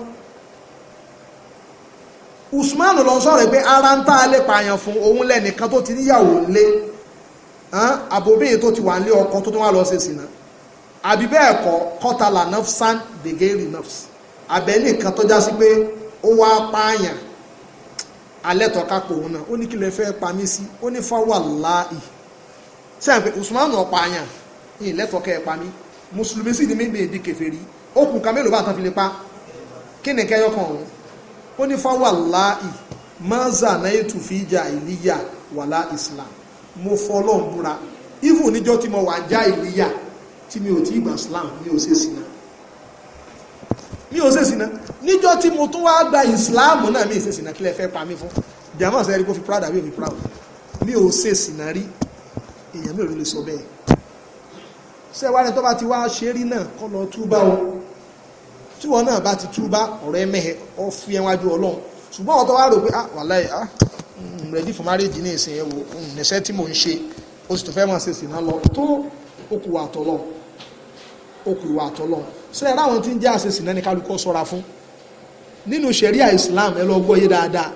Usman ló ń sọ̀rọ̀ pé ara ń tá a lè pààyàn fún òun lẹ́nìkan tó ti níyàwó lé àbòbíyè tó ti wà ń lé ọkọ tó tún wà lọ ṣe sìnà àbí bẹ́ẹ̀ kọ́ kọ́tàlá nafsan degeri nafs abẹ́nìkan tó já sí pé ó wá pààyàn alẹ́tọ̀ kápò òun náà ó ní kí lè fẹ́ pa mí sí ó ní fáwà láì sẹ́yìn pé Usman ọ̀pààyàn yìí lẹ́tọ̀ kẹ́ ẹ pa mí mùsùlùmí sì ni mí gbèdé kèfèrí ó kù ká mélòó bá tán fi lè pa kí ni kẹ́yọ́ kan òun ó ní fáwọn láì mọ́nsà náà ètò ìjà ìlíyà wàlá islam mo fọlọ́n búra even níjọ́ tí mo wà já ìlíyà tí mi ò tí ìgbà islam mi ò ṣe sí náà mi ò ṣe sí náà níjọ́ tí mo tún wá gba islam náà mi ò ṣe kílẹ̀ fẹ́ pa mí fún jàmọ́ sẹ́rí kó fi proud àbí òfi proud mi ò ṣe sí náà rí èèyàn mi ò lè sọ bẹ́ẹ̀ sẹ́wárẹ́ tó bá tí wọn náà bá ti túbá ọ̀rọ̀ ẹmẹ́hẹ ọ̀fù yẹn wájú ọlọ́run ṣùgbọ́n ọ̀tọ́ rò pé ah wàláì ah n rẹ̀dí fún márèjì ní ìsìn ẹ̀wò nẹ̀sẹ̀ tí mò ń ṣe ó sì tó fẹ́ máa ṣe sì náà lọ tó okùwà àtọ̀lọ́ okùwà àtọ̀lọ́ ṣé ẹ ráwọn tí ń jẹ́ àṣeṣì náà ní kálukọ́ sọ́ra fún nínú ṣẹ̀ríà Islam ẹ lọ gbọ́yé dáadáa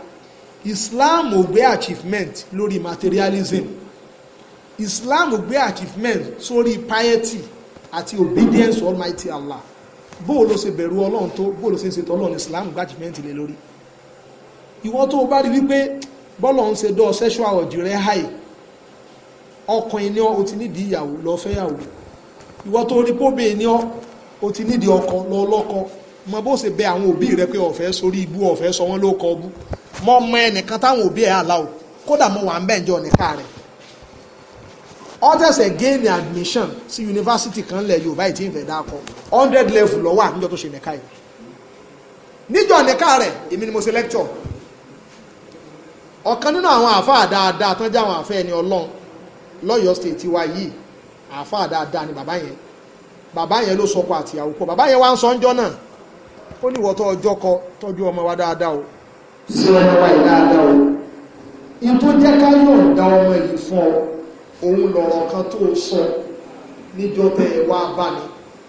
Islam ò gbé achievement lórí materialism Islam ò gbé achievement sórí piety àti obedience Almighty Allah bóò ló ṣe bẹ̀rù ọlọ́run tó bóò ló ṣe ń ṣe tọ́lọ́run islam gbajúmẹ́ǹtì lé lórí ìwọ tó o bá rí wípé bọ́lọ̀ ń ṣe dọ́ sexual ọ̀dì rẹ̀ háì ọkàn ẹni ọ ti nídìí ìyàwó lọ fẹ́yàwó ìwọ tó rí póbè ẹni o ti nídìí ọkọ lọ lọ́kọ mọ bó ṣe bẹ àwọn òbí rẹ pé ọ̀fẹ́ sórí ibú ọ̀fẹ́ sọ wọ́n ló kọ ọbú mọ ọmọ ẹnìkan táwọn òbí ẹ̀ aláwọ̀ kódà mo wà ń bẹ̀ ń jọ nìka rẹ̀ Others again gain admission sí yunifásitì kan lẹ̀ Yorùbá ìtì ìfẹ́ dákọ̀ hundred level lọ́wọ́ àníjọ́ tó ṣe nìka yìí níjọ́ nìka rẹ̀ èmi ni mo ṣe lecture ọ̀kan nínú àwọn àáfàá dáadáa tán jẹ́ àwọn àáfàá ẹni ọlọ́run lọ́yọ̀ọ́ state wa yìí àáfàá dáadáa ni bàbá yẹn bàbá yẹn ló sọkọ àtìyàwó kọ bàbá yẹn wá ń sọ ńjọ́ náà ó ní ìwọ́tọ́ ọjọ́ kọ tọ́jú ọmọ wa dáadáa o sí ọmọ wa yìí dáadáa o ìtó jẹ́ ká yọ̀ǹda ọmọ yìí fún ọ òun lọ̀rọ̀ kan tó sọ níjọ́ tẹ́ ẹ wá bá mi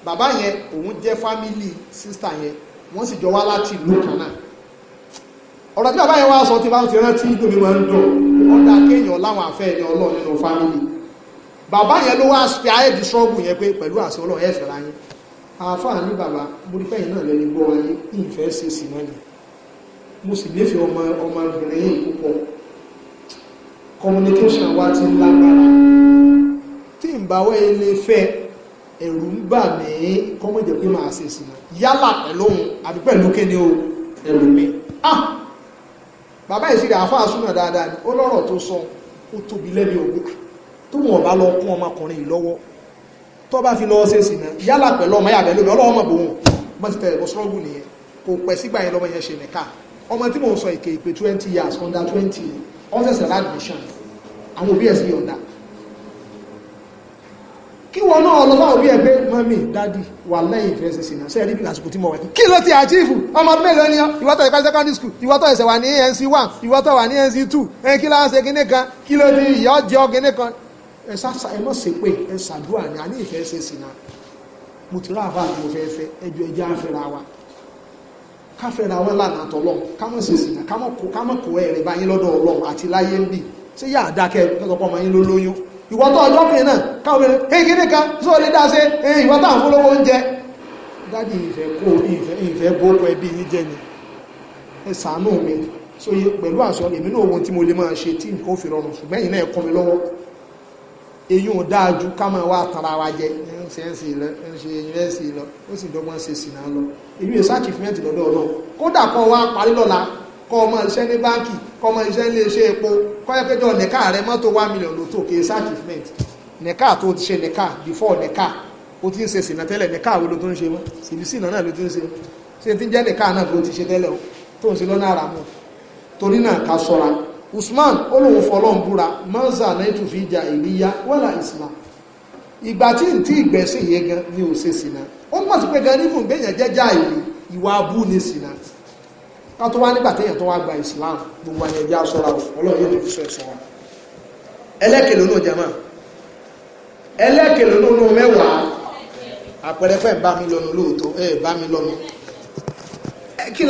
bàbá yẹn òun jẹ́ fámìlì sísítà yẹn wọ́n sì jọ wá láti ìlú kan náà ọ̀rọ̀ tí bàbá yẹn wá sọ tí bá ń ti rántí ìdòmí máa ń dùn ọ̀dà kéèyàn láwọn àfẹ́ ẹni ọlọ́ nínú fámìlì bàbá yẹn ló wá pé ayébi ṣọ́ọ̀bù yẹn pé pẹ̀lú àṣẹ ọlọ́ ẹ̀ fẹ́ra yín àáfàá ní bàbá mo rí fẹ́yìn náà lẹ́ni gbọ́ wáyé ìfẹ́ ṣe sì mọ́ ni mo sì nífẹ̀ẹ́ ọmọ ọmọbìnrin yìí púpọ̀ communication wa ti lágbára tí n bá wẹ́ ilé fẹ́ ẹ̀rù ń bà mí kọ́mọ̀ jẹ́ pé máa ṣe ìsìnà yálà pẹ̀lú àbí pẹ̀lú kéde o ẹ̀rù mi ah bàbá ìṣirà àfáà súnà dáadáa ni ó lọ́rọ̀ tó sọ ó tóbi lẹ́bi ògùn ah! tó wọn bá lọ kún ọmọkùnrin yìí lọ́wọ́ tó bá fi lọ́wọ́ ṣe ìsìnà yálà pẹ̀lú ọmọ yàgbẹ́ lómi ọlọ́wọ́ mọ̀ bòun bọ́n ti tẹ̀lẹ̀ bọ́ sọ́rọ́gùn nìyẹn kò pẹ́ sígbà yẹn lọ́mọ yẹn ṣe nìka ọmọ tí mò sọ ìkè ìpè twenty years under twenty ọ̀sẹ̀sẹ̀ láàdìmíṣàn àwọn òbí ẹ̀ sí yọ̀ǹda kí wọn náà lọ bá òbí ẹ pé mọ́mí dádì wà lẹ́yìn ìfẹ́ ṣinṣin náà sẹ́yìn níbi àsìkò tí mo wà ní. kí ló ti àchífù ọmọ ọdún mélòó ni ìwọ́tọ̀ ìpàdé secondary school ìwọ́tọ̀ ẹ̀sẹ̀ wà ní nc one ìwọ́tọ̀ wà ní nc two ẹ̀yìn kí láwọn ṣe kíní kan kí ló ti ìyá ọjọ́ kíní kan. ẹ sáfà ẹ mọ̀ sí pé ẹ ṣàdúrà ní àní ìfẹ́ ṣinṣin náà mo ti ráàbà ni mo fẹ́ fẹ́ ẹjọ ẹjẹ àfẹ́ra wa káfẹ́ra wọn lànà àtọ̀lọ́ kámọ̀ ṣinṣin náà kámọ̀ kó ẹ̀rẹ̀ báyìí lọ́dọ̀ Ọlọ́run àti láyé ń bì ṣé yà á dákẹ́ kẹ́kọ̀ọ́ ọmọ yín ló lóyún ìwọ tó ọjọ́ kìnnì náà káwọn obìnrin hey kíní kan tí ó lè dá sí ìwọ táwọn fún lówó oúnjẹ dájú ìfẹ́ kó ìfẹ́ gbókò ẹbí yìí jẹ́ ni ẹ ṣàánú mi so yẹ pẹ̀lú àṣọ èmi náà ohun tí mo lè máa ṣe tí nǹkan ó fi rọrùn ṣùgbọ́n ìyìn náà kọ́ mi lọ́wọ́ eyín ò dáájú ká máa wá tara wa jẹ ń ṣe ẹ̀sìn lọ ń ṣe yunifásitì lọ ó sì dọ́gbọ́n ṣe sì náà lọ èmi ò sáàkì fúnmẹ́ntì lọ́dọ̀ ọlọ́run kódà kan wá parí lọ́la kọ́ ọmọ iṣẹ́ ní báǹkì kọ́ ọmọ iṣẹ́ ní iṣẹ́ epo kọ́ yẹ pé jọ nìka rẹ mọ́tò one million ló tó kì í sàkìfẹ́ǹtì nìka tó ti ṣe nìka before nìka ó ti ń ṣe sìnà tẹ́lẹ̀ nìka wo ló tó ń ṣe mọ́ síbi sìnà náà ló ti ń ṣe ṣe ti ń jẹ́ nìka náà ló ti ṣe tẹ́lẹ̀ o tó ń ṣe lọ́nà ara mọ́ torí náà ká sọ́ra Usman olóhùn fọlọ́n búra manza náà tún fi ìjà ìlíyá wọ́lá Islam ìgbà tí n tí ìgbẹ́sìn yẹn gan ni ò ṣe sìnà ó mọ̀ sí pé gan nífùn gbẹ̀yàn jẹ́jà ìlú ìwà abú ni sìnà ká tó wá nígbà téèyàn tó wá gba Islam gbogbo àyẹ̀ ẹja sọ́ra ọlọ́run yóò fi sọ ẹ̀ sọ́ra ẹlẹ́kẹ̀lẹ́ ló jẹ́mọ́ ẹlẹ́kẹ̀lẹ́ ló mẹ́wàá àpẹẹrẹ fẹ́ bá mi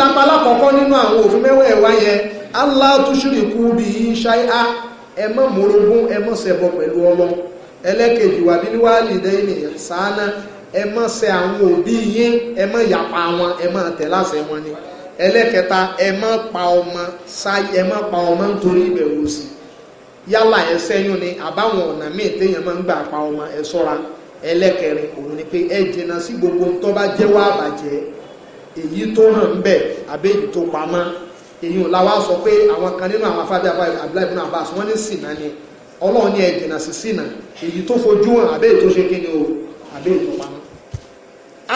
la máa lákọ̀ọ́kọ́ nínú àwọn òfin mẹ́wàá ẹ̀wá yẹn Allah tushriku bihi shay'a ẹ má mórogún ẹ má ṣẹbọ pẹ̀lú ọlọ́ ẹlẹ́kejì wà bí wàá lè dẹ́ ní sáánà ẹ má ṣe àwọn òbí yín ẹ má yàpa wọn ẹ má tẹ̀ láṣẹ wọn ni. ẹlẹ́kẹta ẹ má pa ọmọ sáyé ẹ má pa ọmọ nítorí ìbẹ̀rù òṣì yálà ẹ ṣẹ́yún ni àbáwọn ọ̀nà míì téèyàn máa ń gbà pa ọmọ ẹ sọ́ra ẹlẹ́kẹrin òun ni pé ẹ gbogbo tó bá jẹ́wọ́ àbàjẹ́ èyí tó hàn ń bẹ̀ àbí èyí tó pamọ́ èyí ò sọ pé àwọn kan nínú àwọn Abdullahi Abbas wọ́n ní sìnà ni ọlọ́run ní ẹ jìnnà sí sìnà èyí tó fojú hàn èyí tó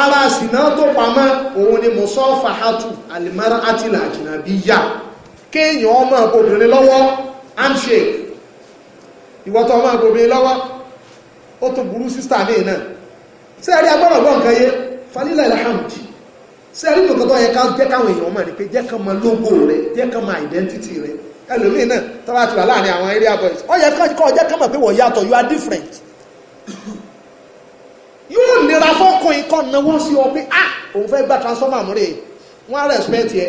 ara sìnà tó pamọ́ òun ni mùsọ́fà hátù alimara atila àjìnàbí yá kéèyàn ọmọ obìnrin lọ́wọ́ handshake ìwọ́tọ̀ ọmọ obìnrin lọ́wọ́ ó tó burú sísà ní ìná sẹ́ẹ̀rí agbọ́rọ̀gbọ́ nǹkan yé falila alhamdi sẹ́ẹ̀rí nǹkan tó yẹ jẹ́ káwọn èèyàn mọ̀ ní pé jẹ́ kan mọ lógo rẹ jẹ́ kan mọ identity rẹ ẹlòmíì náà tọ́lá ti wà láàrin àwọn area boys ó yẹ kọ́ jẹ́ kan mọ̀ pé wọ́n yàtọ̀ you are different yóò nira fọ́kùnrin kan náwó sí ọ pé ah òun fẹ́ gba transformer mú rè é wọ́n á respect yẹ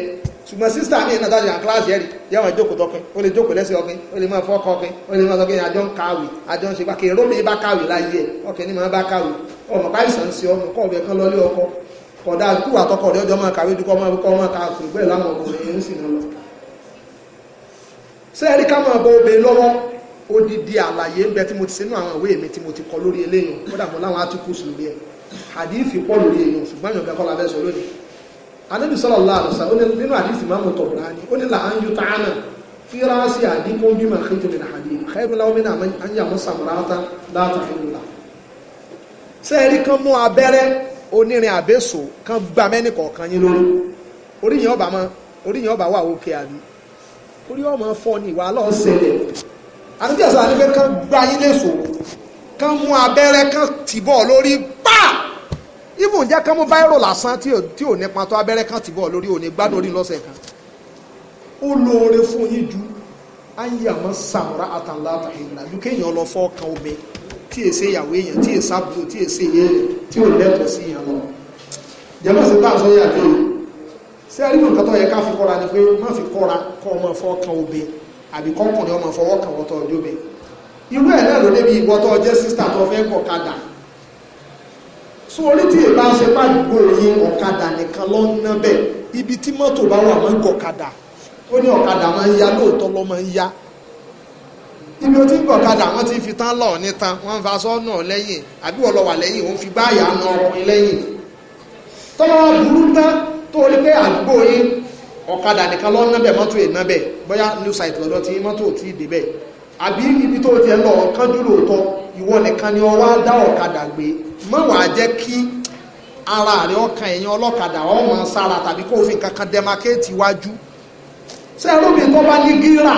ṣùgbọ́n sísá mi náà dájú àwọn kíláàsì ẹ̀rì yẹ́n wọ́n jókòó tọkùn ó lè jókòó lẹ́sẹ̀ ọkùn ó lè máa fọ́kọ ọkùn ó lè máa sọ pé àjọ ń kàwé àjọ ń ṣe pàkè èrò mi bá kàwé láyé ẹ̀ ọkùn ní máa bá kàwé ọmọ káyìsàn ń ṣe ọmọ kọ́ ọ̀bẹ kan lọ́lé ọkọ kódà kú àtọkọ rẹ ọjọ́ máa kàwé dúkọ́ máa kọ́ máa kàwé bẹ́ẹ̀ láwọn ọkùnrin ẹ̀ ń sì lọ. sẹ́ẹ̀rí ká máa odidi àlàyé ń bẹ tí mo ti sínú àwọn ìwé mi tí mo ti kọ lórí eléyìn kódà mo láwọn articles lórí ẹ̀ àdífì pọ̀ lórí èèyàn ṣùgbọ́n èèyàn kẹ́kọ́ labẹ́ sọ lónìí anábì sọ́lọ̀ láàrùsà ó ní nínú àdífì máa mú tọ̀rọ̀ ní ó ní là á ń yú tààna fírásì àdínkù bí màá kéjọ nínú àdí xẹ́rù láwọn mìíràn á ń yà mú sàmúráta láta fi lula. sẹ́ẹ̀rí kan mú abẹ́rẹ́ onírin àbẹ́sò kan gba mẹ́ni kọ̀ọ̀kan yín lórí oríyìn ọba wà òkè àbí orí ọmọ fọ́ ni ìwà lọ́ọ́ ṣẹlẹ̀ àníbí àṣà àníbẹ́ kán gbá yín léṣo kán mú abẹ́rẹ́ kán tìbọ̀ lórí pa ibùn jẹ́ kán mú báírò lásán tí ò nípa tó abẹ́rẹ́ kán tìbọ̀ lórí òní gbádùn orí lọ́sẹ̀ kan ó lóore fún yín ju ayé àmọ́ sàmúrà àtàlà àtàlà ju kéèyàn lọ fọ́ kan omi tí èsè ìyàwó èèyàn tí èsè àbúrò tí èsè èèyàn tí ò lẹ́tọ̀ọ́ sí èèyàn lọ jẹ́mọ́ sí táà sọ́yà pé sẹ́ẹ̀rí nǹkan tó yẹ ká fi kọ́ra ni pé má fi kọ́ra kọ́ ọmọ fọ́ kan omi àbí kọ́kùnrin ọmọ fọwọ́ kàn wọ́tọ̀ ọjọ́ bẹ́ẹ̀ irú ẹ̀ náà ló débi ìwọ́tọ̀ ọjẹ́ sísítà tó fẹ́ kọ̀kadà so orí tí èbá ṣe pàdúgbò yín ọ̀kadà nìkan lọ ń ná bẹ́ẹ̀ ibi tí mọ́tò bá wà máa ń gọ̀kadà ó ní ọ̀kadà máa ń ya lóòótọ́ lọ máa ń ya ibi ó ti ń gọ̀kadà wọ́n ti fi tán lọ ní tan wọ́n ń fa sọ́nà lẹ́yìn àbí wọ́n lọ wà lẹ́yìn òun fi báyà na ọkùnrin lẹ́yìn tọ́lọ́wọ́ burú tán tó rí pé àdúgbò yín ọ̀kadà nìkan lọ nábẹ̀ mọ́tò ìnábẹ̀ bọ́yá new site lọ́dọ̀ tí mọ́tò tí ì àbí ibi tó ti ẹ lọ ọ̀kan dúró tọ́ ìwọ nìkan ni ọwá dá ọ̀kadà gbé má jẹ́ kí ara rẹ ọkàn ọlọ́kadà ọmọ sára tàbí kó fi kankan dẹmakéètì wájú tó bá ní gíra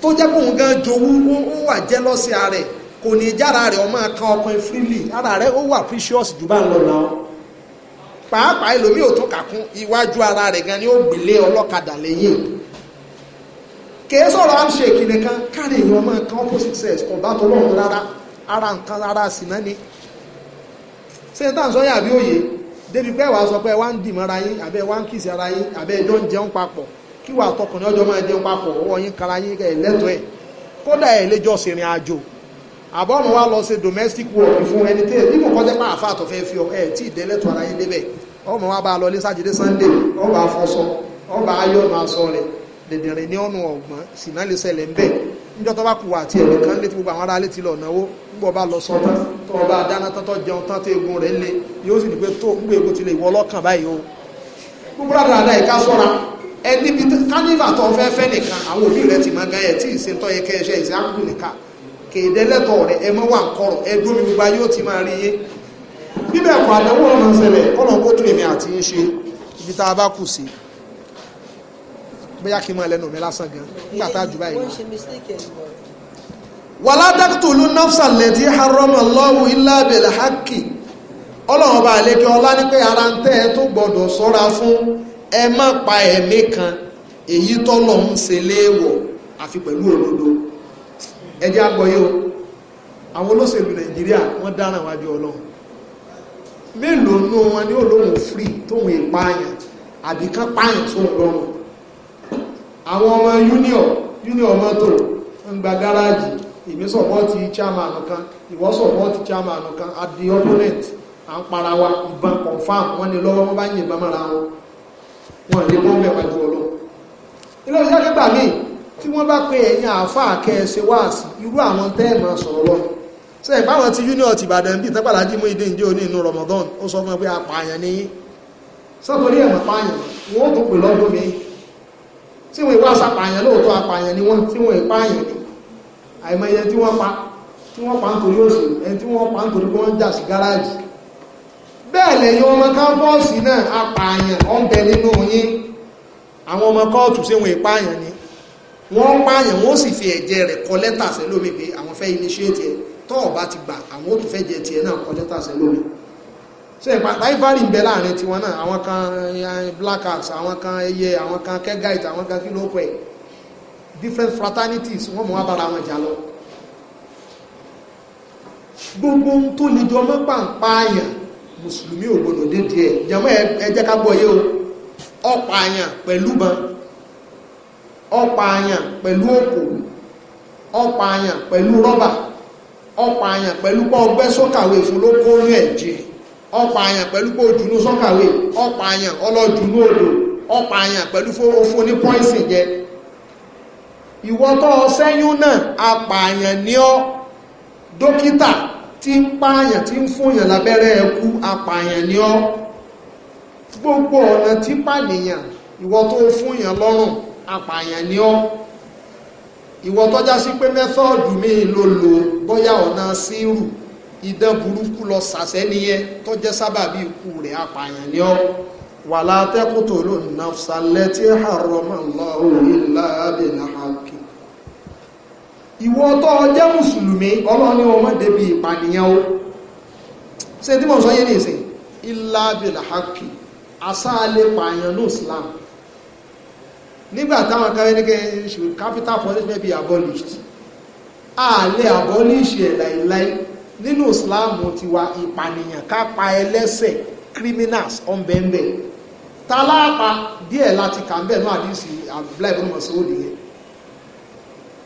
tó jẹ́ gan jowú ó wà jẹ́ rẹ̀ kò ní jára rẹ̀ ọmọ kan ọkùnrin pàápàá ẹlòmíì ò tún kàkún iwájú ara rẹ̀ gan ni ó gbélé ọlọ́kadà lẹ́yìn kìí sọ̀rọ̀ àmṣèkì nìkan kárí ìwọ̀n máa kan opposite sex rárá ara nǹkan rárá sí náà ni sẹ́ńtà sọ yàbí òye débi pé sọ ara yín àbẹ́ ara yín àbẹ́ ẹjọ́ ń jẹun papọ̀ kí wàá tọkùnrin ọjọ́ máa jẹun àbọ̀ ọmọ wa lọ ṣe domestic work fún ẹni tí nígbà kan jẹ́ pé àfa àtọ̀fẹ́ fi ọ ẹ̀ tí ìdẹ́lẹ́tọ̀ ara yín débẹ̀ ọmọ wa bá a lọ ní sátidé sunday ọba afọsọ ọba ayọ̀nù aṣọ rẹ̀ dẹ̀dẹ̀rẹ̀ ní ọ̀nà ọ̀gbọ́n sìnà lè ṣẹlẹ̀ ńbẹ̀ níjọ́ tó bá kù àti ẹ̀mí kan létí gbogbo àwọn ará létí lọ náwó ńgbọ́ bá lọ sọ tán tó ọba dáná tán tó jẹun tán tó egun rẹ̀ le yóò sì ní pé tó ń gbé egun tilẹ̀ ìwọ ọlọ́kàn báyìí o gbogbo dáadáa ìka sọ́ra ẹni bí kánífà tó fẹ́ fẹ́ nìkan àwọn òbí rẹ̀ ti máa gan ẹ̀ tí ìsentọ́ yẹ kẹ́ ẹṣẹ́ ìsẹ́ àkùnrin nìkan kèdè rẹ̀ ẹ mọ́ wà ń kọ̀rọ̀ ti máa rí yé bíbẹ̀ ẹ̀kọ́ àdánwò ọ̀nà ṣẹlẹ̀ ati kó tún èmi àti ń ṣe ibi tá a bá kù sí bóyá kí n mi lásán gan nígbà tá a jù báyìí wà ládàkùtù ló nọ́fṣà lẹ́tí haram ọlọ́run ọlá ní pé ara ń tẹ́ ẹ tó ẹjẹ́ agbọ́yé o àwọn olóṣèlú nàìjíríà wọ́n dáràn wájú ọlọ́run mélòó nú wọn ni ó lóhun frí tóhun ìpáyàn àbí kán páyàn tó ń rọrùn àwọn ọmọ union union mọ́tò ń gba gáràjì èmi sọ̀pọ́tì chairman kan ìwọ sọ̀pọ́tì chairman kan at the opponent à ń para wa ìbọn confam wọ́n ní lọ́wọ́ wọ́n bá yìnbọn mọ́ra wọn wọ́n lè bọ́ mẹ́wàá ju ọlọ́run ilé ìṣẹ́ nígbà míì tí wọ́n bá pe ẹ̀yin àáfàá kẹ́ẹ̀ṣe wáàsí irú àwọn tẹ́ẹ̀mọ̀ sọ̀rọ̀ lọ ṣe ìbáwọn ti union ti Ìbàdàn bíi tápàlájì mú ìdí ìdí òní inú Ramadan ó sọ fún ẹ pé apààyàn ní sọ́tòrí ẹ̀mọ̀ pààyàn wọ́n tún pè lọ́dún mi tí wọ́n ìwá sàpààyàn lóòótọ́ apààyàn ni wọ́n tí wọ́n ìpààyàn ni àìmọye tí wọ́n pa tí wọ́n pa nítorí òṣèlú ẹni tí wọ́n pa nítorí pé wọ́n jà sí gáràjì bẹ́ẹ̀ lẹ́yìn ọmọ kámpọ́ọ̀sì náà apààyàn ọ̀bẹ nínú yín àwọn ọmọ kóòtù sí wọn ìpààyàn ni wọ́n pààyàn wọ́n sì fi ẹ̀jẹ̀ rẹ̀ kọ lẹ́tà sẹ́lómi pé àwọn fẹ́ initiate ẹ̀ tọ́ ọ̀bá ti gbà àwọn ó tún fẹ́ jẹ tiẹ̀ náà kọ lẹ́tà sẹ́lómi ṣe rivalry ń bẹ láàrin tiwọn náà àwọn kan eh, black axe àwọn kan ẹyẹ àwọn kan kegite àwọn kan kílókọ ẹ̀ different fraternities wọ́n mọ̀ wá bára wọn jà lọ gbogbo ohun tó lè jọ mọ́ pàǹpáàyàn mùsùlùmí ò gbọdọ̀ dé díẹ̀ jẹ́mọ́ ẹ jẹ́ ká gbọ́ yé o ọ̀pààyàn pẹ̀lú ban ọ̀pá àyàn pẹ̀lú òkò ọ̀pá àyàn pẹ̀lú rọ́bà ọ̀pá àyàn pẹ̀lú pọ́ ọgbẹ́ sọ́kàwé fún ló kó rí ẹ̀jẹ̀ ọ̀pá àyàn pẹ̀lú pọ́ ojúnú sọ́kàwé ọ̀pá àyàn ọlọ́júnú odò ọ̀pá àyàn pẹ̀lú fórófó ní pọ́ìsìn jẹ ìwọ tó ṣẹ́yún náà apààyàn ní ọ dókítà tí ń pààyàn tí ń fúnyàn lábẹ́rẹ́ ẹkú apààyàn ní ọ gbogbo ọ̀nà tí pànìyàn ìwọ tó fúnyàn lọ́rùn apààyàn ni ọ́ ìwọ tọ́já sí pé mẹ́tọ́ọ̀dù míì ló lò bóyá ọ̀nà sírù idán burúkú lọ sàṣẹ́ nìyẹn tọ́jẹ́ sábàbí ikú rẹ̀ apààyàn ni ọ́ wà látẹ́kùtò ló nàfṣàlẹ̀ tí àrọ̀mọ̀ lọ́rùn ilá àbẹ̀là àkì ìwọ tọ́ jẹ́ mùsùlùmí ọlọ́ni ọmọ débi ìpànìyàn ó ṣe tí mo sọ yé nìsín ilá àbẹ̀là àkì asáàlẹ̀ pààyàn ní islam nígbà táwọn kẹrẹ́nìkẹ́ should capital punishment be abolished àlẹ́ abolish ẹ̀ láìláì nínú Islam ti wa ìpànìyàn ká pa ẹlẹ́sẹ̀ criminals ọ̀nbẹ̀ẹ̀nbẹ̀ tálápa díẹ̀ láti kà ń bẹ̀ náà àdìsí àbúlá ìbọn mọ̀síwòdì yẹn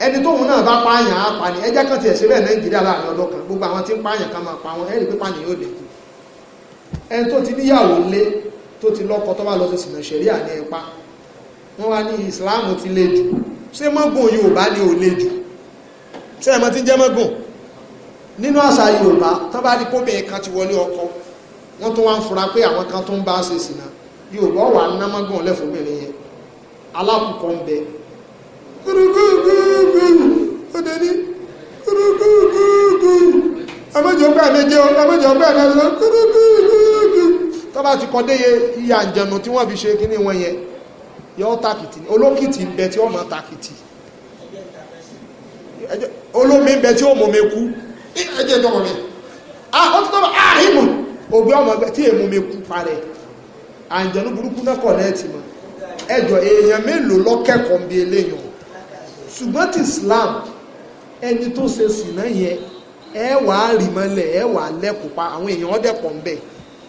ẹni tóun náà bá pààyàn á pa ni ẹjẹ́ kan ti ẹ̀sìn rẹ̀ Nàìjíríà láàrin ọdún kan gbogbo àwọn tí ń pààyàn kan máa pa wọn ẹ̀rí tó ti níyàwó lé tó ti lọ́kọ ní ẹ wọ́n wá ní islam ti le jù ṣé mọ́gùn yorùbá ni ò le jù ṣé ẹ̀mọ́ ti jẹ́ mọ́gùn nínú àṣà yorùbá tán bá rí pómìnrin kan ti wọlé ọkọ wọ́n tún wá ń fura pé àwọn kan tó ń bá ṣe sìnà yorùbá wà ń ná mọ́gùn lẹ́fọ̀ọ́bìnrin yẹn alákùnkọ́ ń bẹ ọdẹni ẹmọ́jọ̀gbẹ́ àmẹ́jẹ́ ẹmọ́jọ̀gbẹ́ àmẹ́jẹ́ tọ́bá ti kọ́ déye iye àjẹnu tí wọ́n yọ takìtì olókìtì tí ọ ma takiti ń mbẹ tí ọmọ mi kú ẹjẹ tọrọ rẹ ah ó ti tọrọ ah ìmọ ògbé ọmọ tí èmọ mi kú parẹ́ burúkú náà ẹjọ èèyàn mélòó eléyàn ṣùgbọ́n ti Islam ẹni tó ṣe sì náà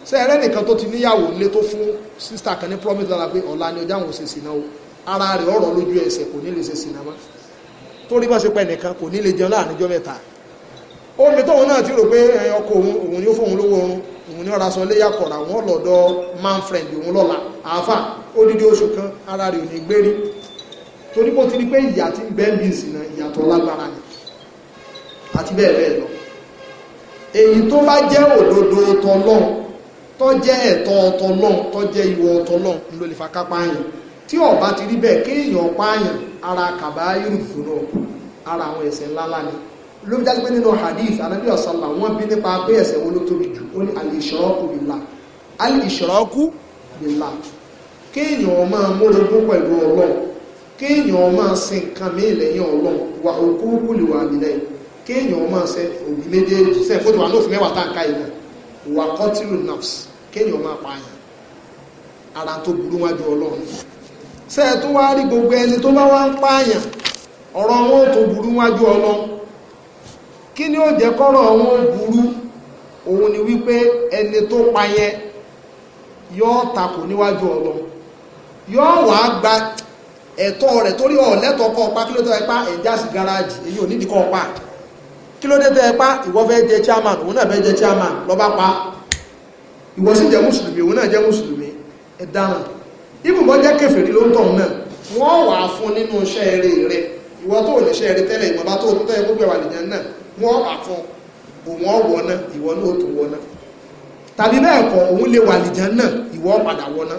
ṣe ẹ̀rẹ́ nìkan tó ti níyàwó lé tó fún sísítà kan ní promise lára pé ọ̀la ni ọjà àwọn ṣe sì náà ara rẹ̀ ọ̀rọ̀ lójú ẹsẹ̀ kò ní lè ṣe sì náà mọ́ torí bá ṣe pẹ́ nìkan kò ní lè jẹun láàrin ọjọ́ mẹ́ta omi tóun náà ti rò pé ọkọ òun òun ni ó fóun lówó oorun òun ni ó raṣọ léyà kọ̀ra wọn lọ́dọ̀ man friend òun lọ́la àáfà ó dídí oṣù kan ara rẹ̀ ò ní gbé rí torí bó ti rí pé ìyà tí ń bẹ́ẹ̀ bí ìsìnà ìyàtọ̀ lágbára ni àti bẹ́ẹ̀ bẹ́ẹ̀ lọ èyí tó bá jẹ́ òdodo tọlọ́run tọ́jẹ́ ẹ̀tọ́ ọtọlọ́n tọ́jẹ́ ìwọ ọtọlọ́n ló lè fa kápáyàn tí ọba ti rí bẹ́ẹ̀ kéèyàn pààyàn ara kàbá irú fúnra ara àwọn ẹ̀ṣẹ̀ ńláńlá ni ló dájú pé nínú hadith anabi ọ̀sánlá wọ́n bí nípa pé ẹ̀ṣẹ̀ wo ló tóbi jù ó ní al-ishraku billah al-ishraku billah kéèyàn máa mórogún pẹ̀lú ọlọ́run kéèyàn máa sin nǹkan mí lẹ́yìn ọlọ́run wà òkú kúlìwà nílẹ̀ kéèyàn máa ṣe òbí méjèèjì sẹ́ẹ̀ fótó wà ní òfin mẹ́wàá tá à ń ká ìlànà wà kọ́tìlù nafs kéèyàn máa pààyàn ara tó burú wájú ọlọ́run ṣe é tó wá rí gbogbo ẹni tó bá wá ń pààyàn ọ̀rọ̀ wọn tó burú wájú ọlọ́run kí ni ó jẹ́ kọ́rọ̀ wọn burú òun ni wípé ẹni tó pa yẹn yóò takò níwájú ọlọ́run yóò wá gba ẹ̀tọ́ rẹ̀ torí ọ̀lẹ́tọ̀ọ́kọ́ pa kí ló tọ́ ẹ pa ẹ̀já sí gáràjì èyí ò nídìí kọ́ pa kí ló dé tẹ́ pa ìwọ fẹ́ jẹ chairman òun náà fẹ́ jẹ chairman lọ bá pa ìwọ sì jẹ mùsùlùmí òun náà jẹ mùsùlùmí ẹ dáhùn ibùbọ jẹ kèfèrí ló ń tọ̀hún náà wọ́n wà fún nínú iṣẹ́ eré rẹ ìwọ tó ní iṣẹ́ eré tẹ́lẹ̀ ìmọ̀lá tó tọ́ ẹ gbogbo àlìyàn náà wọ́n wà fún òun ọ̀wọ́ náà ìwọ náà tó wọ náà tàbí bẹ́ẹ̀ kọ́ òun lè wà àlìyàn náà ìwọ padà wọ náà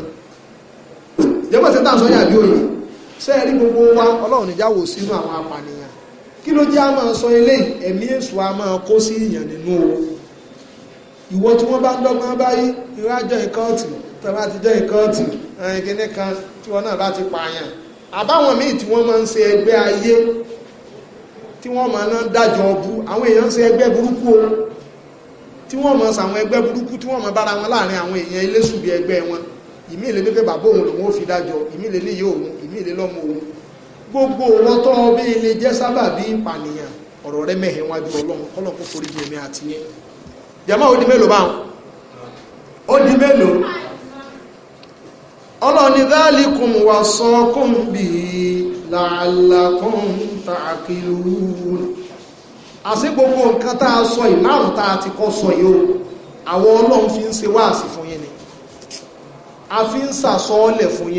jẹ́mọ̀ sí tàǹsọ́ yàbí òye sẹ́ẹ̀rí gbogbo wa ọlọ́run níjà wò sínú àwọn apànìyàn kí ló jẹ́ a máa sọ eléyìí ẹ̀mí èṣù a máa kó sí ìyàn nínú o ìwọ tí wọ́n bá ń dọ́gbọ́n báyìí irú àjọ ìkọ́ọ̀tì tọ́ba ti jẹ́ ìkọ́ọ̀tì ẹ̀yìn kìíní kan tí wọ́n náà bá ti pààyàn àbáwọn míì tí wọ́n máa ń ṣe ẹgbẹ́ ayé tí wọ́n máa ń dájọ́ ọbú àwọn èèyàn ń ṣe ẹgbẹ́ burúkú o tí wọ́n máa ṣàwọn ẹgbẹ́ burúkú tí wọ́n máa bára wọn láàrin àwọn èèyàn ilé ṣùgbẹ́ ẹgbẹ́ wọn ìmí ìlé pépé bàbá òun lòun ó fi dájọ́ ìmí ìlé níyì òun ìmí lọ́mọ òun gbogbo wọn tọ́ ọbẹ̀ ilé jẹ́ sábàbí ìpànìyàn ọ̀rọ̀ rẹ mẹ́hẹ̀ wọn ju ọlọ́run kọ́lọ́ kó forí jẹ̀mí àti yẹn jẹ́mọ́ ó di mélòó báwọn ó di mélòó ọlọ́ni dáàlìkùn wà sọ́kùn bí làálàkùn tààkìlúùn àṣí gbogbo nǹkan tá a sọ yìí márùn tá a ti kọ́ sọ yìí o àwọn ọlọ́run fi ń ṣe wáàsí fún yín ni a fi ń sàsọ́ọ́lẹ̀ fún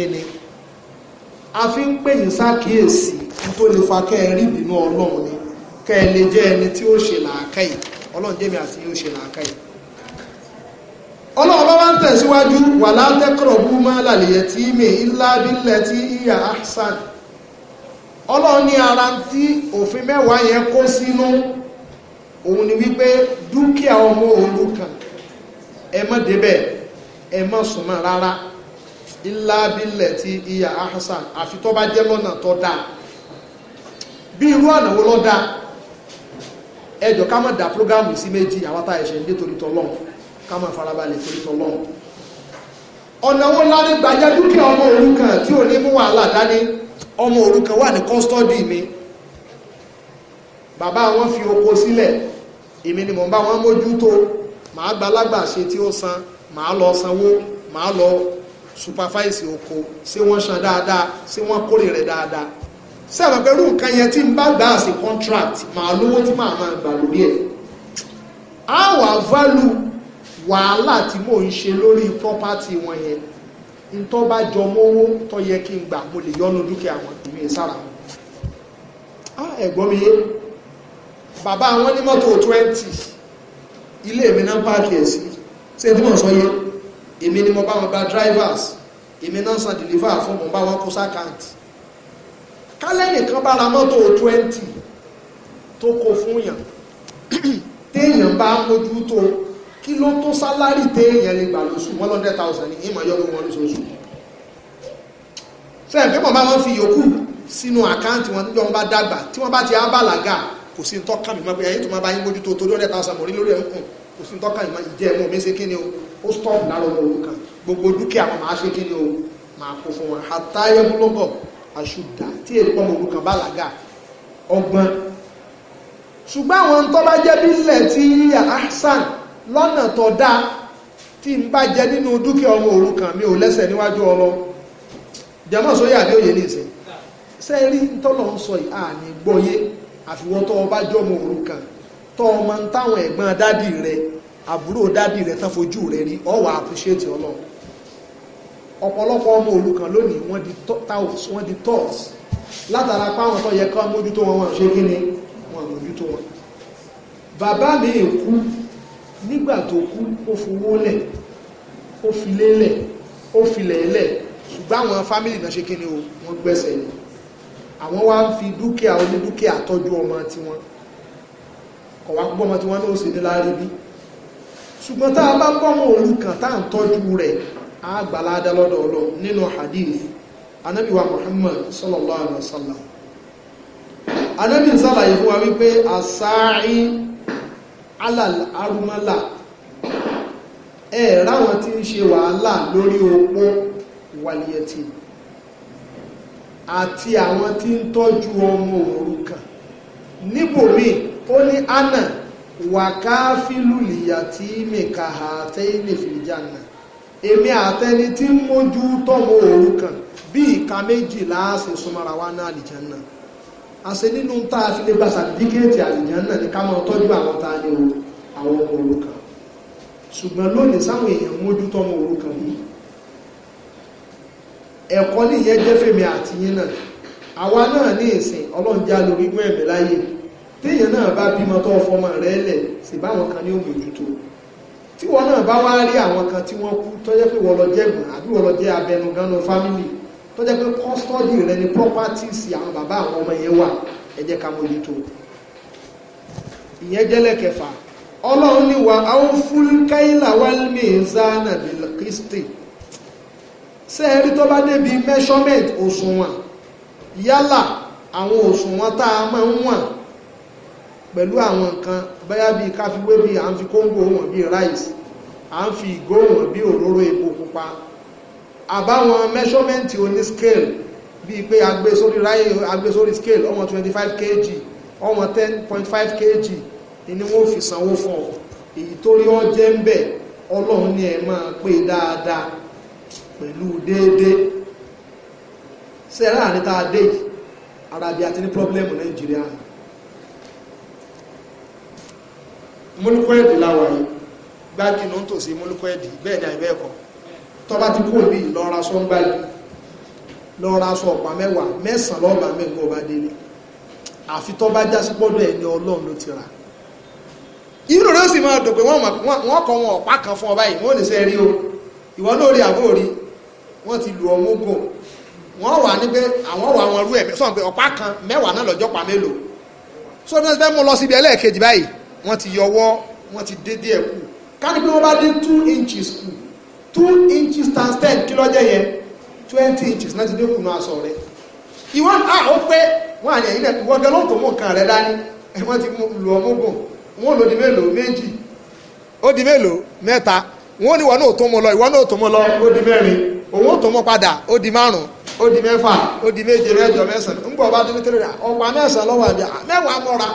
a fi ń pè yín sákìyèsí tó lè fa kẹ́ ẹ rí ìbínú ọlọ́run ni kẹ́ ẹ lè jẹ́ ẹni tí ó ṣe làákàyè ọlọ́run jẹ́mi àti yóò ṣe làákàyè ọlọ́run bá wá ń tẹ̀síwájú wà látẹ́kọ̀rọ̀ bú mọ́lá lèyẹ tí mi ńlá bílẹ̀ tí ìyá ahsan ọlọ́run ni ara tí òfin mẹ́wàá yẹn kó sínú òun ni wípé dúkìá ọmọ òrukàn ẹ má débẹ̀ ẹ rárá ilá abilẹ̀ ti iya ahasan àfi tó bá jẹ́ lọ́nà tó dáa bí irú ọ̀nà wo ló dáa ẹjọ́ ká má dá prógámù sí méjì àwọn tá ẹ̀ṣẹ̀ ní torí tọlọ́hun ká má farabalẹ̀ torí tọlọ́hun ọ̀nà wo lárí gbajẹ́ dúkìá ọmọ òrukàn tí ò ní mú wàhálà dání ọmọ òrukàn wà ní kọ́stọ́dì mi bàbá wọn fi oko sílẹ̀ èmi ni mò ń bá wọn mójútó màá gbalágbà ṣe tí ó san màá lọ sanwó màá lọ supervise oko ṣé wọ́n san dáadáa ṣé wọ́n kórè rẹ̀ dáadáa sẹ́wọ̀n pẹ̀lú nǹkan yẹn tí n bá gbà sí contract màá lówó tí màá máa gbà lórí ẹ̀ á wà value wàhálà tí mò ń ṣe lórí property wọn yẹn ntọ́ bá jọ mọ́wó tó yẹ kí n gbà mo lè yọnu dúkìá wọn ìwé sára á ẹ̀gbọ́n mi yé bàbá wọn ní mọ́tò twenty ilé mi náà páàkì ẹ̀ sí ṣé tí mò ń sọ yẹn èmi ni mo bá wọn gba drivers èmi náà san deliver fún mo bá wọn kó sákàǹtì kálẹ̀ nìkan bá ra mọ́tò twenty tó kó fún yàn *clears throat* téèyàn bá mójútó kí ló tó sálárì téèyàn lè gbà lóṣù one hundred thousand ní ìmọ̀ yọ́ wọn lóṣooṣù sẹ́yìn pé mo bá wọn fi yòókù sínú àkáǹtì wọn níjọ́ wọn bá dàgbà tí wọ́n bá ti á bàlágà kò sí ń tọ́ka mi mọ́ pé ẹ̀yìn tó máa bá yín mójútó torí one hundred thousand mọ̀ rí lórí ẹ̀ ń kùn kò sí tọ́kàn ìmọ̀ ìjẹ́ ẹ̀mọ́ mi ṣe o ó stop lára ọmọ gbogbo dúkìá máa ṣe kíni o máa kó fún wọn àtàyẹ múlọ́gọ̀ àṣùdà tí èrè pọ́nmọ òrukàn bá làgà ọgbọ́n ṣùgbọ́n àwọn tó bá jẹ́ bílẹ̀ tí ahsan lọ́nà tó dáa tí n bá jẹ nínú dúkìá ọmọ òrukàn mi ò lẹ́sẹ̀ níwájú jẹmọ́ òye ní ìsìn sẹ́ẹ̀rí ń sọ tọ́ ọmọ ń táwọn ẹ̀gbọ́n dádì rẹ àbúrò dádì rẹ tán fojú rẹ rí ọ wà appreciate ọlọ́run ọ̀pọ̀lọpọ̀ ọmọ òrukàn lónìí wọ́n di taos wọ́n di tors látara páwọn tó yẹ ká mójútó wọn wọn ṣe kí ni wọn mójútó wọn bàbá mi kú nígbà tó kú ó fowó lẹ̀ ó fi lélẹ̀ ó filẹ̀ lẹ̀ ṣùgbọ́n àwọn fámìlì náà ṣe kí ni o wọ́n gbẹ́sẹ̀ ni àwọn wá ń fi dúkìá onídúkìá tọ́jú ọmọ tiwọn ọ̀wá púpọ̀ mọ́ tí wọ́n náà ṣe ní láàrí bí ṣùgbọ́n tá a bá bọ́mọ̀ olùkàn tá à ń tọ́jú rẹ̀ á gbàládá lọ́dọ̀ ọlọ́ nínú hadith Ànábì wa Muhammad sallallahu alaihi wasallam àti àwọn tí ń tọ́jú ọmọ òrukàn níbòmíì ó ní anna waka lìyàtí mìkà àtẹ́ ka ha jànà èmi àtẹni tí ń mójú tọ́mọ òrukàn bí ìka méjì láàṣẹ súnmọ́ra wá náà àlìjánà àṣẹ nínú tá a fi lè gba sàdíkẹ́ẹ̀tì ní ká máa tọ́jú àwọn tá a ní àwọn ọmọ òrukàn ṣùgbọ́n lónìí sáwọn èèyàn mójú tọ́mọ òrukàn yìí ẹ̀kọ́ nìyẹn jẹ́ fèmí náà àwa náà ní ìsìn téèyàn náà bá bímọ tó fọmọ rẹ̀ lẹ̀ sì báwọn kan ní òmòjútó tí wọn náà bá wá rí àwọn kan tí wọ́n kú tó jẹ́ pé wọ́n lọ jẹ́ gbọ̀n àbí wọ́n lọ jẹ́ abẹnuganu fámìlì tó jẹ́ pé kọ́sítọ́dì rẹ̀ ni properties àwọn bàbá àwọn ọmọ yẹn wà ẹ jẹ́ ká mójútó ìyẹn jẹ́lẹ̀ kẹfà ọlọ́run ní wa àwọn fúlkáìlà wálmì zana bil kristi ṣé ẹ rí tó bá débi measurement òṣùwọ̀n yálà àwọn òṣùwọ̀n tá a máa ń wọ̀n pẹ̀lú àwọn nǹkan bóyá bí káfíwé bí à ń fi kóńgò wọn bí rice à ń fi ìgò wọn bí òróró epo pupa àbáwọn measurement oní scale bíi pé agbé sórí ráyè agbé sórí scale ọmọ 25 kg ọmọ 10.5 kg ni wọ́n fi sanwó fún ọ èyí tó rí ọ jẹ́ ń bẹ̀ ọlọ́run ní ẹ máa pé dáadáa pẹ̀lú déédéé sí láàrin tá a dé yìí arabi àti ní pọ́blẹ́mù nàìjíríà múlùkọ́ẹ̀dì láwà yìí gbági ló ń tò sí múlùkọ́ẹ̀dì bẹ́ẹ̀ ni àìbẹ́ ẹ̀kọ́ tó bá ti kó bí lọ́ra sọ ń gbági lọ́ra sọ ọ̀pá mẹ́wàá mẹ́sàn lọ́ọ̀bà mẹ́gbọ́ bá délé àfi tó bá jásí wọ́n o ìwọ náà rí àbó rí wọ́n ti lu ọmọ gùn wọ́n wà ní pé àwọn wà wọn rú ẹ̀ sọ̀rọ̀ pé ọ̀pá kan mẹ́wàá náà lọ́jọ́ pa mélòó sọ́dọ̀ fẹ́ mú lọ síbi ẹlẹ́ẹ̀kejì báyìí wọ́n ti yọwọ́ wọ́n ti dédé díẹ̀ kù káni wọ́n bá two inches kù two inches times ten kí ló jẹ́ yẹn twenty inches náà ti dín a aṣọ rẹ̀ ìwọ́n à ó pé wọ́n àyẹ̀ yìí náà wọ́n gan ló tó mú nǹkan rẹ̀ dání wọ́n ti gùn wọ́n lò di mélòó méjì ó lọ ìwọ́n náà tó lọ ó di mẹ́rin òun tó padà ó di márùn ó di mẹ́fà ó di méje mẹ́jọ mẹ́sàn-án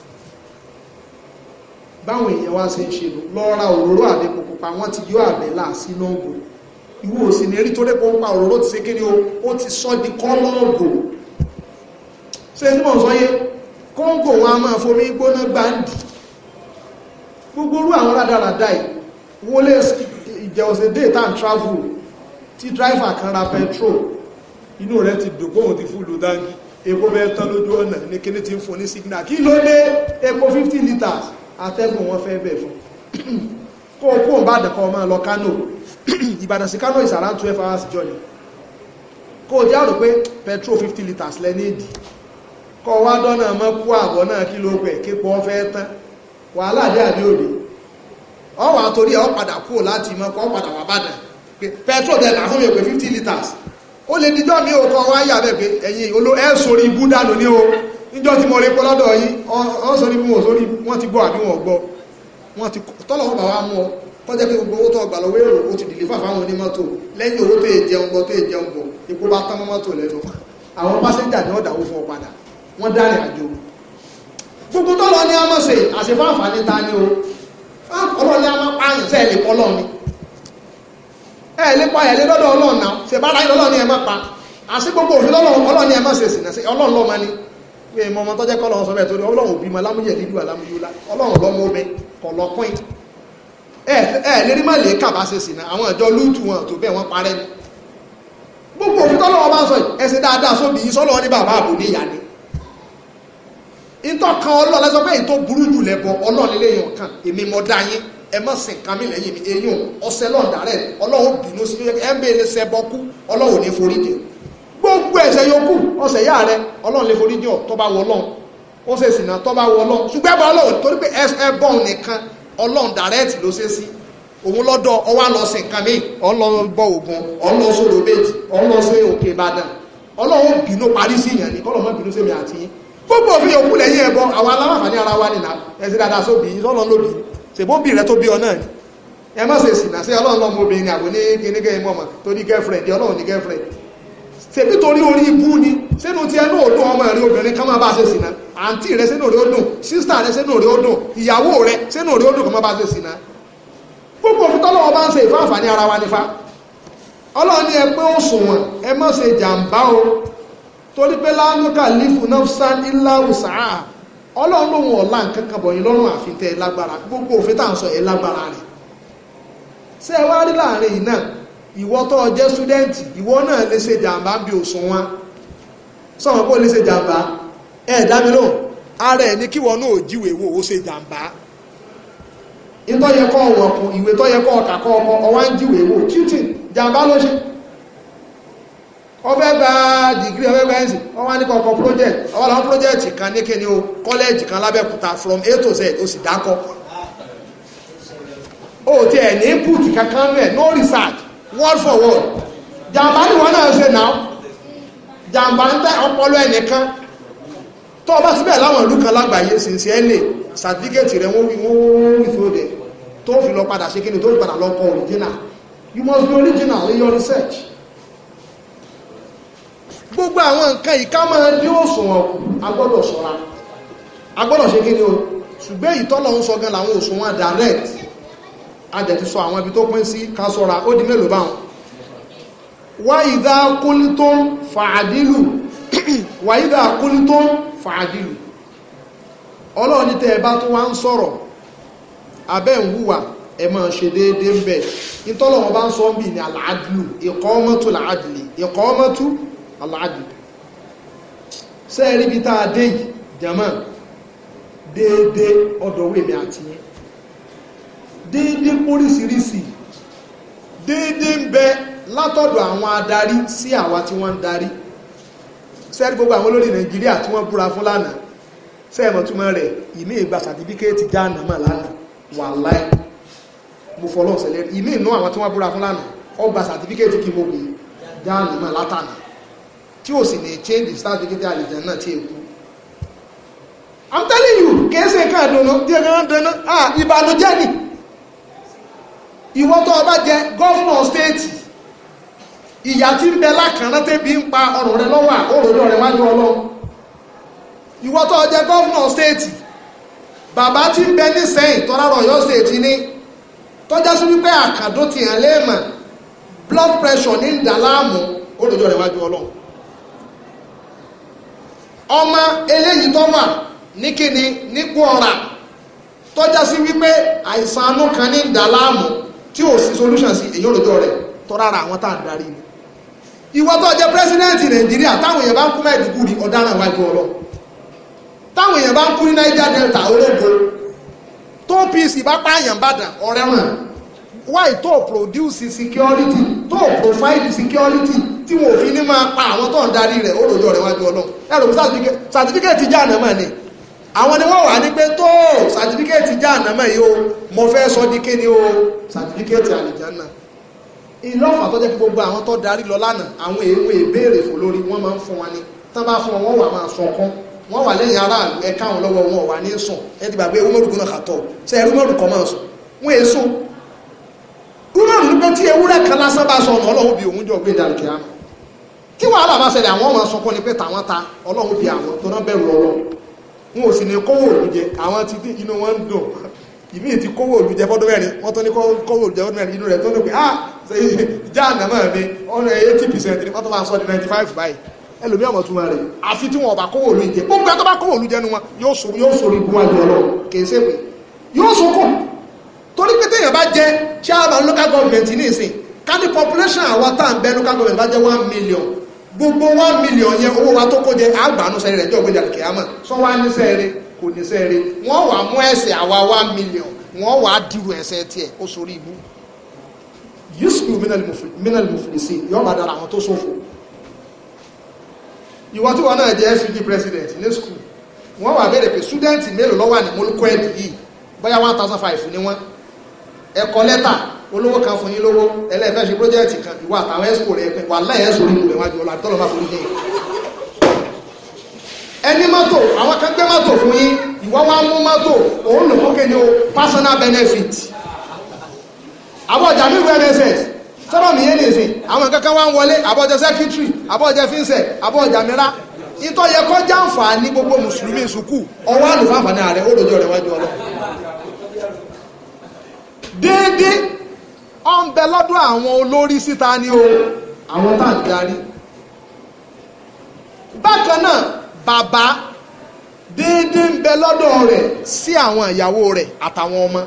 báwọn èèyàn wá ṣe ń ṣe lọ ra òróró àdépo pupa wọ́n ti yọ àbẹ́là sínú ọ̀gbọ̀n ìwú òsì ní erí tó dé pọ́npá òróró ti ṣe kéré o ó ti sọ́ di kọ́lọ́ọ̀gò ṣe tí mọ̀ sọ́yé kóńgò wọn a máa fomi gbóná gbáǹdì gbogbo orú àwọn rádaràdà yìí wọlé ìjẹ ọ̀sẹ̀ day time travel tí driver kan ra petrol inú rẹ̀ ti dùn kóhun ti fúlù dáńgì epo bẹ́ẹ̀ tán lójú ọ̀nà ní kíní ti ń fún ní signal kí ló dé epo 50 litres atẹ́gùn wọn fẹ́ bẹ̀ fún kó o kó o bá dẹ̀kọ́ ọmọ lọ kánò Ìbàdàn sí kánò is around twelve hours journey kó o jẹ́ àrò pé petrol fifty litres lẹ́nìdì kọ́ wá dọ́nà mọ́ kú àbọ̀ náà kí ló pẹ̀ képo wọn fẹ́ tán wàhálà dé àbí òde ọwà torí ọ padà kú láti mọ́ kọ́ padà wà bàdàn petrol dẹ̀ là fún mi pé fifty litres ó lè dijọ́ mi ò kọ́ wáyà bẹ́ẹ̀ pé ẹ̀yin olóẹ́sọ̀rí búdà lónìí o níjọ́ tí mo rí pọ́ lọ́dọ̀ yìí wọ́n sọ ní bí wọ́n sórí wọ́n ti gbọ́ àbí wọ́n gbọ́ wọ́n ti tọ́lọ̀ wọn bàbá mú ọ kọjá pé gbogbo owó tó ọgbà lọ́wọ́ èrò ó ti dìlé fàfà àwọn onímọ́tò lẹ́yìn owó tó èjẹun bọ́ tó èjẹun bọ̀ epo bá tán mọ́tò lẹ́nu a mọ̀ sí àṣefáfà o ọlọ́ni a máa pààyàn sẹ́ẹ̀ lè pọ́ lọ́ni ẹ lè pa ẹ lè lọ́dọ̀ ọlọ́ọ̀nà ṣẹ̀bára ọlọ́ni ẹ má pé mọ ọmọ tọ́jẹ́ kọ́lọ̀ sọ bẹ́ẹ̀ torí ọlọ́run òbí ma lámúyẹ̀ lílu àlámúyọ́lá ọlọ́run lọ́mọ omi kọ̀lọ́ pọ́ìn ẹ ẹ lérí má lè kàbá ṣe sì náà àwọn ìjọ lúùtù wọn tó bẹ́ẹ̀ wọ́n parẹ́ ni gbogbo òfin tọ́lọ́wọ́ bá ń sọ yìí ẹsẹ̀ dáadáa sóbi yìí sọ́lọ́wọ́ ní bàbá àbò ní ìyá ni ìtọ́kan ọlọ́run lẹ́sọ pé ìtọ́ burú jù lẹ́bọ ọlọ́run léyìn ọ̀kan èmi mọ dá yín ẹ má sìn kan mí lẹ́yìn mi eyín ọ̀sẹ̀ lọ́ọ̀dà rẹ̀ ọlọ́run bínú sí ẹ ń bẹ́ẹ̀ lẹ́sẹ̀ bọ́kú ọlọ́run ò ní forí dẹ̀ gbogbo ẹ̀ṣẹ̀ yòókù ọ̀sẹ̀ yá rẹ ọlọ́run lè forí jìn tó bá wọ ọlọ́run ó ṣe sìnà tó bá wọ ọlọ́run ṣùgbọ́n ẹbọ ọlọ́run torí pé ẹbọ nìkan ọlọ́run dàrẹ́ẹ̀tì ló ṣe sí òun lọ́dọ̀ ọwá lọ sí nǹkan mi ọ̀n lọ bọ ògùn ọ̀n lọ sódò méjì ọ̀n lọ sí òkè ìbàdàn ọlọ́run bínú parí sí ìyàn ní kọ́lọ̀ mọ́ bínú sí mi àti yín gbogbo òfin yòókù lẹ́yìn ẹbọ àwọn aláwàfàní ara wa nìna ẹ̀sìn dáadáa sóbì yín sọ́lọ́ lóbì ṣèbóbì rẹ tó bí ọ náà ni ẹ má ṣe sìnà sí ọlọ́run lọ́mọ obìnrin àbò ní kíníkẹ́ ìmọ̀ torí girlfriend ọlọ́run ní girlfriend ṣe bí torí orí ibú ni sínú tí ẹnu òdùn ọmọ rẹ obìnrin kan máa bá ṣe sìnà àǹtí rẹ sínú rẹ ó dùn sísítà rẹ sínú rẹ ó dùn ìyàwó rẹ sínú rẹ ó dùn kan máa bá ṣe sìnà gbogbo òfin tọ́lọ́wọ́ bá ń ṣe ìfáǹfààní ara wa nífa ọlọ́run ní ẹgbẹ́ òṣùwọ̀n ẹ má ṣe jàǹbá o torí pé lánúkà lífù nafsan illa wùsàá ọlọ́run lòun ọ̀la nǹkan kan bọ̀yìn lọ́rùn àfitẹ́ lágbára gbogbo òfin tá à ń sọ ẹ lágbára rẹ̀ ṣé ẹ wá rí láàrin yìí náà ìwọ tó jẹ́ ṣúdẹ́ǹtì ìwọ náà lè ṣe jàǹbá bí òsùn wọn sọ̀rọ̀ kó lè ṣe jàǹbá ẹ̀ dámi lóhùn ara ẹ̀ ní kíwọ náà jíwèé wò ó ṣe jàǹbá ìtọ́yẹ kọ́ ọ̀wọ̀ ọ̀kùn ìwé tọ́yẹ kọ́ ọ̀kà kọ́ ọmọ ọwá ń jíwèé wò cheating jàǹbá ló ṣe ọfẹ́ gba dìgírí ọfẹ́ gba ẹ̀sìn ọwá ní kọ̀ọ̀kan project ọwá làwọn project kan ní kíni o college kan lábẹ́kúta from a to z o sì dákọ́ o ti ẹ̀ ní input kankan rẹ̀ no research word for word jàǹbá ni wọ́n náà ṣe náà jàǹbá ń tẹ́ ọpọlọ ẹnìkan tó ọba síbẹ̀ láwọn ìlú kan lágbàáyé sincerely certificate rẹ̀ wọ́n wọ́n ìfòdẹ̀ tó fi lọ padà ṣe kí ni tó padà lọ kọ original you must be original in your research gbogbo àwọn nǹkan ìká máa ní òṣùwọ̀n agbọ́dọ̀ ṣọ́ra agbọ́dọ̀ ṣe kí ni o ṣùgbẹ́ ìtọ́lọ̀ ń sọ gan làwọn òṣùwọ̀n direct adẹ̀ ti sọ àwọn ibi tó pín sí ká sọ́ra ó di mélòó báwọn wá ìdá kólítón fàádìlù wá ìdá kólítón fàádìlù ọlọ́run ní tẹ́ ẹ bá tó wá ń sọ̀rọ̀ abẹ́ ń hùwà ẹ máa ṣe déédéé ń bẹ̀ nítọ́lọ́wọ́n bá ń sọ ń ní àlàádìlù ìkọ́ ọmọ́tú sẹ́ẹ̀rí bí tá a dé yìí jẹ́mọ́ déédéé ọ̀dọ̀wé mi àti yẹn déédéé póríṣiríṣi déédéé ń bẹ látọ̀dọ̀ àwọn adarí sí àwa tí wọ́n ń darí gbogbo àwọn olori nàìjíríà tí wọ́n búra fún lánàá sẹ́ẹ̀mọ̀ túmọ̀ rẹ̀ ìmí ìgbà sàtífíkẹ́ẹ̀tì jáàna mà lánàá wà láì mo fọlọ́ sẹ́lẹ̀ ìmí ìnú àwọn tí wọ́n búra fún lánàá gba sàtífíkẹ́ẹ̀tì kí mo gbé jáàna mà látànà tí ò sì ní change sàtífíkẹ́ẹ̀tì àlejò náà tí èkú. I'm telling you káàdùn ìwọ tó o bá jẹ gọ́fúnà stéètì ìyá tí ń bẹ lákàrán tẹ́bi ń pa ọ̀rọ̀ rẹ lọ́wọ́ àkóròdọ́ rẹ wájú ọlọ́run ìwọ tó o jẹ gọ́fúnà stéètì bàbá tí ń bẹ nísẹ̀yìn tọ́lárọ̀ ọ̀yọ́ stéètì ní tọ́já sí wípé àkàdó ti hàn léèmọ̀ blood pressure ní ìdàláàmú olùjọ rẹ̀ wájú ọlọ́run ọmọ eléyìí tó wà ní kíni nípò ọ̀rà tọ́já sí wípé àìsàn anú kan ní ìdàláàmú tí ò sí solution sí èyí òròjọ rẹ̀ tó rárá àwọn tá à ń darí ni ìwọ tó jẹ́ pírẹsidẹ́ǹtì nàìjíríà táwọn èèyàn bá ń kú mẹ́ẹ̀dúgùrì ọ̀daràn wájú ọlọ́ táwọn èèyàn bá ń kú ní niger delta ológo tó pc bá pààyàn bàdàn ọ̀rẹ́ wọn why tó produce security tó provide security tí wọn ò fi ní máa pa àwọn tó ń darí rẹ̀ òròjọ rẹ̀ wájú ọlọ́ ẹ̀rọ certificate jáàná mọ́ ni àwọn ni wọ́n wà ní pé tó sàtífíkẹ́ẹ̀tì jáànàmọ́ yìí o mo fẹ́ sọ di kí ni o sàtífíkẹ́ẹ̀tì àlìjánà ìlọ́fà tó jẹ́ kí gbogbo àwọn tó darí lọ lánàá àwọn èèwọ̀ ìbéèrè fò lórí wọ́n máa ń fún wa ní tán bá fún wọn wà máa sọkún wọ́n wà lẹ́yìn aráàlú ẹ̀ka àwọn lọ́wọ́ wọn wà ní sùn ẹ ti gbàgbé Umaru náà kàtọ́ ṣe ẹrú Umaru máa sùn wọ́n èé sùn Umaru ní pé tí ewúrẹ́ kan lásán bá sọ ọ̀nà ọlọ́run bí òun jọ gbé ìdàrúkẹ́ àmọ́ tí wàhálà bá ṣẹlẹ̀ àwọn máa sọkún ni pé tàwọn ta ọlọ́run bí àwọn tó náà bẹ̀rù ọlọ́run wọn ò sì ní kówó òlù jẹ àwọn ti inú wọn ń dùn ìmí ti kówó òlù jẹ fọ́dún mẹ́rin wọ́n tún ní kówó òlù jẹ fọ́dún mẹ́rin inú rẹ̀ tó ń lò pé ah já ànàmọ́ mi ọ̀nà eighty percent ní wọ́n tó máa sọ di ninety five báyìí ẹlòmí ọmọ tún wà rẹ̀ àfi tí wọn ọba kówó òlù jẹ gbogbo ẹ tó bá kówó òlù jẹ nu wọn yóò sọ yóò sọ ibu wájú ọlọ́run kìí ṣe pé yóò sọ kù torí pé téèyàn bá jẹ chairman local government ní ìsìn ká ní population àwa tá à ń bẹ local government bá jẹ one million gbogbo one million yẹn owó wa tó kó jẹ àgbàánu sẹ́rẹ̀ rẹ̀ jọ gbé jalè kìámà sọ wá ní sẹ́rẹ̀ kò ní sẹ́rẹ̀ wọ́n wà mú ẹsẹ̀ àwa one million wọ́n wà á dirò ẹsẹ̀ tiẹ̀ ó sorí ibú yusufu minal mufilisi yọọ bá dára àwọn tó ṣòfò ìwọ tí wọn náà jẹ́ sg president ní school wọ́n wà bẹ̀rẹ̀ pé student mélòó ló wà ní mólúkọ́ ẹ̀dì yìí bóyá one thousand five ni wọ́n ẹ kọ lẹ́tà olówó kan fún yín lówó ẹlẹ́fẹ́ ṣe pírójẹ́ẹ̀tì kan ìwà àtàwọn ẹ̀sùn rẹ̀ pẹ̀ wà láyé ẹ̀sùn nínú rẹ̀ wájú ọlá tọ́lọ́ bá fún yín. ẹni mọ́tò àwọn kan gbé mọ́tò fún yín ìwọ wá mú mọ́tò òun lò fún kéde o personal benefit. àwọn ọjà mi wọ nss sọ́dọ̀ mi yé nìsín àwọn kankan wá ń wọlé àbọ̀jọ secretary àbọ̀jọ finsẹ̀ àbọ̀jọ mìíràn ìtọ́ yẹ kọ́ jáǹfà ní gbogbo mùsùlùmí sùkú ọwọ́ àlùfáàfà náà ó lójó rẹ̀ wájú ọlọ́ déédéé ọ ń bẹ lọ́dọ̀ àwọn olórí síta ni o àwọn tá à ń darí bákan náà bàbá déédéé ń bẹ lọ́dọ̀ rẹ̀ sí àwọn ìyàwó rẹ̀ àtàwọn ọmọ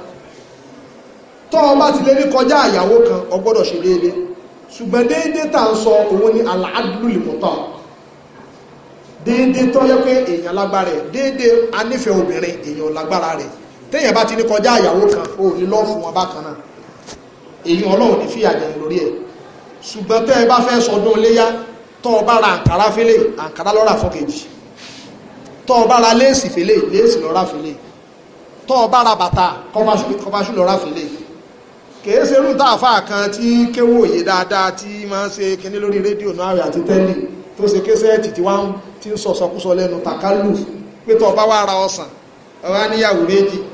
tọ́ ọ bá ti lé ní kọjá ìyàwó kan o gbọ́dọ̀ ṣe déédéé ṣùgbọ́n déédéé tá à ń sọ òun ni aláàdúlù lìmọ́tọ̀ déédéé tó yẹ pé èèyàn lágbára rẹ̀ déédéé anífẹ̀ẹ́ obìnrin èèyàn lágbára rẹ̀ téèyàn bá ti ní kọjá ìyàwó kan ò ní lọ́ọ̀fù wọn bákan náà èyí ọlọ́run ní fìyà jẹ lórí ẹ̀ ṣùgbọ́n tẹ́ ẹ bá fẹ́ sọdún iléyá tọ́ ọ bá ra àǹkárá fẹ́lẹ̀ àǹkárá lọ́ra fọ́kejì tọ́ ọ bá ra léèsì fẹ́lẹ̀ léèsì lọ́ra fẹ́lẹ̀ tọ́ ọ bá ra bàtà kọfàṣù lọ́ra fẹ́lẹ̀ kìí ṣe irú táàfà kan tí kéwò òye dáadáa tí máa ń ṣe kinní lórí rédíò náà rẹ̀ àti tẹ́lẹ̀ tó ṣe késẹ́ẹ̀tì tí wọ́n ti ń sọ̀sọ̀kúsọ lẹ́nu tàkálù pé tọ́ ọ bá wá ra ọsàn ọ̀rá níyàwó méjì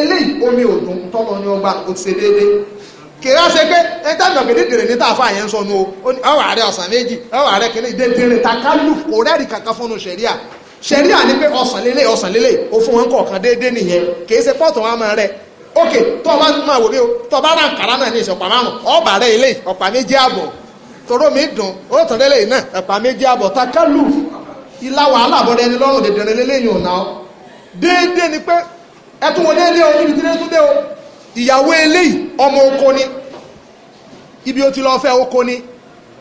eléyìí omi òdùn tọ́lọ ní ọgbà ó ti ṣe déédéé ṣe pé ní tààfà yẹn ń sọ nu o ọwọ́ ààrẹ ọ̀sán méjì kankan ni pé ọ̀sán lélẹ̀ ọ̀sán lélẹ̀ ó fún wọn kọ̀ọ̀kan déédéé nìyẹn kìí ṣe pọ́ọ̀tù wọn máa rẹ ókè tó o bá máa wò mí o tó o bá rà nkàrà náà ní ìṣọ̀pá márùn ọ̀bà rẹ ilé ọ̀pá méjì àbọ̀ tòró mi dùn ó tàn ẹtún wọlé ilé o níbi tí lè tún dé o ìyàwó eléyìí ọmọ oko ni ibi o ti lọ fẹ́ oko ni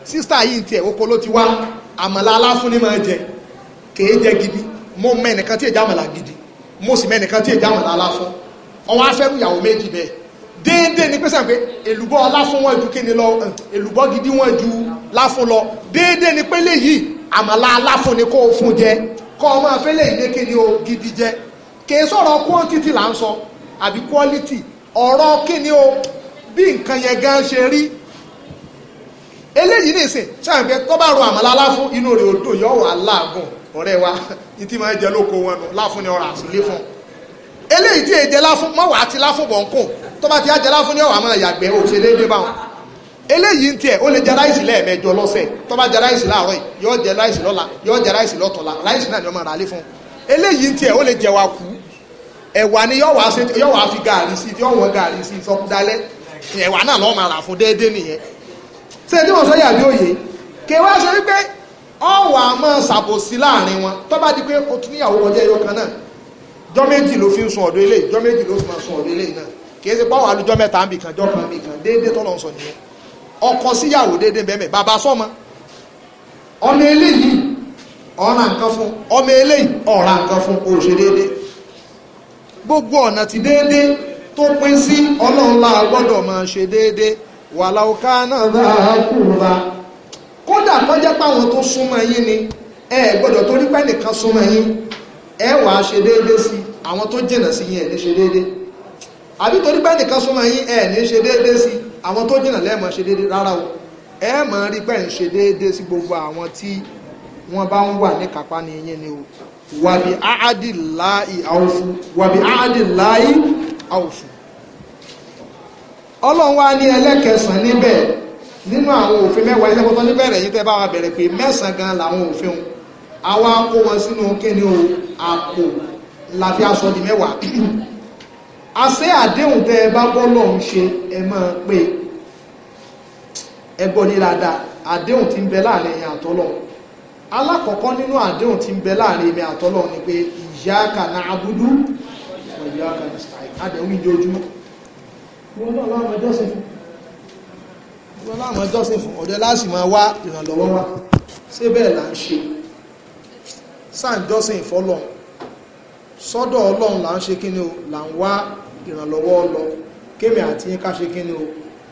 sísítà yìí tiẹ̀ oko ló ti wá àmàlà aláfúnni máa jẹ kèé jẹ gidi mo mẹ́nìkan tí èjà àmàlà gidi mo sì mẹ́nìkan tí èjà àmàlà aláfún ọwọ́ afẹ́rù ìyàwó méjì bẹ́ẹ̀ déédéé ni pèsè pé èlùbọ́ aláfún wọn ju kíni lọ èlùbọ́ gidi wọn ju láfún lọ déédéé ni pé léyìí àmàlà aláfún ni kó o fún jẹ kọ́ ọ máa fẹ́ o gidi jẹ kèé sọ̀rọ̀ quantity là ń sọ àbí quality ọ̀rọ̀ kí o bí nǹkan yẹn gan ṣe rí eléyìí nìsín ṣàǹfẹ́ tó bá ro àmàlà láfún inú rẹ̀ odò yóò wà láàgùn ọ̀rẹ́ wa ní tí máa jẹ lóko wọn nù láfún ni ọ̀rọ̀ àsìlé fún eléyìí tí èjẹ láfún mọ́ wàá ti láfún bọ̀ ń kùn tó bá ti á jẹ láfún ní ọ̀rọ̀ àmọ́ ìyàgbẹ́ òṣèlé dé báwọn eléyìí ń tiẹ̀ ó lè jẹ ráìsì lẹ́ẹ̀mẹjọ lọ́sẹ̀ tó bá jẹ ráìsì láàárọ̀ yìí yóò jẹ ráìsì lọ́la yóò jẹ ráìsì lọ́tọ̀la ráìsì náà ni ọmọ rà lé fún eléyìí ń ó lè jẹ wa kú ẹ̀wà ni yóò wá fi gààrí sí tí ọ̀wọ́ gààrí sí sọkúdálẹ́ ẹ̀wà náà lọ́ọ́ máa rà fún déédéé nìyẹn ṣé tí wọ́n sọ yàrá òye kí wọ́n sọ wípé ọ̀wọ́ àmọ́ ṣàbòsí láàrin wọn tó bá di pé o tún níyàwó ọjọ́ ẹyọ kan náà jọ́ méjì ló fi ń sun ọ̀dọ̀ eléyìí jọ́ méjì ló fi máa sun ọ̀dọ̀ eléyìí náà kì ṣe pọ́wọ́ àlùjọ́ mẹ́ta ń bì kan jọ́ kan bì kan déédéé tọ́lọ́ ń sọ nìyẹn ọkọ síyàwó déédéé bẹ́ẹ̀ bàbá sọ́mọ ọmọ eléyìí ọ̀ràn nǹkan fún ọmọ eléyìí ọ̀ràn nǹkan fún òṣèré déédéé gbogbo ọ̀nà tí déédéé tó pín sí ọlọ́run la gbọ́dọ̀ máa ṣe déédéé wà láwùká náà dáa kúrúra kódà kọjá páwọn tó súnmọ́ yín ni ẹ gbọ́dọ̀ torí pé nìkan súnmọ́ yín ẹ wàá ṣe déédéé sí àwọn tó jìnà sí yín ẹ ní ṣe déédéé àbí torí pé nìkan súnmọ́ yín ẹ ní ṣe déédéé sí àwọn tó jìnà lẹ́ẹ̀mọ́ ṣe déédéé rárá o ẹ mọ̀ rí pé ń ṣe déédéé sí gbogbo àwọn tí wọ́n bá ń wà ní ni yín ni o wàbí áádì láì àwòfù wàbí áádì láì àwòfù ọlọ́run wá ní ẹlẹ́kẹsàn níbẹ̀ nínú àwọn òfin mẹ́wàá ẹlẹ́kọ́ tó níbẹ̀rẹ̀ yìí tẹ́ bá wa bẹ̀rẹ̀ pé mẹ́sàn gan làwọn òfin wọn àwa kó wọn sínú kíni o àpò làfi aṣọ di mẹ́wàá àṣẹ àdéhùn tẹ́ ẹ bá bọ́ lọ́hùn ṣe ẹ máa pé ẹ gbọ́ ní dáadáa àdéhùn ti ń bẹ láàrin ẹ̀yìn àtọ́lọ́hùn alákọ̀ọ́kọ́ nínú àdéhùn tí ń bẹ láàrin èmi àtọ́lọ́ ni pé iyyaka na'budu wa iyyaka nasta'in àdéhùn ìjọ ojúmọ́ wọ́n láwọn jọ́sìn fún ọ̀dẹ́ láti máa wá ìrànlọ́wọ́ wá ṣé bẹ́ẹ̀ là ń ṣe sáà jọ́sìn ìfọ́lọ̀ sọ́dọ̀ ọlọ́run là ń ṣe kí ni o là ń wá ìrànlọ́wọ́ lọ kémi àti yín ṣe kí ni o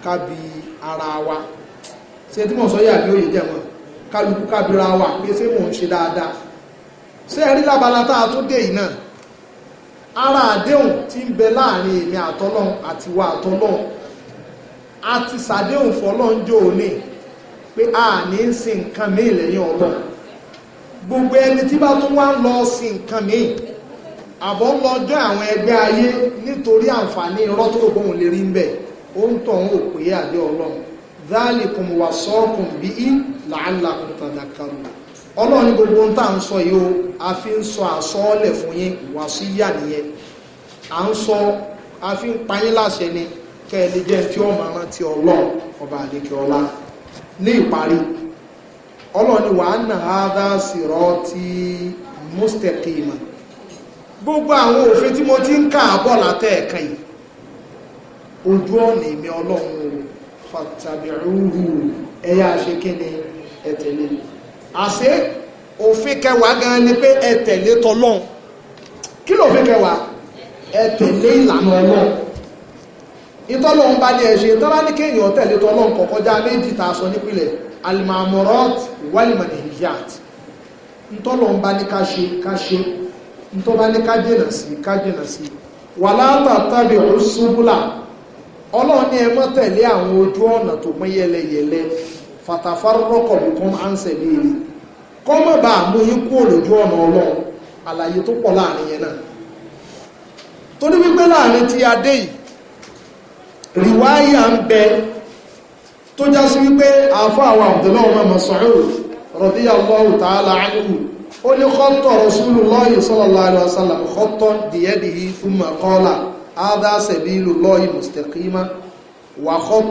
ká bi ara wa ṣe tí mò ń sọ yà bí kálukú kábíra wà pé ṣé mò ń ṣe dáadáa ṣé ẹ rí lábala tá a tó dé yìí náà ara àdéhùn tí ń bẹ láàrin èmi àtọlọ́hun àti wa àtọlọ́hun a ti ṣàdéhùn fọlọ́njọ́ òní pé a ní í sin nǹkan míì lẹ́yìn ọlọ́run gbogbo ẹni tí bá tún wá ń lọ sin nǹkan míì àbọ̀ ń lọ àwọn ẹgbẹ́ ayé nítorí àǹfààní irọ́ tó lè rí ń bẹ̀ ó ń tọ̀ ń òpè àdé ọlọ́run zalikum wasakum bihi la'allakum tadhakkarun ọlọ́run ní gbogbo ń tà ń sọ yìí o a fi ń sọ àsọọ́lẹ̀ fún yín wàsíyà nìyẹn A ń sọ a fi ń pa láṣẹ ni kẹ́ ẹ lè jẹ́ tí ó máa ọlọ́run ọba àdékè ọlá ní ìparí ọlọ́run ní wa ti hadha gbogbo àwọn òfin tí mo ti ń kà látẹ̀ẹ̀kan yìí ojú ọ̀nà ọlọ́run fàtàbíhùhù ẹ̀yà ṣe kí ni ẹ tẹ̀lé àṣé òfin kẹwàá gan ni pé ẹ tẹ̀lé tọlọ́hun kí ló fi kẹwàá ẹ tẹ̀lé ìlànà ọlọ́run ìtọ́lọ́hun bá ní ẹ ṣe tọ́lá ní kéèyàn tẹ̀lé tọlọ́hun kò méjì tá sọ nípìnlẹ̀ alimamorat walimanihiyat ntọ́lọ́hun bá ní ká ṣe ká ṣe ntọ́ bá ní ká jìnà sí ká jìnà sí wàlá tàbí ọ̀rọ̀ ṣubúlà ọlọ́run ní ẹ má tẹ̀lé àwọn ojú ọ̀nà tó pín yẹlẹyẹlẹ fàtàfárọ́kọ̀ bí kún ánsẹ̀ léèrè kọ́ mọ̀ bá mú yín kú òlójú ọ̀nà ọlọ́run àlàyé tó pọ̀ láàrin yẹn náà torí wípé láàrin ti adé yìí rìwáyà ń bẹ tó já sí wípé àfọ́ àwọn Abdullah ọmọ Mas'ud radiyallahu ta'ala anhu ó ní khatta Rasulullahi sallallahu alaihi wasallam khatta هذا سبيل الله lọ́ọ̀yì mustaqima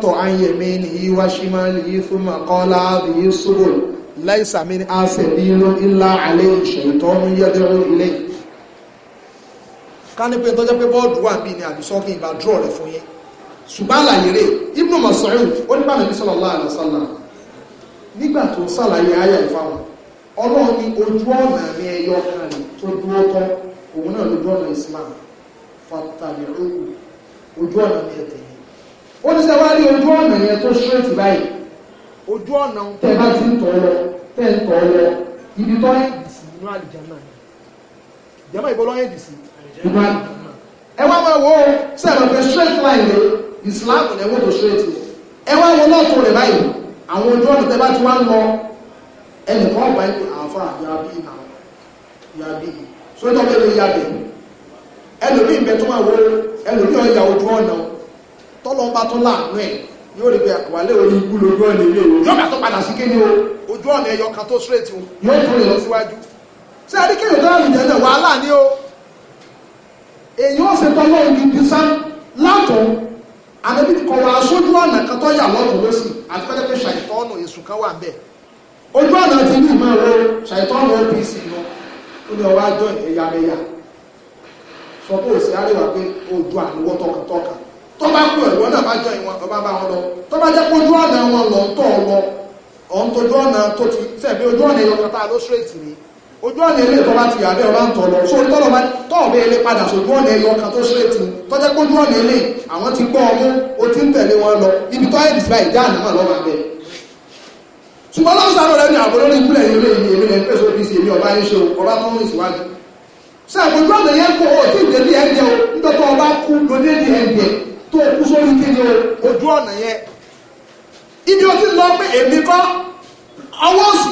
عن يمينه وشماله ni قال wá sí ليس من yí fún عليه شيطان yí sóbò láìsàmí ní àsẹ̀bí ìlú ńlá àlẹ́ ìṣẹ̀tọ́ ń yẹ́dẹ́rú ilé ká ní pé tọ́jọ́ pé bọ́ọ̀dù wà bí ni àbí sọ́kì ìbá dúró rẹ̀ fún yín ṣùgbọ́n àlàyé rẹ̀ Ibn Mas'ud ó ní bàbá sallallahu alaihi wasallam nígbà tó sàlàyé ayà ìfáwọn ọlọ́run ní ojú ọ̀nà mi ẹyọ kan tó dúró tán òun náà lójú ọ̀nà Islam fàtàlẹ́rù ojú ọ̀nà ni ẹ tẹ̀lé ó ní sẹ́wá rí ojú ọ̀nà yẹn tó ṣírẹ́tì báyìí ojú ọ̀nà tẹ́ bá ti ń tọ̀ lọ tẹ́ ń tọ̀ lọ ibi tó ń dì sí inú àlìjáná ni jẹ́mọ́ ìbọn lọ́yẹ̀ dì sí inú àlìjáná ẹ wá máa wo sẹ́wọ̀n fẹ́ ṣírẹ́tì láì lé ìsìláàmù ni ẹ wọ́n tó ṣírẹ́tì ẹ wá wo lọ́ọ̀tún rẹ̀ báyìí àwọn ojú ọ̀nà tẹ́ bá ti wá ń lọ ẹnìkan ọ̀gbà ẹ̀kọ́ àfa yàbí ìnà yàbí ẹlòmí ìbẹ̀ tó máa wo ẹlòmí ọ̀yà ojú ọ̀nà tọ́lọ́mbà tó láàánú ẹ̀ yóò rí bí àwàlẹ́ orí ikú lójú ọ̀nà ilé ìwé yóò bá tó padà sí kéde o ojú ọ̀nà ẹyọ kan tó straight o yóò tó lè lọ síwájú ṣé adékèyàn tó rìn jẹ́jẹ́ wàhálà ni o èyí ó ṣe tọ́lọ́ ojú ti sá látọ̀ àbẹ́bí kọ̀ wá sójú ọ̀nà kan tó yà lọ́tún lọ́sì àti pẹ́lẹ́pẹ́ sọ pé òsì àríwá pé ojú àníwọ́ tọkàntọkà tó bá kú ẹ̀rọ náà bá jọ ìwọ̀n tó bá bá wọn lọ tó bá jẹ́ ojú ọ̀nà wọn lọ ń tọ̀ lọ ọ̀n tójú ọ̀nà tó ti tẹ̀lé ojú ọ̀nà ìlọ kata ló ṣírètì ni ojú ọ̀nà ilé ìtọ́ bá ti yà bẹ́ẹ̀ ọba ń tọ̀ lọ sórí tọ́lọ̀ bá tọ́ọ̀bẹ́ ilé padà sójú ọ̀nà ìlọ kan tó ṣírètì tó jẹ́ ojú ọ̀nà ilé àwọn ti gbọ́ ọmú o ti ń tẹ̀lé wọn lọ ibi tọ́ ẹ̀dì síbáyì já àná lọ́wọ́ sọ àgbẹ̀dọ́ ọ̀nà ya kó o ti dé ndị o nítorí ọba kú ló dé DNA tó kú sórí kíni o ojú ọ̀nà yẹn ibi o ti lọ pé èmi kọ́ ọwọ́ na sọ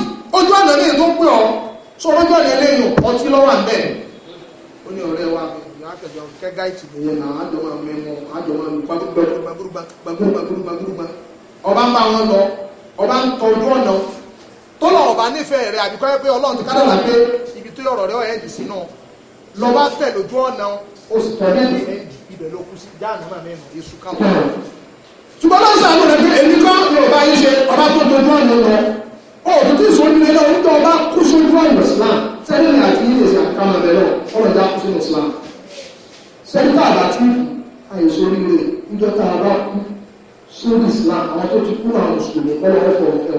ọba ọba ọba ya lọ bá tẹ̀ lójú ọ̀nà ó sì tọ́ lẹ́nu ẹ̀ǹdì ibẹ̀ ló kú sí jáàmù náà mẹ́nu èṣù káwọn. ṣùgbọ́n lọ́sí àwọn ọ̀rẹ́ pé èmi kọ́ tó dojú ọ̀nà lọ ó nígbà ọba kú sójú ọ̀nà Islam sẹ́yìn àti ilé ìsìn àkàmọ̀ bẹ̀ ọ̀rọ̀ ìjà kú sínú Islam sẹ́yìn àbátí àyèsó líle níjọ́ tá a bá kú sórí Islam àwọn tó ti kú àwọn mùsùlùmí ọlọ́wọ́ fọ̀ọ́ fẹ́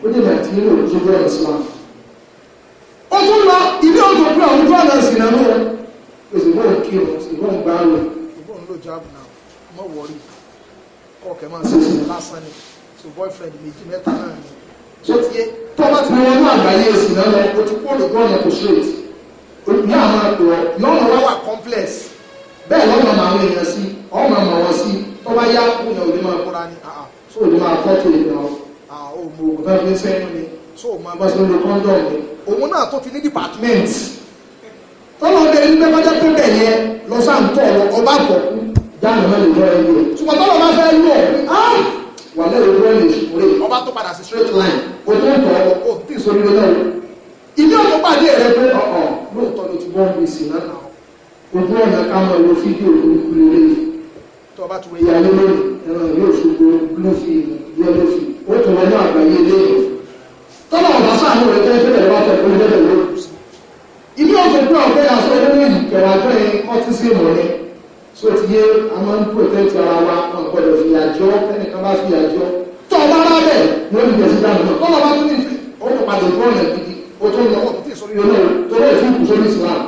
wọn ó dé nàìjíríà òjò bẹ́ẹ̀ Islam job now má wọrí kọ̀ọ̀kẹ́ máa ṣe ṣe lásán ni so boyfriend méjì mẹ́ta náà ni tó ti yé tó bá ti wọnú àgbáyé èsì náà lọ o ti kó lè gbọ́ ọ̀nà kò straight ní àwọn àpò ọ̀ lọ́nà wá wà complex bẹ́ẹ̀ lọ́nà máa ń èèyàn sí ọ̀nà máa wọ́n sí tó yá kó ní òde máa kóra ni ah, ah. so òde máa kọ́ tó lè náà o mo ah, ògùn náà fi sẹ́yìn ni so o máa bá lórí condom ni òun náà tó ti ní department tọ́lọ́ ọdẹ ní bẹ́ẹ̀ bá jẹ́ pé bẹ́ẹ̀ yẹ lọ sáà ń tọ̀ ọba àbọ̀kú jáde náà lè lọ ẹni rẹ̀ ṣùgbọ́n tọ́lọ̀ máa fẹ́ lú ẹ̀ wà lẹ́yìn ló lè ṣùkúrè ọba tó padà sí straight line o tó ń tọ̀ ọ́ o tí ì sórí lọ́wọ́ ilé ọ̀tọ̀ pàdé rẹ̀ pé ọ̀ọ̀ lóòótọ́ ló ti bọ́ mi sí náà ojú ọ̀nà ká mọ̀ ló fídíò olúkú lórí ìyàlẹ́ lórí ẹ̀rọ ìlú òṣogbo ló fi yọ ló fi ó tún wọnú àgbáyé lẹ́yìn tọ́lọ̀ ọ̀dà sáàánú rẹ̀ tẹ́ fẹ́rẹ̀ wá tẹ̀ fún lẹ́yìn lórí ilé ọ̀tọ̀ pé ọ̀gbẹ́ aṣọ olóyìn kẹwàá tí o ti yé a máa ń protect ara wa wọn gbọ́dọ̀ fi àjọ ẹnìkan bá fi àjọ tọ́ ọ bá rà wọ́n ti bẹ̀rẹ̀ dáhùn náà tọ́lọ́ bá tún ní ìfẹ́ ó padà bọ́ ọ̀nà gidi ó tó lọ ó ti sọ̀rọ̀ yọlọ́ tó lọ́ọ̀ fún ìkùsọ́ ní Islam.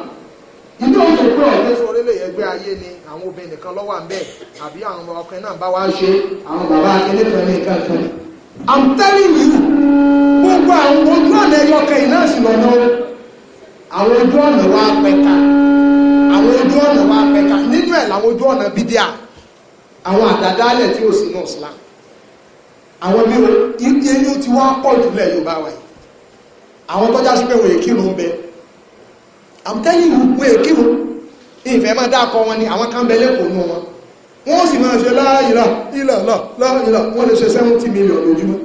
ilé oúnjẹ pé ọ̀rẹ́ sọ orílẹ̀ ẹgbẹ́ ayé ni àwọn obìnrin nìkan lọ́wọ́ à àbí àwọn ọkùnrin náà bá wá ṣe àwọn bàbá akẹ́lẹ́ ní nǹkan I'm telling you gbogbo àwọn ojú ọ̀nà ẹyọkẹ́ iná sì lọ́nà àwọn ojú ọ̀nà wa pẹ̀ka àwọn ojú ọ̀nà wa pẹ̀ka nínú ẹ̀ làwọn ojú ọ̀nà bídíà àwọn àdádálẹ̀ tí ò sí náà sílá àwọn bí ẹni ó ti wá pọ̀ jùlẹ̀ Yorùbá wa yìí àwọn tó já sí pé wòye kírun ń bẹ àmútẹ́yìn wòye kírun ìfẹ́ máa dákọ wọn ni àwọn kan bẹ lẹ́kọ̀ọ́ nù wọn wọ́n sì máa ṣe láàyìlá ìlàlá láàyìlá wọ́n lè ṣe 70 million lójúmọ́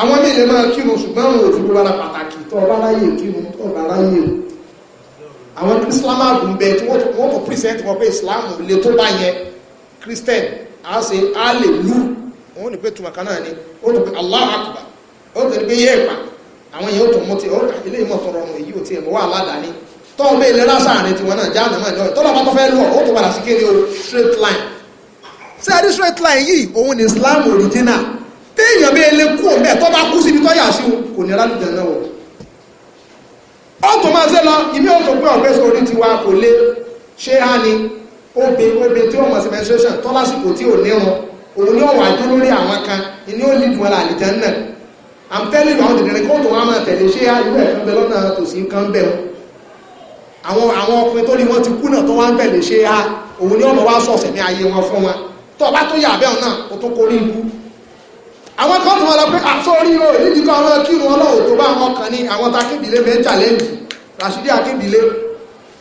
àwọn mílẹ̀ máa kírun ṣùgbọ́n àwọn òfin gbọ́lára pàtàkì tó bá ráyè kírun tó bá ráyè àwọn Islam àgùn bẹ tí wọ́n tó present wọn pé Islam lè tó bá yẹ Christian á ṣe hallelu wọ́n ní pé tuma kan náà ni ó tó pé Allah akbar ó tó ní pé yẹ ẹ̀pà àwọn yẹn ó tó mọ́tì ó ilé ah, ìmọ̀ tọrọ ọmọ èyí ò tiẹ̀ mọ́ wà ládàáni tọ́wọ́ bẹ́ẹ̀ lẹ́rà sáàrin tiwọn náà jáàmù náà lọ́wọ́ bá tó fẹ́ lọ ó tó padà sí kéde o straight line ṣé ẹni straight line yìí òun ni Islamu original téèyàn bẹ́ẹ̀ lé kú òun bẹ́ẹ̀ tọ́ bá kú síbi tọ́yà sí kò ní rálùjẹ náà wọ̀ ó tó máa ṣe lọ ìmí ó tó pé ọ̀gbẹ́ sórí tiwa kò lé ṣé á ni obe obe tí ó mọ̀ menstruation tó lásìkò tí ò níran òun ni ó wà dúró lórí àwọn kan ìní ó lè dùn àlìjẹ náà i'm telling you àwọn dèdèrè kó tó máa tẹ̀lé ṣé á irú ẹ̀kan bẹ lọ́nà tòsí nǹkan bẹ̀ wọn àwọn ọkùnrin tó ní wọn ti kú náà tó wá ń tẹ̀lé ṣé òun ni ó mọ̀ sọ̀sẹ̀ ní ayé wọn fún wọn tó bá tó yà bẹ́ẹ̀ náà ó tó kórìí ibú àwọn kan tún wọn lọ pé àtọ́rí ah, o níbi kan àwọn kírun ọlọ́wọ́ tó bá wọn kàn ní àwọn takébìlé bẹ́ẹ̀ challenge Rashidi akébìlé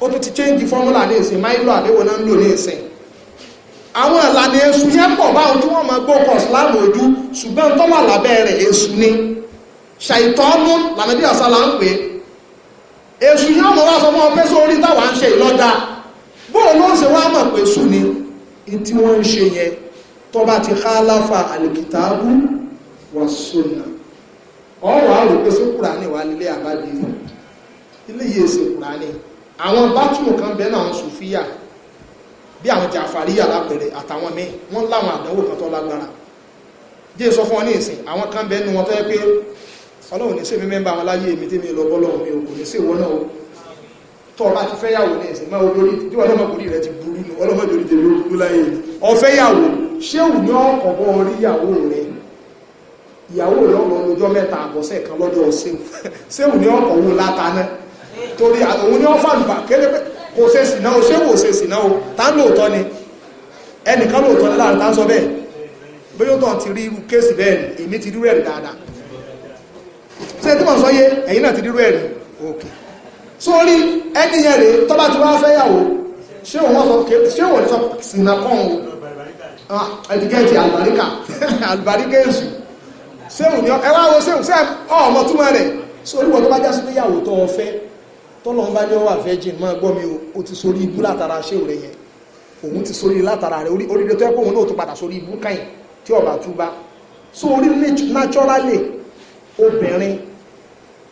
ó tún ti change formula ní ìsìn máìlò àdéwò náà ń lò ní ìsìn àwọn ìlànà èṣù yẹn pọ̀ báwọn tí wọ́n máa gbókọ̀ síláàmù ojú ṣùgbọ́n tó wà lábẹ́ rẹ̀ èṣù ni ṣàìtọ́nú lànàbí àsálà ń pè èṣù yẹn mọ̀ wá sọ fún ọpẹ́ sórí táwa ń ṣe ìlọ́dà bóò ló ń ṣe wá mọ̀ pé èṣù ni tí wọ́n ń ṣe yẹn tó bá ti ká láfa àlèkìtàbù wọ́n sọ̀nà ọ̀rọ̀ àrò pé sí kùránì wà nílé àbáde ilé yìí ṣe kùránì àwọn bátùmù kan bẹ́ẹ̀ náà ń sùfíyà bí àwọn jàfàríyà lápẹ̀rẹ̀ àtàwọn míì wọ́n láwọn àdánwò kan tó lágbára jẹ́ sọ fún ọ ní ìsìn àwọn kan bẹ́ẹ̀ nu wọn tó yẹ pé ọlọ́run ní sí mi mẹ́mbà àwọn láyé èmi tí mi lọ bọ́lọ́run mi ò kò ní sí ìwọ náà o tọ́ ọba ti fẹ́yàwó ní ẹ̀sìn máa olórí tí wọ́n lọ́mọkùnrin rẹ̀ ti burú ní ọlọ́mọdé orí tèmi ó burú láyé ọ̀fẹ́yàwó ní ọkọ̀ bọ́ orí ìyàwó rẹ̀ ìyàwó lọ́wọ́ lójọ́ mẹ́ta àbọ̀sẹ̀ kan lọ́dọ̀ sẹ́wù sẹ́wù ní ọkọ̀ òun láta náà torí òun ní ọ́fà lùbà kéré pé kò ṣe sì náà sẹ́wù ò ṣe sì náà tá ń lóòótọ́ ni ẹnìkan lóòótọ́ ni láàrín tá ń sọ bẹ́ẹ̀ bóyá tó ti rí irú kéèsì bẹ́ẹ̀ ni èmi ti rírú ẹ̀rí dáadáa ṣé tí wọ́n sọ yé ẹ̀yin náà ti rírú ẹ̀rí òkè sórí ẹni yẹn rèé tó bá ti wá fẹ́ yàwó ṣé òun sọ ṣé òun sọ sìnà kọ́ọ̀hún ah, ẹ̀dìgẹ́ẹ̀tì àlùbáríkà *laughs* àlùbáríkà èṣù sẹ́wùn ni ẹ wá wo sẹ́wùn sẹ́wùn ọmọ túmọ̀ rẹ̀ sórí wọn tó bá jásí pé yàwó tó ọ fẹ́ tọ́lọ́n bá ní ọ virgin máa gbọ́ mi o ti sórí ibú látara ṣé rẹ̀ yẹn òun ti sórí látara rẹ̀ oríire tó ẹ̀kọ́ òun náà tó padà sórí ibú káyìn tí ọba naturally obìnrin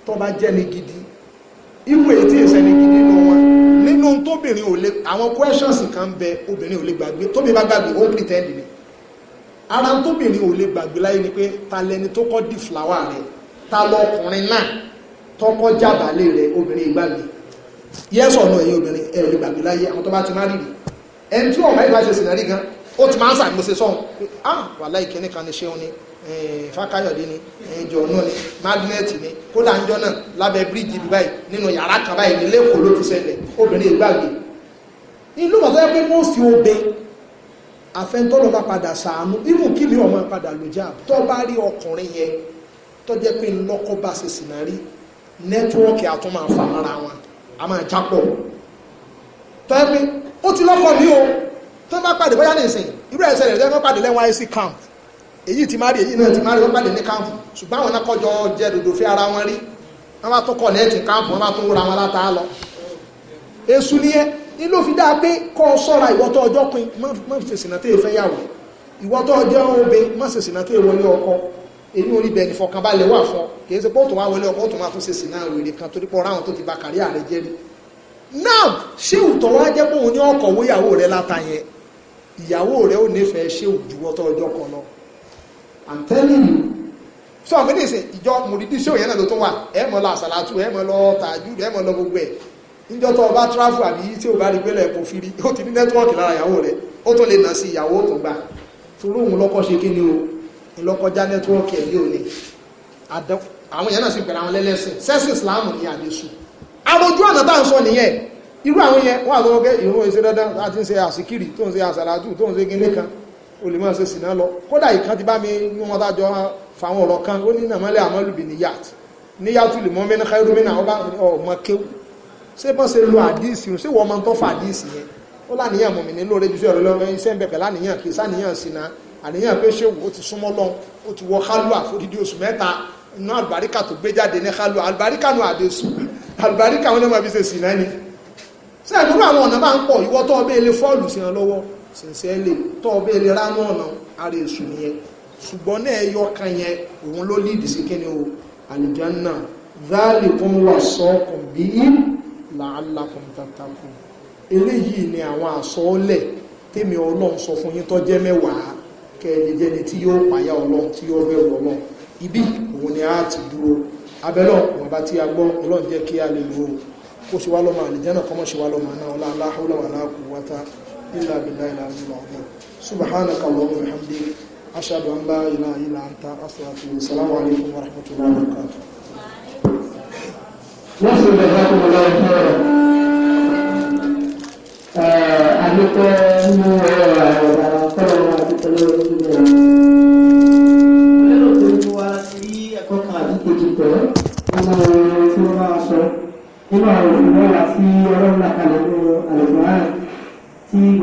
tó bá jẹ́ ní gidi irú èyí tí ìṣẹ́ ní gidi lọ wọn nínú tóbìnrin ò lè àwọn questions kan bẹ obìnrin ò lè gbàgbé tóbi bá gbàgbé ó pretend ni ara tóbìnrin ò lè gbàgbé láyé ni pé ta lẹni tó kọ́ di fìláwà rẹ ta lọkùnrin náà tọkọ jábàálé rẹ obìnrin ìgbàgbé yes or no ẹ̀yin obìnrin ẹ ò lè gbàgbé láyé àwọn tó bá ti má rìrì ẹni tí ọ̀rọ̀ ìbáṣe sì náà rí gan ó ti máa ń sàgbèsè sọ́hun pé ah wàhálà ìkíní kan ní ṣéun ni fákáyọ̀dé ni jọ̀ọ́nù ni magnẹ́tì ni kódà ń jọ náà lábẹ́ bíríìjì báyìí nínú yàrá kan báyìí nílé èkó ló ti ṣẹlẹ̀ obìnrin ìgbàgbé inú mọ̀tọ́ yẹ pé mọ́ọ̀sì obe àfẹ́ntọ́lọ́ bá padà sàánú ibù kí lè ọmọ padà lò já tó bá rí ọkùnrin yẹn tó jẹ́ pé lọ́kọ́ bá ṣe sì náà rí nẹ́tíwọ́ọ̀kì àtún máa fà mọ́ra wọn a máa jápọ̀ tó yẹ pé ó ti lọ́kọ mi o tó bá pàdé bóyá ní ìsìn irú ẹ̀sẹ̀ rẹ̀ tó pàdé lẹ́wọ̀n IC camp èyí ti má rí èyí náà ti má rí wọ́n pàdé ní camp ṣùgbọ́n àwọn akọ́jọ jẹ́ dòdò fẹ́ ara wọn rí wọ́n bá tó kọ̀ nẹ́ẹ̀tì camp wọ́n bá tó wúra wọn látàá lọ èṣù nìyẹn inú fi dáa pé kọ́ sọ́ra ìwọ́tọ́ ọjọ́ pin má fi ṣèṣìnà tẹ́ fẹ́ yàwó ìwọ́tọ́ ọjọ́ obe má ṣèṣìnà tẹ́ wọlé ọkọ èyí orí bẹ̀rẹ̀ fọkànbalẹ̀ wà fún kìí ṣe pọ́ọ̀tù wá wọlé ọkọ tó máa tún ṣèṣìnà wèrè kan torí pọ́ ráwọn tó ti ba kàrí I'm telling you sọ àfẹ́lẹ́sẹ̀ ìjọ mùrídìí ṣéwù yẹn náà ló tún níjọ́ tó bá tráfù àbí tí ò bá rí gbélẹ̀ kò fi rí ó ti ní nẹ́tíwọ́ọ̀kì lára ìyàwó rẹ̀ ó tó lè nà sí ìyàwó tó gbà torí òun lọ́kọ́ ṣe kí ni o ìlọ́kọjá nẹ́tíwọ́ọ̀kì ẹ̀ yóò ní àwọn èèyàn náà sì bẹ̀rẹ̀ àwọn lẹ́lẹ́sìn sẹ́sì islam ní àdéṣù arojú ọ̀nà bá ń sọ nìyẹn irú àwọn yẹn wà lọ́wọ́ gẹ́ ìrún ìṣe dandan láti ń ṣe àsìkiri tó ń ṣe àsàlájú tó ń ṣe gíní kan o lè máa ṣe sìná lọ kódà ìkan ti bá mi ní wọn dájọ fáwọn ọ̀rọ̀ kan ó ní nàmọ́lẹ̀ àmọ́lùbì ní yàt ní yàtù lè mọ́ mẹ́nà káyọ̀rọ̀ mẹ́nà ọba ọmọ kéwù ṣé bọ́n ṣe lo àdíìsì ṣé wọ́n mọ́ tó fà àdíìsì yẹn ó láníyàn mọ̀mí ní lóore jù sí ọ̀rẹ́ lọ́wọ́ iṣẹ́ ń bẹ̀bẹ̀ láníyàn kì í sáníyàn sí na àníyàn pé ṣé ó ti súnmọ́ lọ́n ó ti wọ kálùwà fódìdí oṣù mẹ́ta iná àlùbáríkà tó gbé jáde ní kálùwà àlùbáríkà nù àdéṣù àlùbáríkà wọn náà fi ṣe sí náà ni ṣé ìdúró àwọn ọ̀nà bá ń pọ̀ ìwọ tó ọbẹ̀ ilé fọ́ọ̀lù sí wọn lọ́wọ́ ṣẹ̀ṣẹ̀ lè tó ọbẹ̀ ilé ránú ọ̀nà ara èṣù nìyẹn ṣùgbọ́n náà ẹyọ kan yẹn òun ló líìdì sí kíni o àlùjá náà záàlì kún wà sọ́ọ̀kùn bíi làálàkùn tàtàkùn eléyìí ni àwọn àsọọ́lẹ̀ tèmi ọlọ́run sọ fún yín tó jẹ́ mẹ́wàá kẹ́ẹ̀lẹ́jẹ́ni tí yóò pàyà ọlọ́run tí yóò bẹ̀rù ọlọ́run ibi òun ni a ti dúró abẹ́lọ́ wọn bá tí a gbọ́ ọlọ́run jẹ́ kí a lè lò ó ṣe wá lọ́mọ àlìjẹ́nà kọmọ́ ṣe wá lọ́mọ náà ọlá aláhùlọ́ wà láàkú wátá ilá bílá ilá ìlú ọ̀gá subhana kàlọ́mù alhamdi ashadu an la ilaha illa anta asalatu salamu alaikum wa rahmatullahi wa barakatuh وصل جزاكم الله خيرا àdúgbò mú ọ̀rọ̀ àwọn ọ̀rọ̀ wọn àti pẹ̀lú ojú rẹ̀. lérò tó ń wá sí ẹ̀kọ́ kan àti kejì pẹ̀ nínú orin tí wọ́n máa sọ nínú àwọn òṣèlú ọ̀la tí ọlọ́run làkàlẹ̀ nínú àlùkò ààrẹ tí.